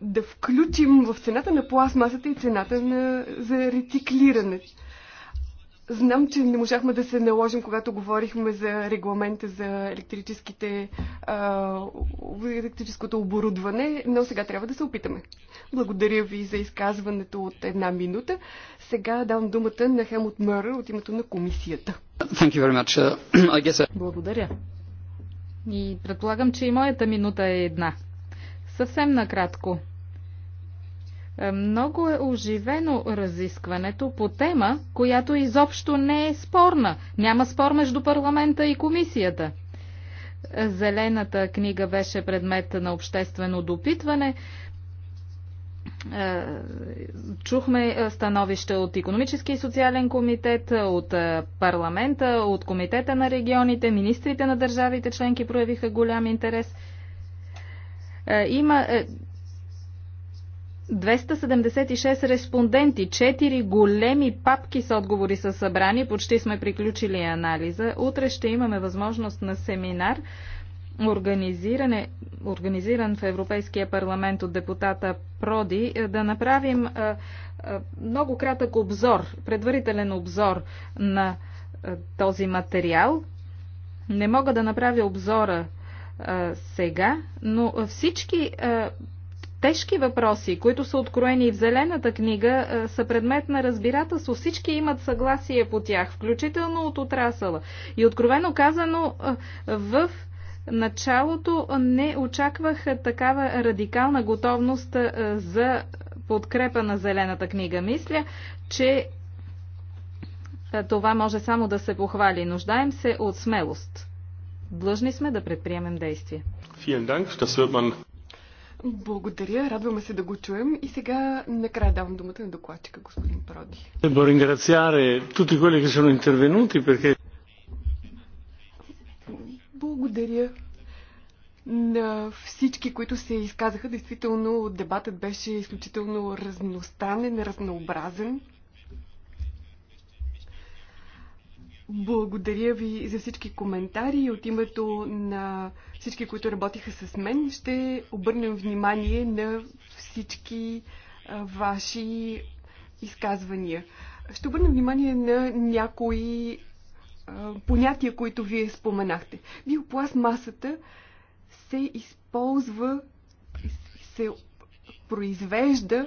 да включим в цената на пластмасата и цената на, за рециклиране. Знам, че не можахме да се наложим, когато говорихме за регламента за електрическите, а, електрическото оборудване, но сега трябва да се опитаме. Благодаря ви за изказването от една минута. Сега давам думата на Хемот Мър от името на комисията. Thank you very much. Uh, I guess I... Uh, Благодаря. И предполагам, че и моята минута е една. Съвсем накратко. Е, много е оживено разискването по тема, която изобщо не е спорна. Няма спор между парламента и комисията. Зелената книга беше предмет на обществено допитване. Е, чухме е, становище от Економически и социален комитет, от парламента, от комитета на регионите, министрите на държавите членки проявиха голям интерес – е, има 276 е, респонденти, 4 големи папки с отговори са събрани, почти сме приключили анализа. Утре ще имаме възможност на семинар, организиран в Европейския парламент от депутата Проди, е, да направим много кратък обзор, предварителен обзор на този материал. Не мога да направя обзора а, сега, но всички а, тежки въпроси, които са откроени в Зелената книга, а, са предмет на разбирателство. Всички имат съгласие по тях, включително от отрасъла. И откровено казано, а, в началото не очаквах такава радикална готовност за подкрепа на Зелената книга. Мисля, че това може само да се похвали. Нуждаем се от смелост. Длъжни сме да предприемем действия. Благодаря, радваме се да го чуем и сега накрая давам думата на докладчика, господин Проди. Благодаря на всички, които се изказаха. Действително, дебатът беше изключително разностранен, разнообразен. Благодаря ви за всички коментари от името на всички, които работиха с мен. Ще обърнем внимание на всички ваши изказвания. Ще обърнем внимание на някои понятия, които вие споменахте. Биопластмасата се използва, се произвежда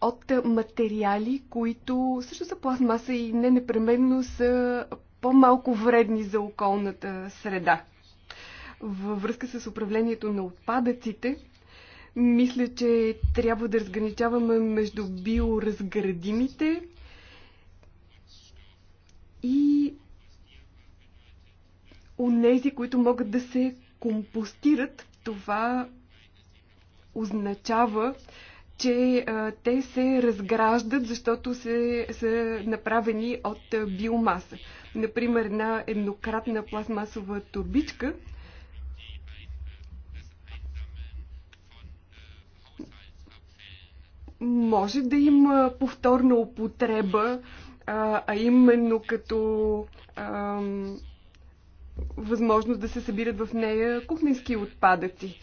от материали, които също са пластмаса и не непременно са по-малко вредни за околната среда. Във връзка с управлението на отпадъците, мисля, че трябва да разграничаваме между биоразградимите и онези, които могат да се компостират. Това означава, че а, те се разграждат, защото се, са направени от а, биомаса. Например, една еднократна пластмасова турбичка може да има повторна употреба, а, а именно като а, възможност да се събират в нея кухненски отпадъци.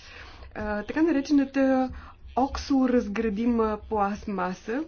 А, така наречената оксоразградима пластмаса.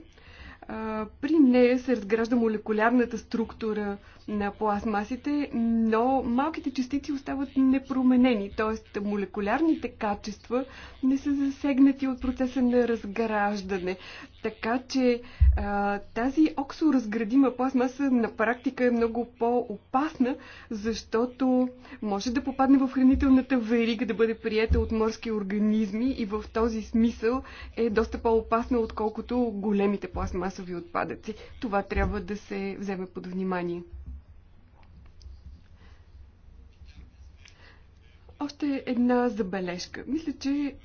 При нея се разгражда молекулярната структура на пластмасите, но малките частици остават непроменени, т.е. молекулярните качества не са засегнати от процеса на разграждане. Така че а, тази оксоразградима пластмаса на практика е много по-опасна, защото може да попадне в хранителната верига, да бъде приета от морски организми и в този смисъл е доста по-опасна, отколкото големите пластмасови отпадъци. Това трябва да се вземе под внимание. Още една забележка. Мисля, че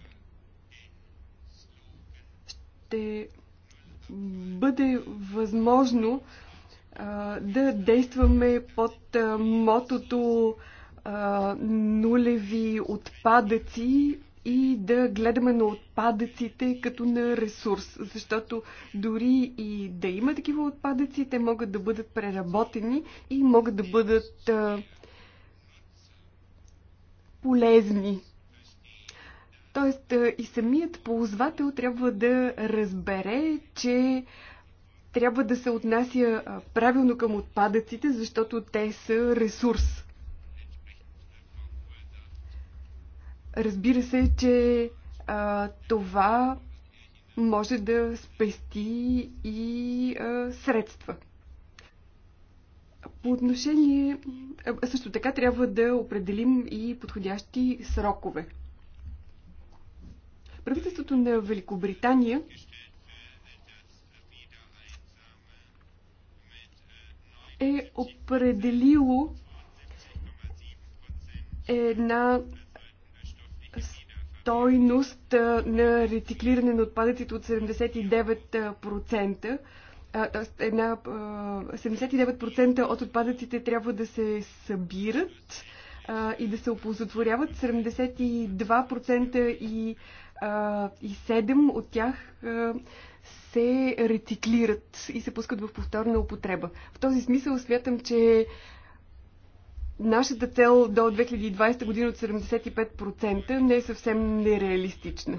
ще бъде възможно а, да действаме под а, мотото а, нулеви отпадъци и да гледаме на отпадъците като на ресурс, защото дори и да има такива отпадъци, те могат да бъдат преработени и могат да бъдат а, полезни. Тоест и самият ползвател трябва да разбере, че трябва да се отнася правилно към отпадъците, защото те са ресурс. Разбира се, че а, това може да спести и а, средства. По отношение, също така трябва да определим и подходящи срокове. Правителството на Великобритания е определило една стойност на рециклиране на отпадъците от 79% една, 79% от отпадъците трябва да се събират и да се оползотворяват. 72% и, и 7% от тях се рециклират и се пускат в повторна употреба. В този смисъл смятам, че нашата цел до 2020 година от 75% не е съвсем нереалистична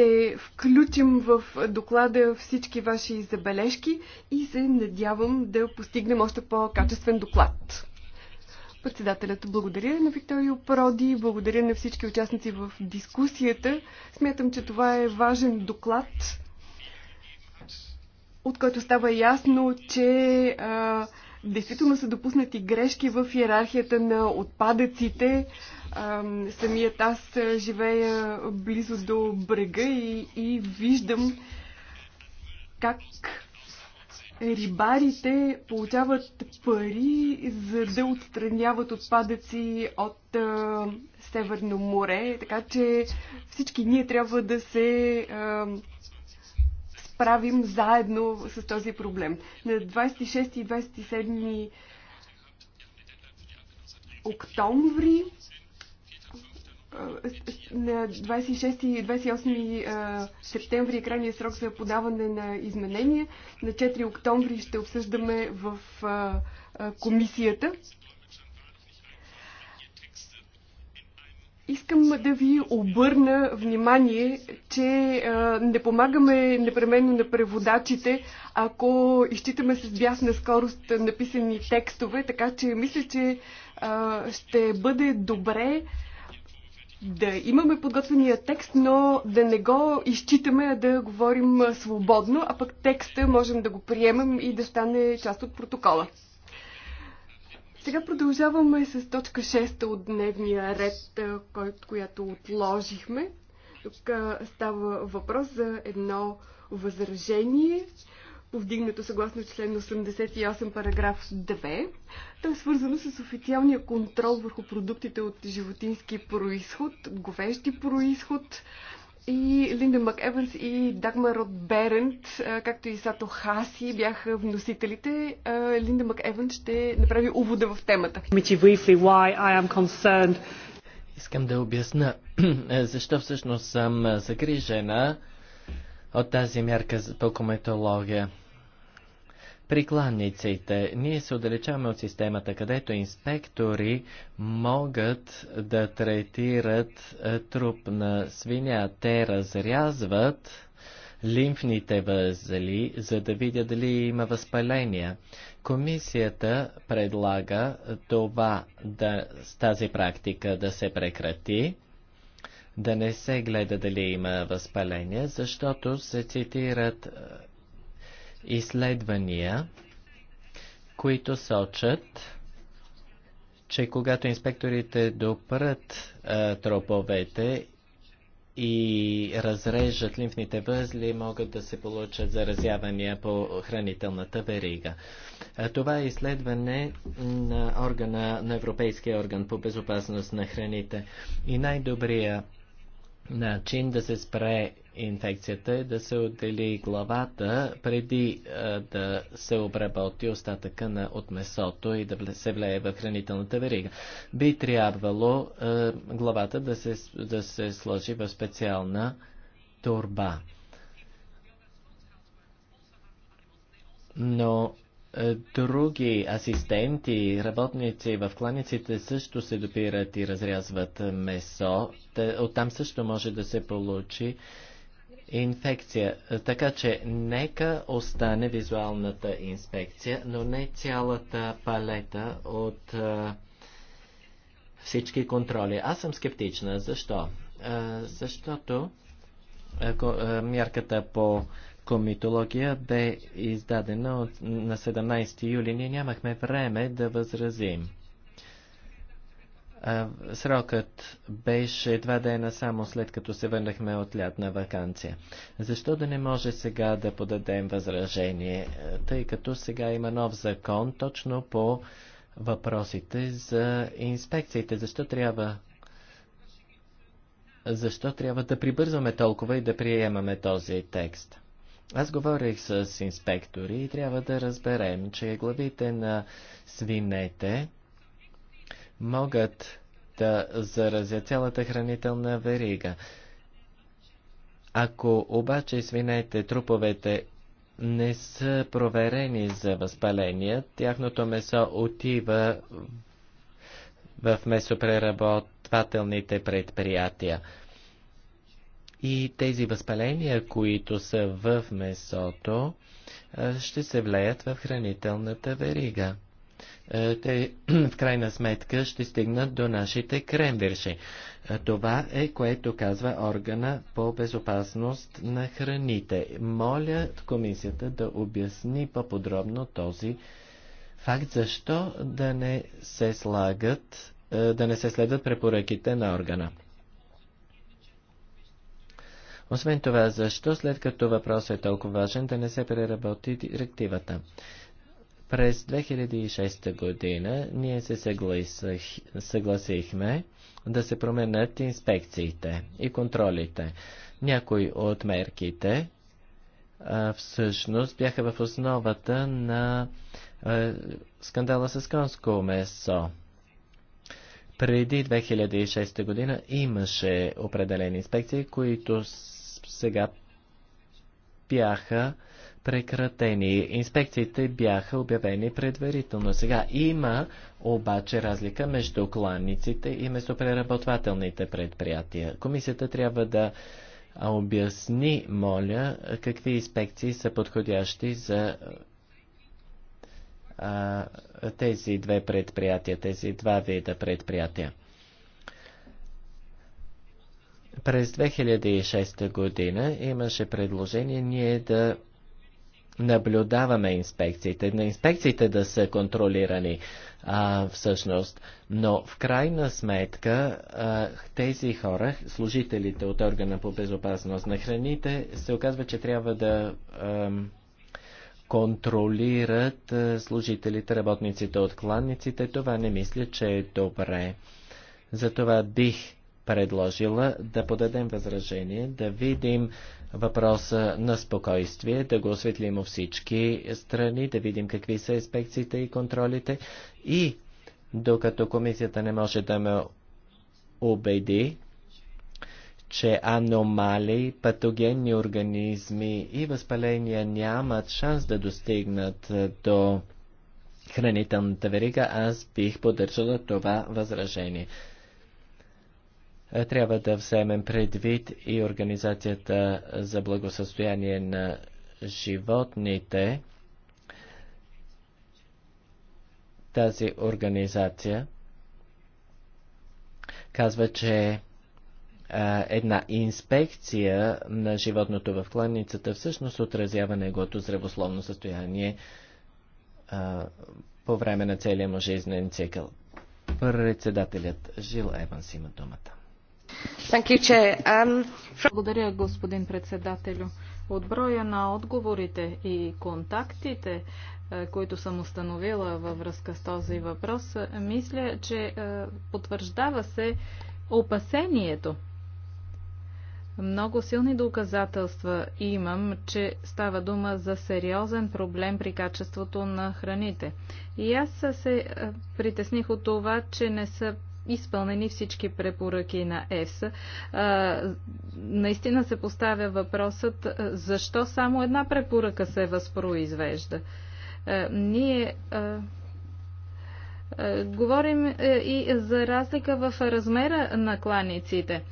ще включим в доклада всички ваши забележки и се надявам да постигнем още по-качествен доклад. Председателят благодаря на Викторио Пароди, благодаря на всички участници в дискусията. Смятам, че това е важен доклад, от който става ясно, че а, действително са допуснати грешки в иерархията на отпадъците самият аз живея близо до брега и, и виждам как рибарите получават пари за да отстраняват отпадъци от а, Северно море, така че всички ние трябва да се а, справим заедно с този проблем. На 26 и 27 октомври на 26 и 28 септември е крайният срок за подаване на изменения. На 4 октомври ще обсъждаме в комисията. Искам да ви обърна внимание, че а, не помагаме непременно на преводачите, ако изчитаме с бясна скорост написани текстове, така че мисля, че а, ще бъде добре а, да имаме подготвения текст, но да не го изчитаме, а да говорим свободно, а пък текста можем да го приемем и да стане част от протокола. Сега продължаваме с точка 6 от дневния ред, която отложихме. Тук става въпрос за едно възражение повдигнато съгласно член 88 параграф 2. То е свързано с официалния контрол върху продуктите от животински происход, говежди происход. И Линда МакЕванс и Дагмар от Берент, както и Сато Хаси бяха вносителите. Линда МакЕванс ще направи увода в темата. Искам да обясна защо всъщност съм загрижена от тази мярка по кометология прикланниците. Ние се отдалечаваме от системата, където инспектори могат да третират е, труп на свиня. Те разрязват лимфните възли, за да видят дали има възпаления. Комисията предлага е, това да, с тази практика да се прекрати, да не се гледа дали има възпаление, защото се цитират е, изследвания, които сочат, че когато инспекторите допрат а, троповете и разрежат лимфните възли, могат да се получат заразявания по хранителната верига. Това е изследване на, органа, на Европейския орган по безопасност на храните. И най-добрия начин да се спре инфекцията е да се отдели главата преди а, да се обработи остатъка на, от месото и да се влее в хранителната верига. Би трябвало а, главата да се, да се сложи в специална турба. Но е, други асистенти, работници в кланиците също се допират и разрязват месо. Оттам също може да се получи инфекция. Е, така че нека остане визуалната инспекция, но не цялата палета от е, всички контроли. Аз съм скептична. Защо? защото мярката по митология бе издадена от, на 17 юли. Ние нямахме време да възразим. А, срокът беше два дена само след като се върнахме от лятна вакансия. Защо да не може сега да подадем възражение, тъй като сега има нов закон точно по въпросите за инспекциите? Защо трябва защо трябва да прибързваме толкова и да приемаме този текст? Аз говорих с инспектори и трябва да разберем, че главите на свинете могат да заразят цялата хранителна верига. Ако обаче свинете, труповете не са проверени за възпаление, тяхното месо отива в месопреработвателните предприятия. И тези възпаления, които са в месото, ще се влеят в хранителната верига. Те в крайна сметка ще стигнат до нашите кремвирши. Това е което казва органа по безопасност на храните. Моля комисията да обясни по-подробно този факт, защо да не се слагат, да не се следват препоръките на органа. Освен това, защо след като въпросът е толкова важен да не се преработи директивата? През 2006 година ние се съгласих, съгласихме да се променят инспекциите и контролите. Някои от мерките а, всъщност бяха в основата на а, скандала с конско месо. Преди 2006 година имаше определени инспекции, които сега бяха прекратени. Инспекциите бяха обявени предварително. Сега има обаче разлика между кланниците и между преработвателните предприятия. Комисията трябва да обясни, моля, какви инспекции са подходящи за а, тези две предприятия, тези два вида предприятия. През 2006 година имаше предложение ние да наблюдаваме инспекциите, на инспекциите да са контролирани а, всъщност, но в крайна сметка а, тези хора, служителите от органа по безопасност на храните, се оказва, че трябва да а, контролират а, служителите, работниците от кланниците. Това не мисля, че е добре. Затова бих предложила да подадем възражение, да видим въпроса на спокойствие, да го осветлим у всички страни, да видим какви са инспекциите и контролите и докато комисията не може да ме убеди, че аномалии, патогенни организми и възпаления нямат шанс да достигнат е, до хранителната верига, аз бих поддържала това възражение. Е, трябва да вземем предвид и Организацията за благосъстояние на животните. Тази организация казва, че е, една инспекция на животното в кланицата всъщност отразява неговото здравословно състояние е, по време на целия му жизнен цикъл. Председателят Жил Еванс има думата. Um, Благодаря, господин председателю. От броя на отговорите и контактите, е, които съм установила във връзка с този въпрос, е, мисля, че е, потвърждава се опасението. Много силни доказателства имам, че става дума за сериозен проблем при качеството на храните. И аз се притесних от това, че не са изпълнени всички препоръки на ЕС. Наистина се поставя въпросът защо само една препоръка се възпроизвежда. Ние говорим е, и за разлика в размера на кланиците.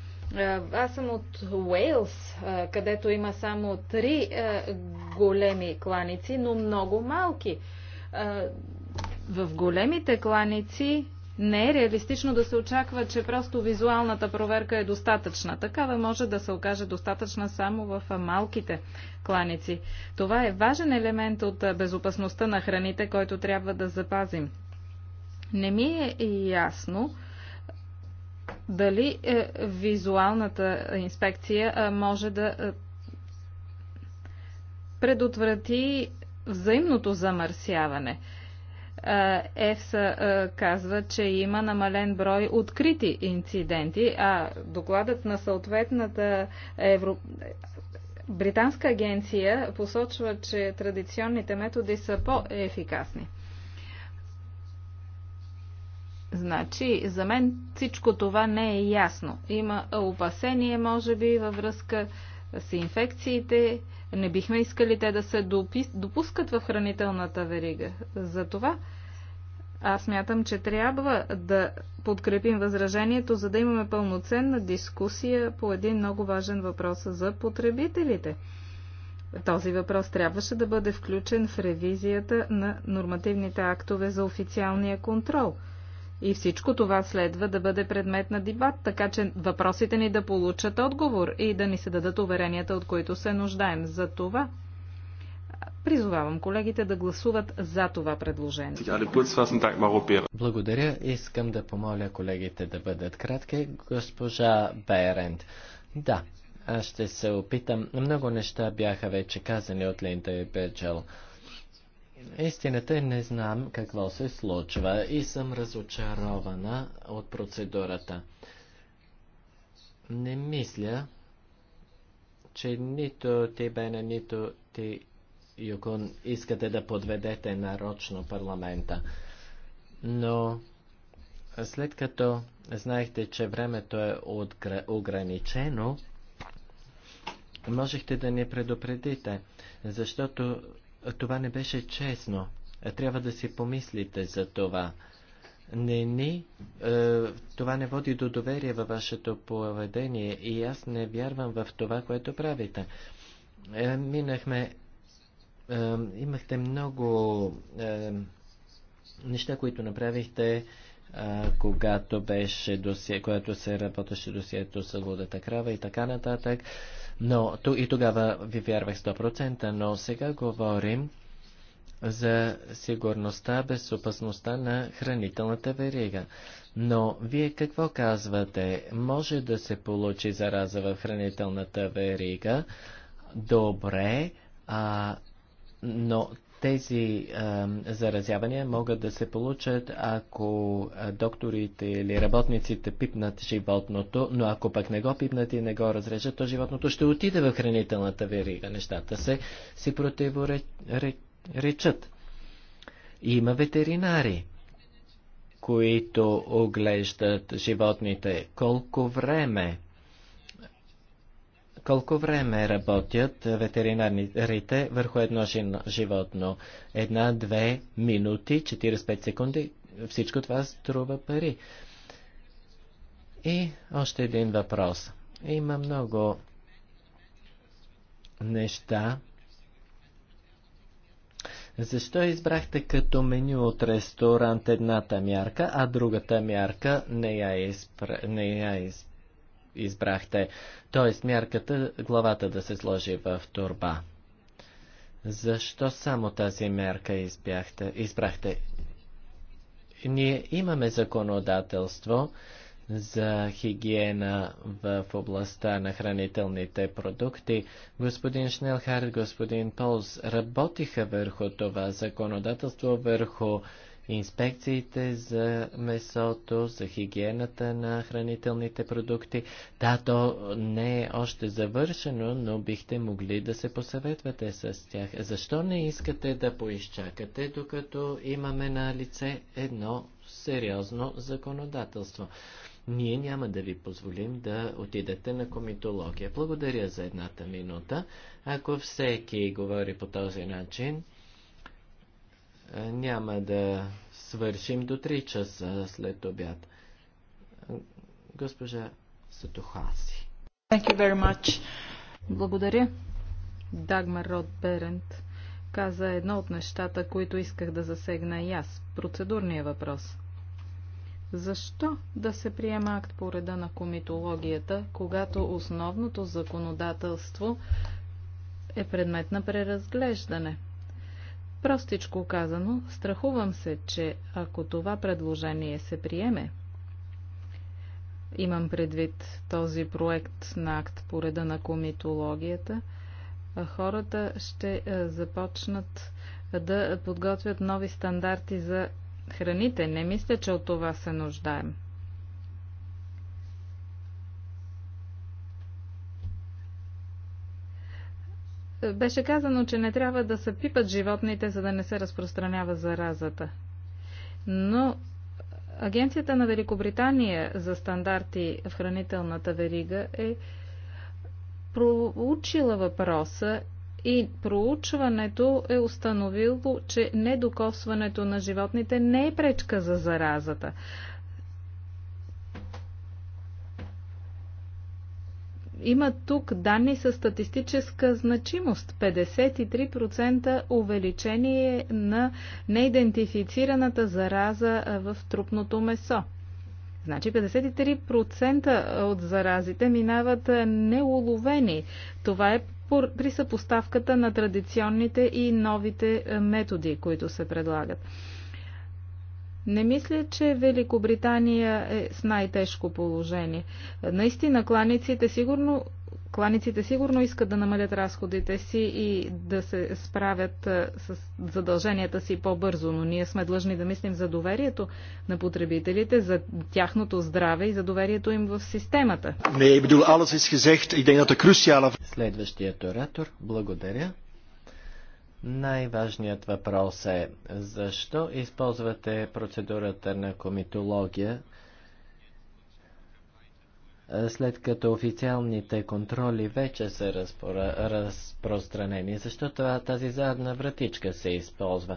Аз съм от Уейлс, където има само три големи кланици, но много малки. В големите кланици не е реалистично да се очаква, че просто визуалната проверка е достатъчна. Такава може да се окаже достатъчна само в малките кланици. Това е важен елемент от безопасността на храните, който трябва да запазим. Не ми е ясно, дали е, визуалната инспекция е, може да е, предотврати взаимното замърсяване. Е, ЕФСА е, казва, че има намален брой открити инциденти, а докладът на съответната Евро... британска агенция посочва, че традиционните методи са по-ефикасни. Значи, за мен всичко това не е ясно. Има опасение, може би, във връзка с инфекциите, не бихме искали те да се допускат в хранителната верига. Затова аз мятам, че трябва да подкрепим възражението, за да имаме пълноценна дискусия по един много важен въпрос за потребителите. Този въпрос трябваше да бъде включен в ревизията на нормативните актове за официалния контрол – и всичко това следва да бъде предмет на дебат, така че въпросите ни да получат отговор и да ни се дадат уверенията, от които се нуждаем. За това призовавам колегите да гласуват за това предложение. Благодаря. Искам да помоля колегите да бъдат кратки. Госпожа Берент. Да, аз ще се опитам. Много неща бяха вече казани от Линда и Беджел. Истината е, не знам какво се случва и съм разочарована от процедурата. Не мисля, че нито ти Бене, нито ти, Юкун, искате да подведете нарочно парламента. Но след като знаехте, че времето е ограничено, можехте да ни предупредите, защото това не беше честно. Трябва да си помислите за това. Не не. това не води до доверие във вашето поведение и аз не вярвам в това, което правите. Е, минахме, е, имахте много е, неща, които направихте, когато беше досие, когато се работеше досието с водата крава и така нататък. Но и тогава ви вярвах 100%, но сега говорим за сигурността, безопасността на хранителната верига. Но вие какво казвате? Може да се получи зараза в хранителната верига. Добре, а, но тези а, заразявания могат да се получат, ако докторите или работниците пипнат животното, но ако пък не го пипнат и не го разрежат, то животното ще отиде в хранителната верига. Нещата се си противоречат. Има ветеринари, които оглеждат животните. Колко време? Колко време работят ветеринарите върху едно животно? Една, две минути, 45 секунди. Всичко това струва пари. И още един въпрос. Има много неща. Защо избрахте като меню от ресторант едната мярка, а другата мярка не я, изпра... не я изпра избрахте. т.е. мярката, главата да се сложи в турба. Защо само тази мерка избяхте, избрахте? Ние имаме законодателство за хигиена в областта на хранителните продукти. Господин Шнелхард, господин Полз работиха върху това законодателство, върху инспекциите за месото, за хигиената на хранителните продукти. Да, то не е още завършено, но бихте могли да се посъветвате с тях. Защо не искате да поизчакате, докато имаме на лице едно сериозно законодателство? Ние няма да ви позволим да отидете на комитология. Благодаря за едната минута. Ако всеки говори по този начин, е, няма да свършим до 3 часа след обяд. Госпожа Сатухаси. Thank you very much. Благодаря. Дагмар Род Берент каза едно от нещата, които исках да засегна и аз. Процедурния въпрос. Защо да се приема акт по реда на комитологията, когато основното законодателство е предмет на преразглеждане? Простичко казано, страхувам се, че ако това предложение се приеме, имам предвид този проект на акт по реда на комитологията, хората ще започнат да подготвят нови стандарти за храните. Не мисля, че от това се нуждаем. Беше казано, че не трябва да се пипат животните, за да не се разпространява заразата. Но Агенцията на Великобритания за стандарти в хранителната верига е проучила въпроса и проучването е установило, че недокосването на животните не е пречка за заразата. има тук данни с статистическа значимост. 53% увеличение на неидентифицираната зараза в трупното месо. Значи 53% от заразите минават неуловени. Това е при съпоставката на традиционните и новите методи, които се предлагат. Не мисля, че Великобритания е с най-тежко положение. Наистина, кланиците сигурно, кланиците сигурно искат да намалят разходите си и да се справят с задълженията си по-бързо, но ние сме длъжни да мислим за доверието на потребителите, за тяхното здраве и за доверието им в системата. Следващият оратор, благодаря. Най-важният въпрос е защо използвате процедурата на комитология, след като официалните контроли вече са разпора... разпространени, защо това, тази задна вратичка се използва.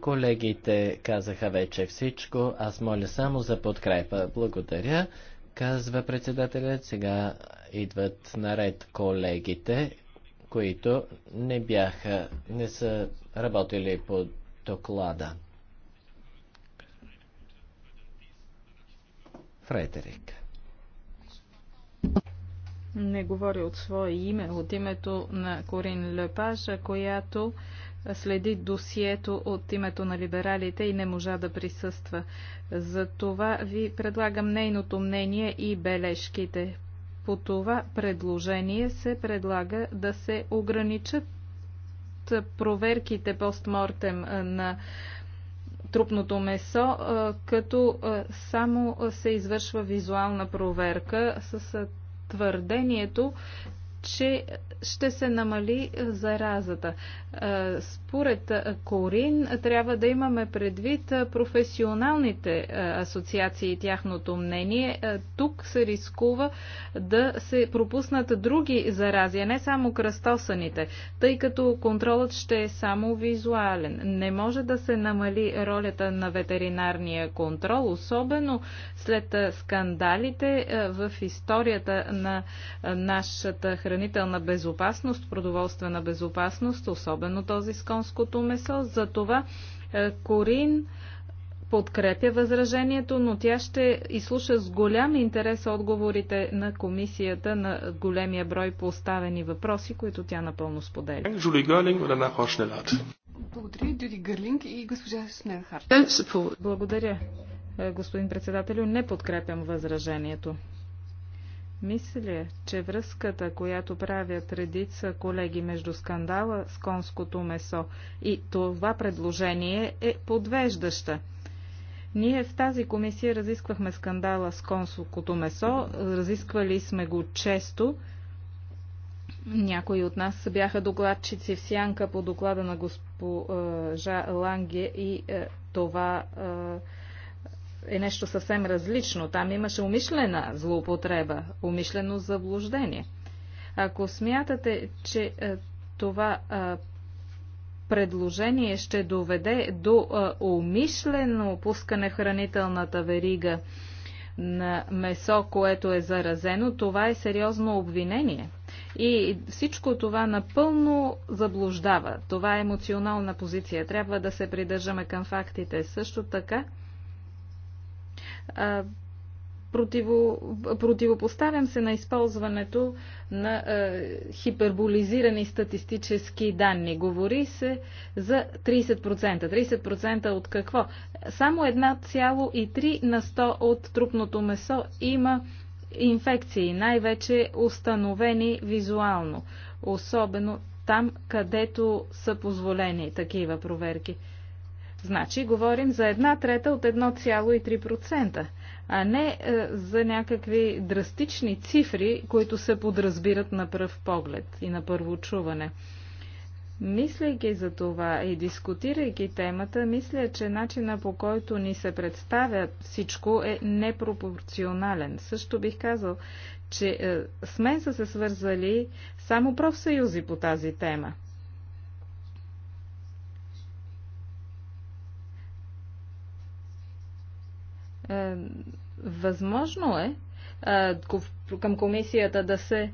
Колегите казаха вече всичко, аз моля само за подкрепа. Благодаря, казва председателят. Сега идват наред колегите които не бяха, не са работили по доклада. Фредерик. Не говори от свое име, от името на Корин Лепаж, която следи досието от името на либералите и не можа да присъства. За това ви предлагам нейното мнение и бележките. По това предложение се предлага да се ограничат проверките постмортем на трупното месо, като само се извършва визуална проверка с твърдението, че ще се намали заразата. Е, според Корин трябва да имаме предвид професионалните е, асоциации и тяхното мнение. Е, тук се рискува да се пропуснат други зарази, а не само кръстосаните, тъй като контролът ще е само визуален. Не може да се намали ролята на ветеринарния контрол, особено след скандалите в историята на нашата хранителна хранителна безопасност, продоволствена безопасност, особено този с конското месо. За това е, Корин подкрепя възражението, но тя ще изслуша с голям интерес отговорите на комисията на големия брой поставени въпроси, които тя напълно споделя. Благодаря, Дюди Гърлинг и госпожа Шнелхарт. Благодаря, е, господин председателю. Не подкрепям възражението. Мисля, че връзката, която правят редица колеги между скандала с конското месо и това предложение е подвеждаща. Ние в тази комисия разисквахме скандала с конското месо, разисквали сме го често. Някои от нас бяха докладчици в сянка по доклада на госпожа Ланге и е, това е, е нещо съвсем различно. Там имаше умишлена злоупотреба, умишлено заблуждение. Ако смятате, че е, това е, предложение ще доведе до е, умишлено пускане хранителната верига на месо, което е заразено, това е сериозно обвинение. И всичко това напълно заблуждава. Това е емоционална позиция. Трябва да се придържаме към фактите. Също така, Противо, противопоставям се на използването на а, хиперболизирани статистически данни. Говори се за 30%. 30% от какво? Само 1,3 на 100 от трупното месо има инфекции, най-вече установени визуално, особено там, където са позволени такива проверки. Значи говорим за една трета от 1,3%, а не е, за някакви драстични цифри, които се подразбират на пръв поглед и на първо чуване. Мислейки за това и дискутирайки темата, мисля, че начина по който ни се представя всичко е непропорционален. Също бих казал, че е, с мен са се свързали само профсъюзи по тази тема. Е, възможно е, е към комисията да се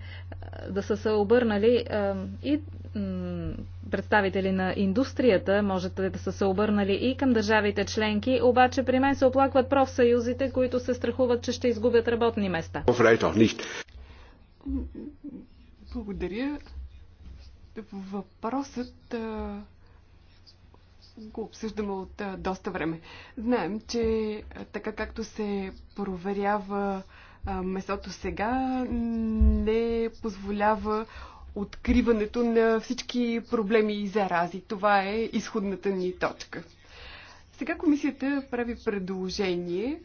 да са се обърнали е, и представители на индустрията, може да са се обърнали и към държавите членки, обаче при мен се оплакват профсъюзите, които се страхуват, че ще изгубят работни места. Благодаря. Въпросът го обсъждаме от а, доста време. Знаем, че така както се проверява а, месото сега, не позволява откриването на всички проблеми и зарази. Това е изходната ни точка. Сега комисията прави предложение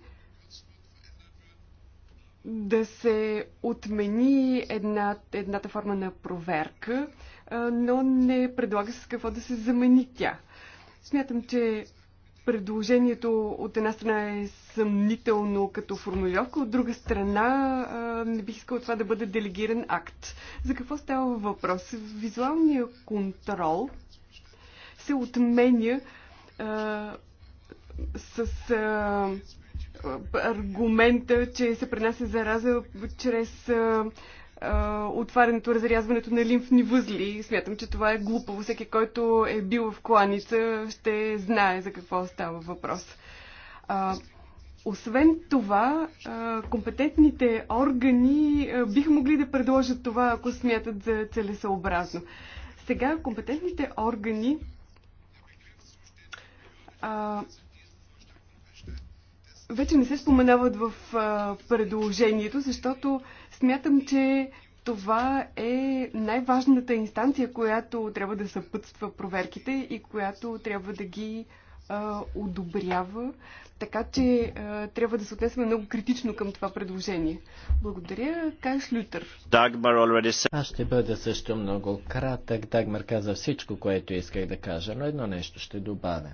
да се отмени една, едната форма на проверка, но не предлага с какво да се замени тя. Смятам, че предложението от една страна е съмнително като формулировка, от друга страна не бих искал това да бъде делегиран акт. За какво става въпрос? Визуалният контрол се отменя а, с а, аргумента, че се пренася зараза чрез а, отварянето, разрязването на лимфни възли. Смятам, че това е глупаво. Всеки, който е бил в кланица, ще знае за какво става въпрос. А, освен това, а, компетентните органи а, биха могли да предложат това, ако смятат за целесъобразно. Сега компетентните органи а, вече не се споменават в а, предложението, защото а, Смятам, че това е най-важната инстанция, която трябва да съпътства проверките и която трябва да ги а, одобрява. Така че а, трябва да се отнесем много критично към това предложение. Благодаря, Кайш Лютер. Дагмар already Аз ще бъда също много кратък. Дагмар каза всичко, което исках да кажа, но едно нещо ще добавя.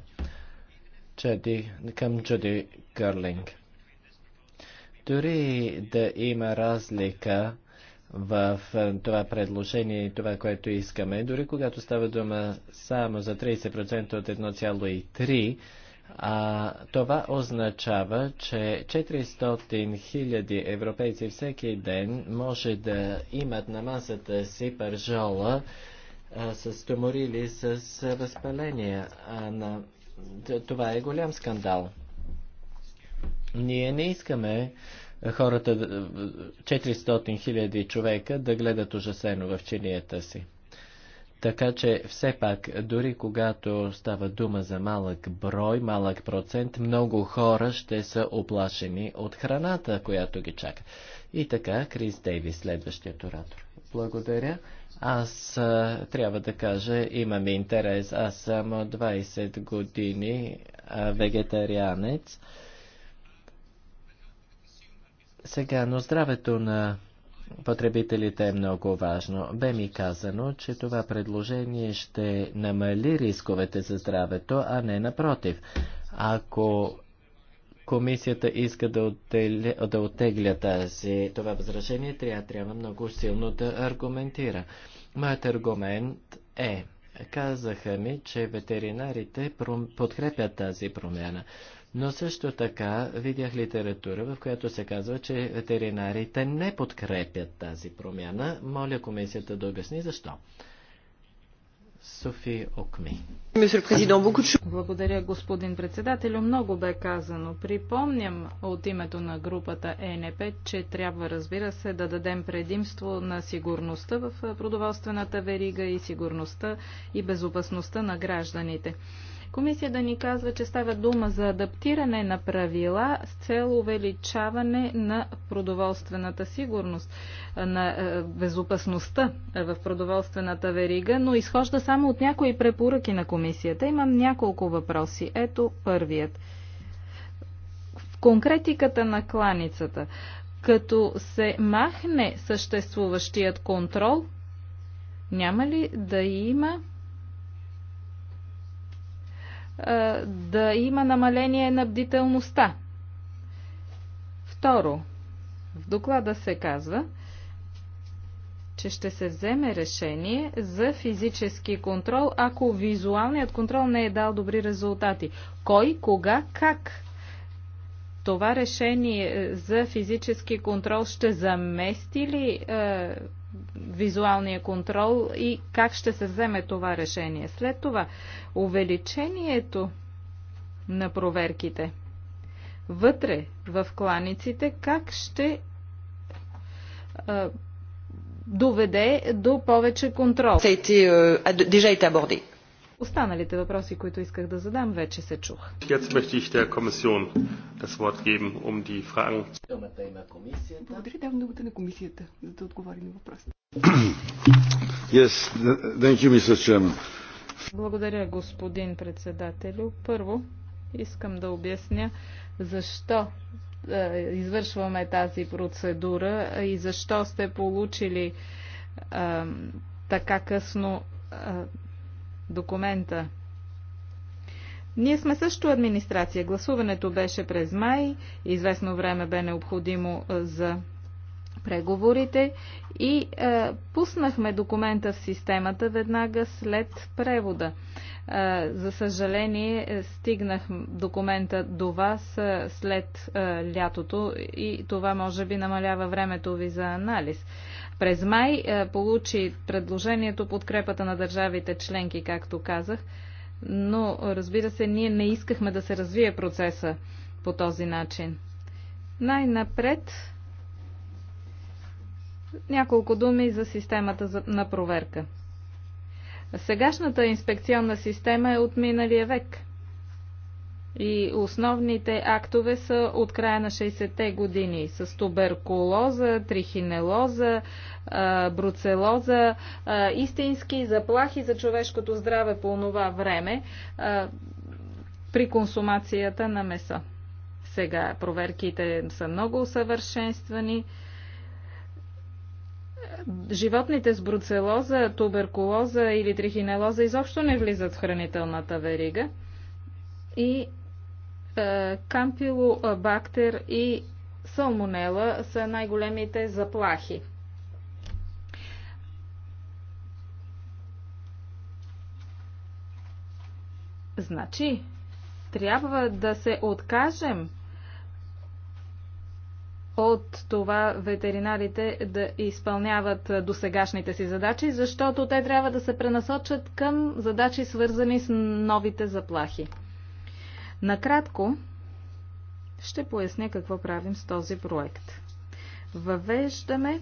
Джуди, към Джуди Гърлинг. Дори да има разлика в е, това предложение и това, което искаме, дори когато става дума само за 30% от 1,3%, а, това означава, че 400 хиляди европейци всеки ден може да имат на масата си пържола а, е, с туморили с е, възпаление. А на... Това е голям скандал. Ние не искаме е, хората, 400 е, хиляди човека да гледат ужасено в чинията си. Така че все пак, дори когато става дума за малък брой, малък процент, много хора ще са оплашени от храната, която ги чака. И така, Крис Дейвис, следващият оратор. Благодаря. Аз е, трябва да кажа, имам интерес. Аз съм 20 години вегетарианец. Сега, но здравето на потребителите е много важно. Бе ми казано, че това предложение ще намали рисковете за здравето, а не напротив. Ако комисията иска да, отделя, да отегля тази, това възражение, трябва, трябва много силно да аргументира. Моят аргумент е, казаха ми, че ветеринарите подкрепят тази промяна. Но също така видях литература, в която се казва, че ветеринарите не подкрепят тази промяна. Моля комисията да обясни защо. Софи Окми. Благодаря, господин председател, Много бе казано. Припомням от името на групата ЕНП, че трябва, разбира се, да дадем предимство на сигурността в продоволствената верига и сигурността и безопасността на гражданите. Комисията да ни казва, че става дума за адаптиране на правила с цел увеличаване на продоволствената сигурност, на безопасността в продоволствената верига, но изхожда само от някои препоръки на комисията. Имам няколко въпроси. Ето първият. В конкретиката на кланицата като се махне съществуващият контрол, няма ли да има да има намаление на бдителността. Второ, в доклада се казва, че ще се вземе решение за физически контрол, ако визуалният контрол не е дал добри резултати. Кой, кога, как? Това решение е, за физически контрол ще замести ли е, визуалния контрол и как ще се вземе това решение. След това, увеличението на проверките вътре в кланиците, как ще доведе до повече контрол. été, euh, déjà été abordé. Останалите въпроси, които исках да задам, вече се чух. Um Благодаря, давам думата на комисията, за да отговори на въпросите. Yes, thank you, Mr. Chairman. Благодаря, господин председателю. Първо, искам да обясня защо е, извършваме тази процедура и защо сте получили е, така късно е, документа. Ние сме също администрация. Гласуването беше през май. Известно време бе необходимо за преговорите и е, пуснахме документа в системата веднага след превода. Е, за съжаление, е, стигнах документа до вас е, след е, лятото и това може би намалява времето ви за анализ. През май е, получи предложението подкрепата на държавите членки, както казах, но разбира се, ние не искахме да се развие процеса по този начин. Най-напред няколко думи за системата на проверка. Сегашната инспекционна система е от миналия век – и основните актове са от края на 60-те години с туберкулоза, трихинелоза, бруцелоза, истински заплахи за човешкото здраве по това време при консумацията на меса. Сега проверките са много усъвършенствани. Животните с бруцелоза, туберкулоза или трихинелоза изобщо не влизат в хранителната верига и е, кампилобактер е, и салмонела са най-големите заплахи. Значи, трябва да се откажем от това ветеринарите да изпълняват е, досегашните си задачи, защото те трябва да се пренасочат към задачи свързани с новите заплахи. Накратко ще поясня какво правим с този проект. Въвеждаме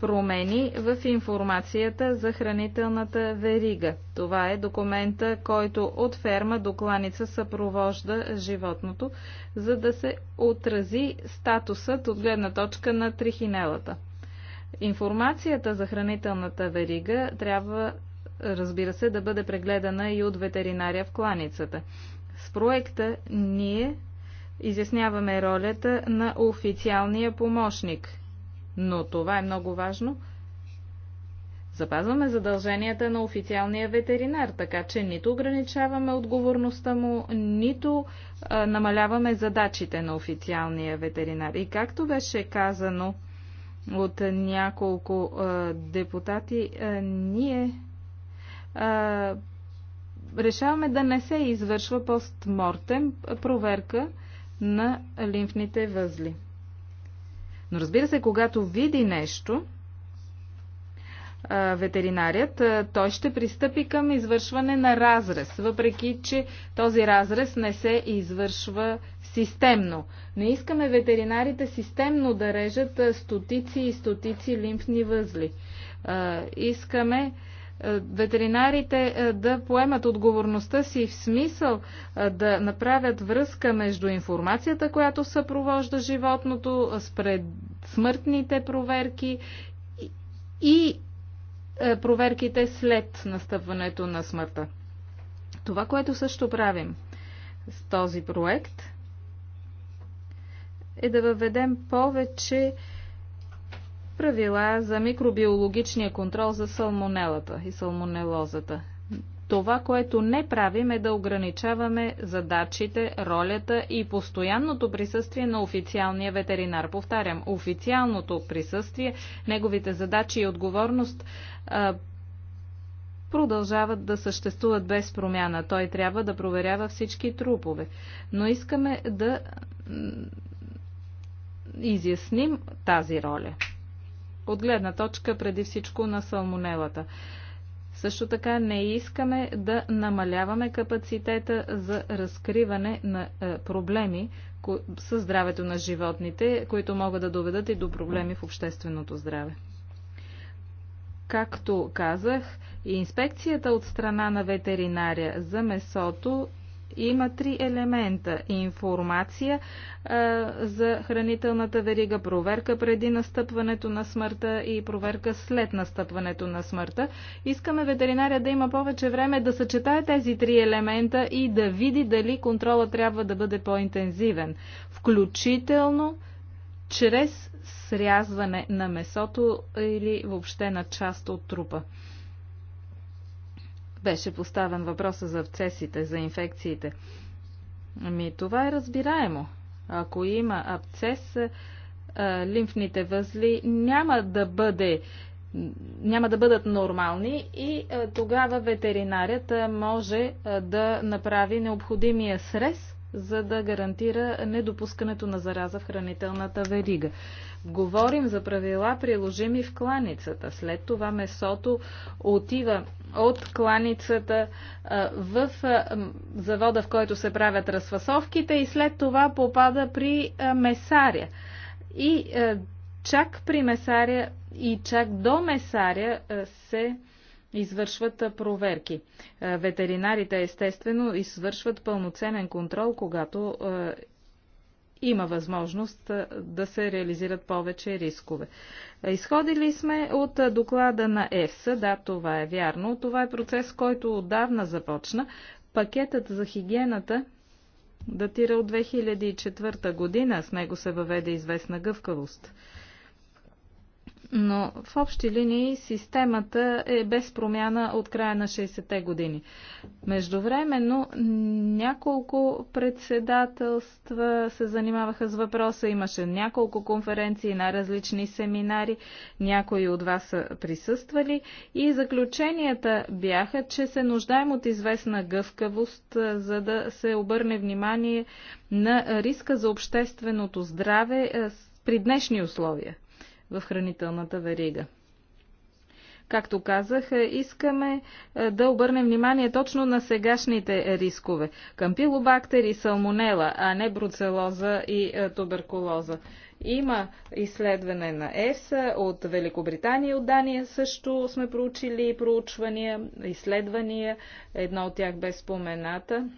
промени в информацията за хранителната верига. Това е документа, който от ферма до кланица съпровожда животното, за да се отрази статусът от гледна точка на трихинелата. Информацията за хранителната верига трябва, разбира се, да бъде прегледана и от ветеринария в кланицата. С проекта ние изясняваме ролята на официалния помощник. Но това е много важно. Запазваме задълженията на официалния ветеринар, така че нито ограничаваме отговорността му, нито а, намаляваме задачите на официалния ветеринар. И както беше казано от няколко а, депутати, а, ние а, решаваме да не се извършва постмортем проверка на лимфните възли. Но разбира се, когато види нещо, ветеринарият, той ще пристъпи към извършване на разрез, въпреки че този разрез не се извършва системно. Не искаме ветеринарите системно да режат стотици и стотици лимфни възли. Искаме е, ветеринарите е, да поемат отговорността си в смисъл е, да направят връзка между информацията, която съпровожда животното, спред смъртните проверки и проверките след настъпването на смъртта. Това, което също правим с този проект, е да въведем повече правила за микробиологичния контрол за салмонелата и салмонелозата. Това, което не правим е да ограничаваме задачите, ролята и постоянното присъствие на официалния ветеринар. Повтарям, официалното присъствие, неговите задачи и отговорност продължават да съществуват без промяна. Той трябва да проверява всички трупове. Но искаме да изясним тази роля от гледна точка преди всичко на салмонелата. Също така не искаме да намаляваме капацитета за разкриване на е, проблеми със здравето на животните, които могат да доведат и до проблеми в общественото здраве. Както казах, инспекцията от страна на ветеринария за месото има три елемента. Информация а, за хранителната верига, проверка преди настъпването на смъртта и проверка след настъпването на смъртта. Искаме ветеринаря да има повече време да съчетае тези три елемента и да види дали контрола трябва да бъде по-интензивен. Включително чрез срязване на месото или въобще на част от трупа беше поставен въпроса за абцесите, за инфекциите. Ами, това е разбираемо. Ако има абцес, е, е, лимфните възли няма да бъде няма да бъдат нормални и е, тогава ветеринарят може да направи необходимия срез, за да гарантира недопускането на зараза в хранителната верига. Говорим за правила, приложими в кланицата. След това месото отива от кланицата в завода, в който се правят разфасовките и след това попада при месаря. И чак при месаря и чак до месаря се извършват проверки. Ветеринарите естествено извършват пълноценен контрол, когато има възможност да се реализират повече рискове. Изходили сме от доклада на ЕФСА, да, това е вярно. Това е процес, който отдавна започна. Пакетът за хигиената датира от 2004 година. С него се въведе известна гъвкавост но в общи линии системата е без промяна от края на 60-те години. Междувременно няколко председателства се занимаваха с въпроса, имаше няколко конференции на различни семинари, някои от вас са присъствали и заключенията бяха, че се нуждаем от известна гъвкавост, за да се обърне внимание на риска за общественото здраве при днешни условия в хранителната верига. Както казах, е, искаме е, да обърнем внимание точно на сегашните рискове. Кампилобактери, салмонела, а не бруцелоза и е, туберкулоза. Има изследване на ЕФСА от Великобритания и от Дания. Също сме проучили проучвания, изследвания. Едно от тях бе спомената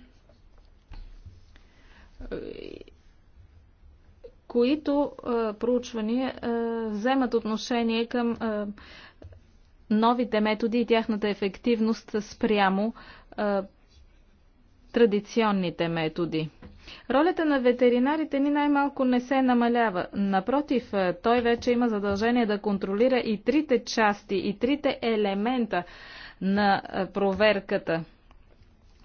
които а, проучвания а, вземат отношение към а, новите методи и тяхната ефективност спрямо а, традиционните методи. Ролята на ветеринарите ни най-малко не се намалява. Напротив, той вече има задължение да контролира и трите части, и трите елемента на проверката –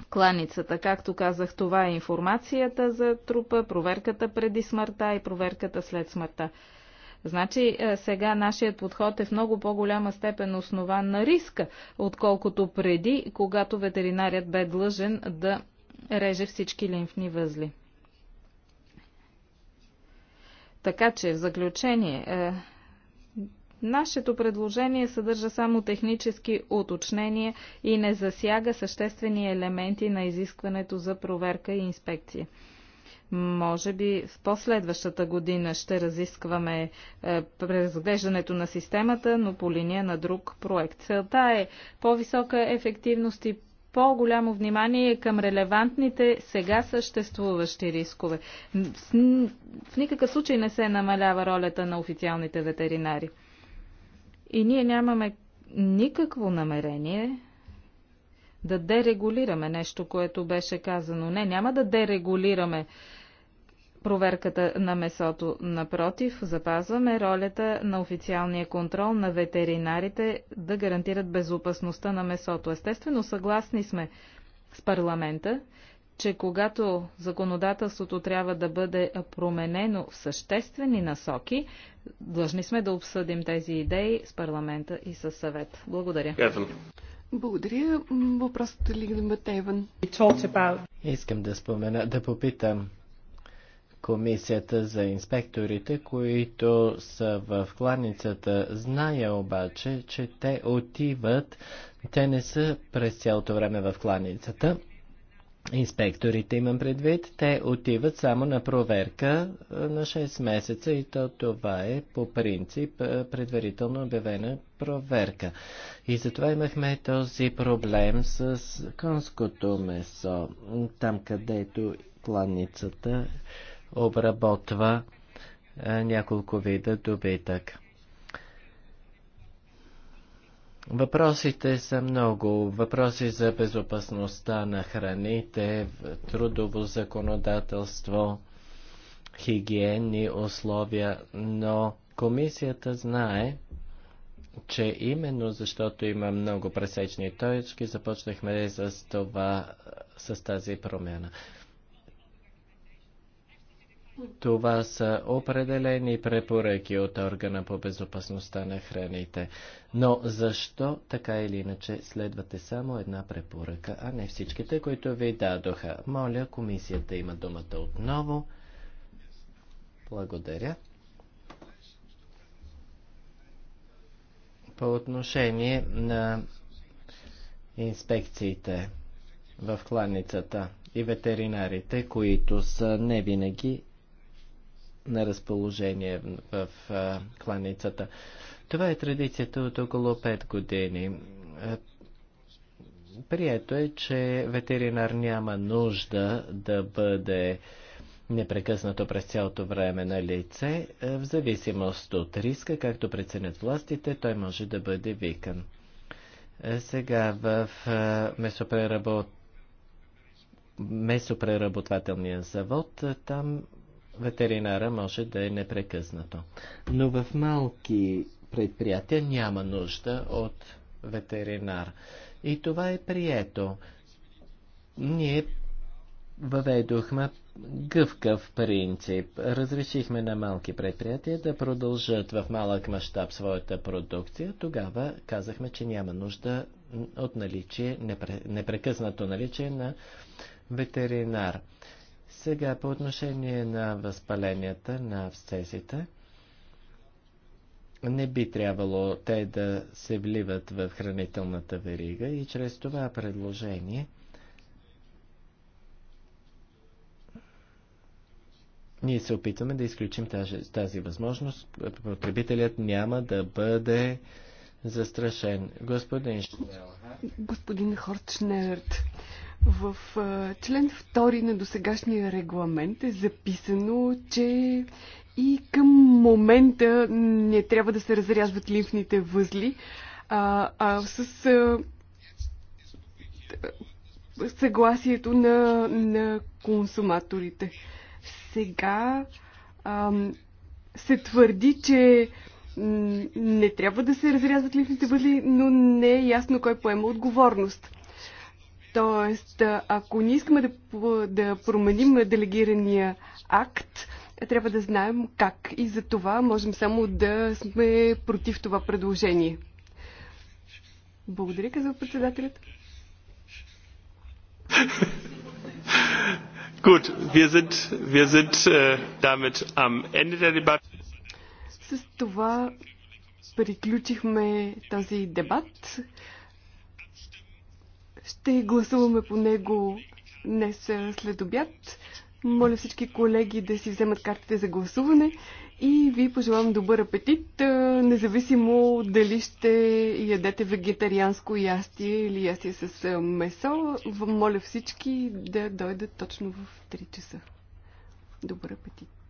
кланицата. Както казах, това е информацията за трупа, проверката преди смъртта и проверката след смъртта. Значи е, сега нашият подход е в много по-голяма степен основан на риска, отколкото преди, когато ветеринарят бе длъжен да реже всички лимфни възли. Така че, в заключение, е, Нашето предложение съдържа само технически уточнения и не засяга съществени елементи на изискването за проверка и инспекция. Може би в последващата година ще разискваме е, преразглеждането на системата, но по линия на друг проект. Целта е по-висока ефективност и по-голямо внимание към релевантните сега съществуващи рискове. В никакъв случай не се намалява ролята на официалните ветеринари. И ние нямаме никакво намерение да дерегулираме нещо, което беше казано. Не, няма да дерегулираме проверката на месото. Напротив, запазваме ролята на официалния контрол на ветеринарите да гарантират безопасността на месото. Естествено, съгласни сме с парламента, че когато законодателството трябва да бъде променено в съществени насоки, длъжни сме да обсъдим тези идеи с парламента и с съвет. Благодаря. Благодаря. Въпросът е Лигна Матеван. Искам да спомена, да попитам комисията за инспекторите, които са в кланицата. Зная обаче, че те отиват, те не са през цялото време в кланицата инспекторите имам предвид, те отиват само на проверка на 6 месеца и то това е по принцип предварително обявена проверка. И затова имахме този проблем с конското месо, там където кланицата обработва няколко вида добитък. Въпросите са много. Въпроси за безопасността на храните, трудово законодателство, хигиенни условия, но комисията знае, че именно защото има много пресечни точки, започнахме с, това, с тази промяна. Това са определени препоръки от органа по безопасността на храните. Но защо така или иначе следвате само една препоръка, а не всичките, които ви дадоха? Моля, комисията има думата отново. Благодаря. По отношение на инспекциите в кланицата и ветеринарите, които са не винаги на разположение в, в кланицата. Това е традицията от около 5 години. Прието е, че ветеринар няма нужда да бъде непрекъснато през цялото време на лице. В зависимост от риска, както преценят властите, той може да бъде викан. Сега в месопреработ... месопреработвателния завод там ветеринара може да е непрекъснато. Но в малки предприятия няма нужда от ветеринар. И това е прието. Ние въведохме гъвкав принцип. Разрешихме на малки предприятия да продължат в малък мащаб своята продукция. Тогава казахме, че няма нужда от наличие, непрекъснато наличие на ветеринар. Сега по отношение на възпаленията, на абсцесите, не би трябвало те да се вливат в хранителната верига и чрез това предложение ние се опитваме да изключим тази, тази възможност. Потребителят няма да бъде застрашен. Господин Шнелхарт. Господин Хортшнерт, в член 2 на досегашния регламент е записано, че и към момента не трябва да се разрязват лимфните възли, а, а с а, съгласието на, на консуматорите. Сега а, се твърди, че не трябва да се разрязват лимфните възли, но не е ясно кой поема отговорност. Тоест, ако не искаме да, да променим делегирания акт, трябва да знаем как. И за това можем само да сме против това предложение. Благодаря, казва председателят. Gut, wir sind, wir sind äh, damit am Ende der Debatte. С това приключихме този дебат. Ще гласуваме по него днес след обяд. Моля всички колеги да си вземат картите за гласуване и ви пожелавам добър апетит, независимо дали ще ядете вегетарианско ястие или ястие с месо. Моля всички да дойдат точно в 3 часа. Добър апетит!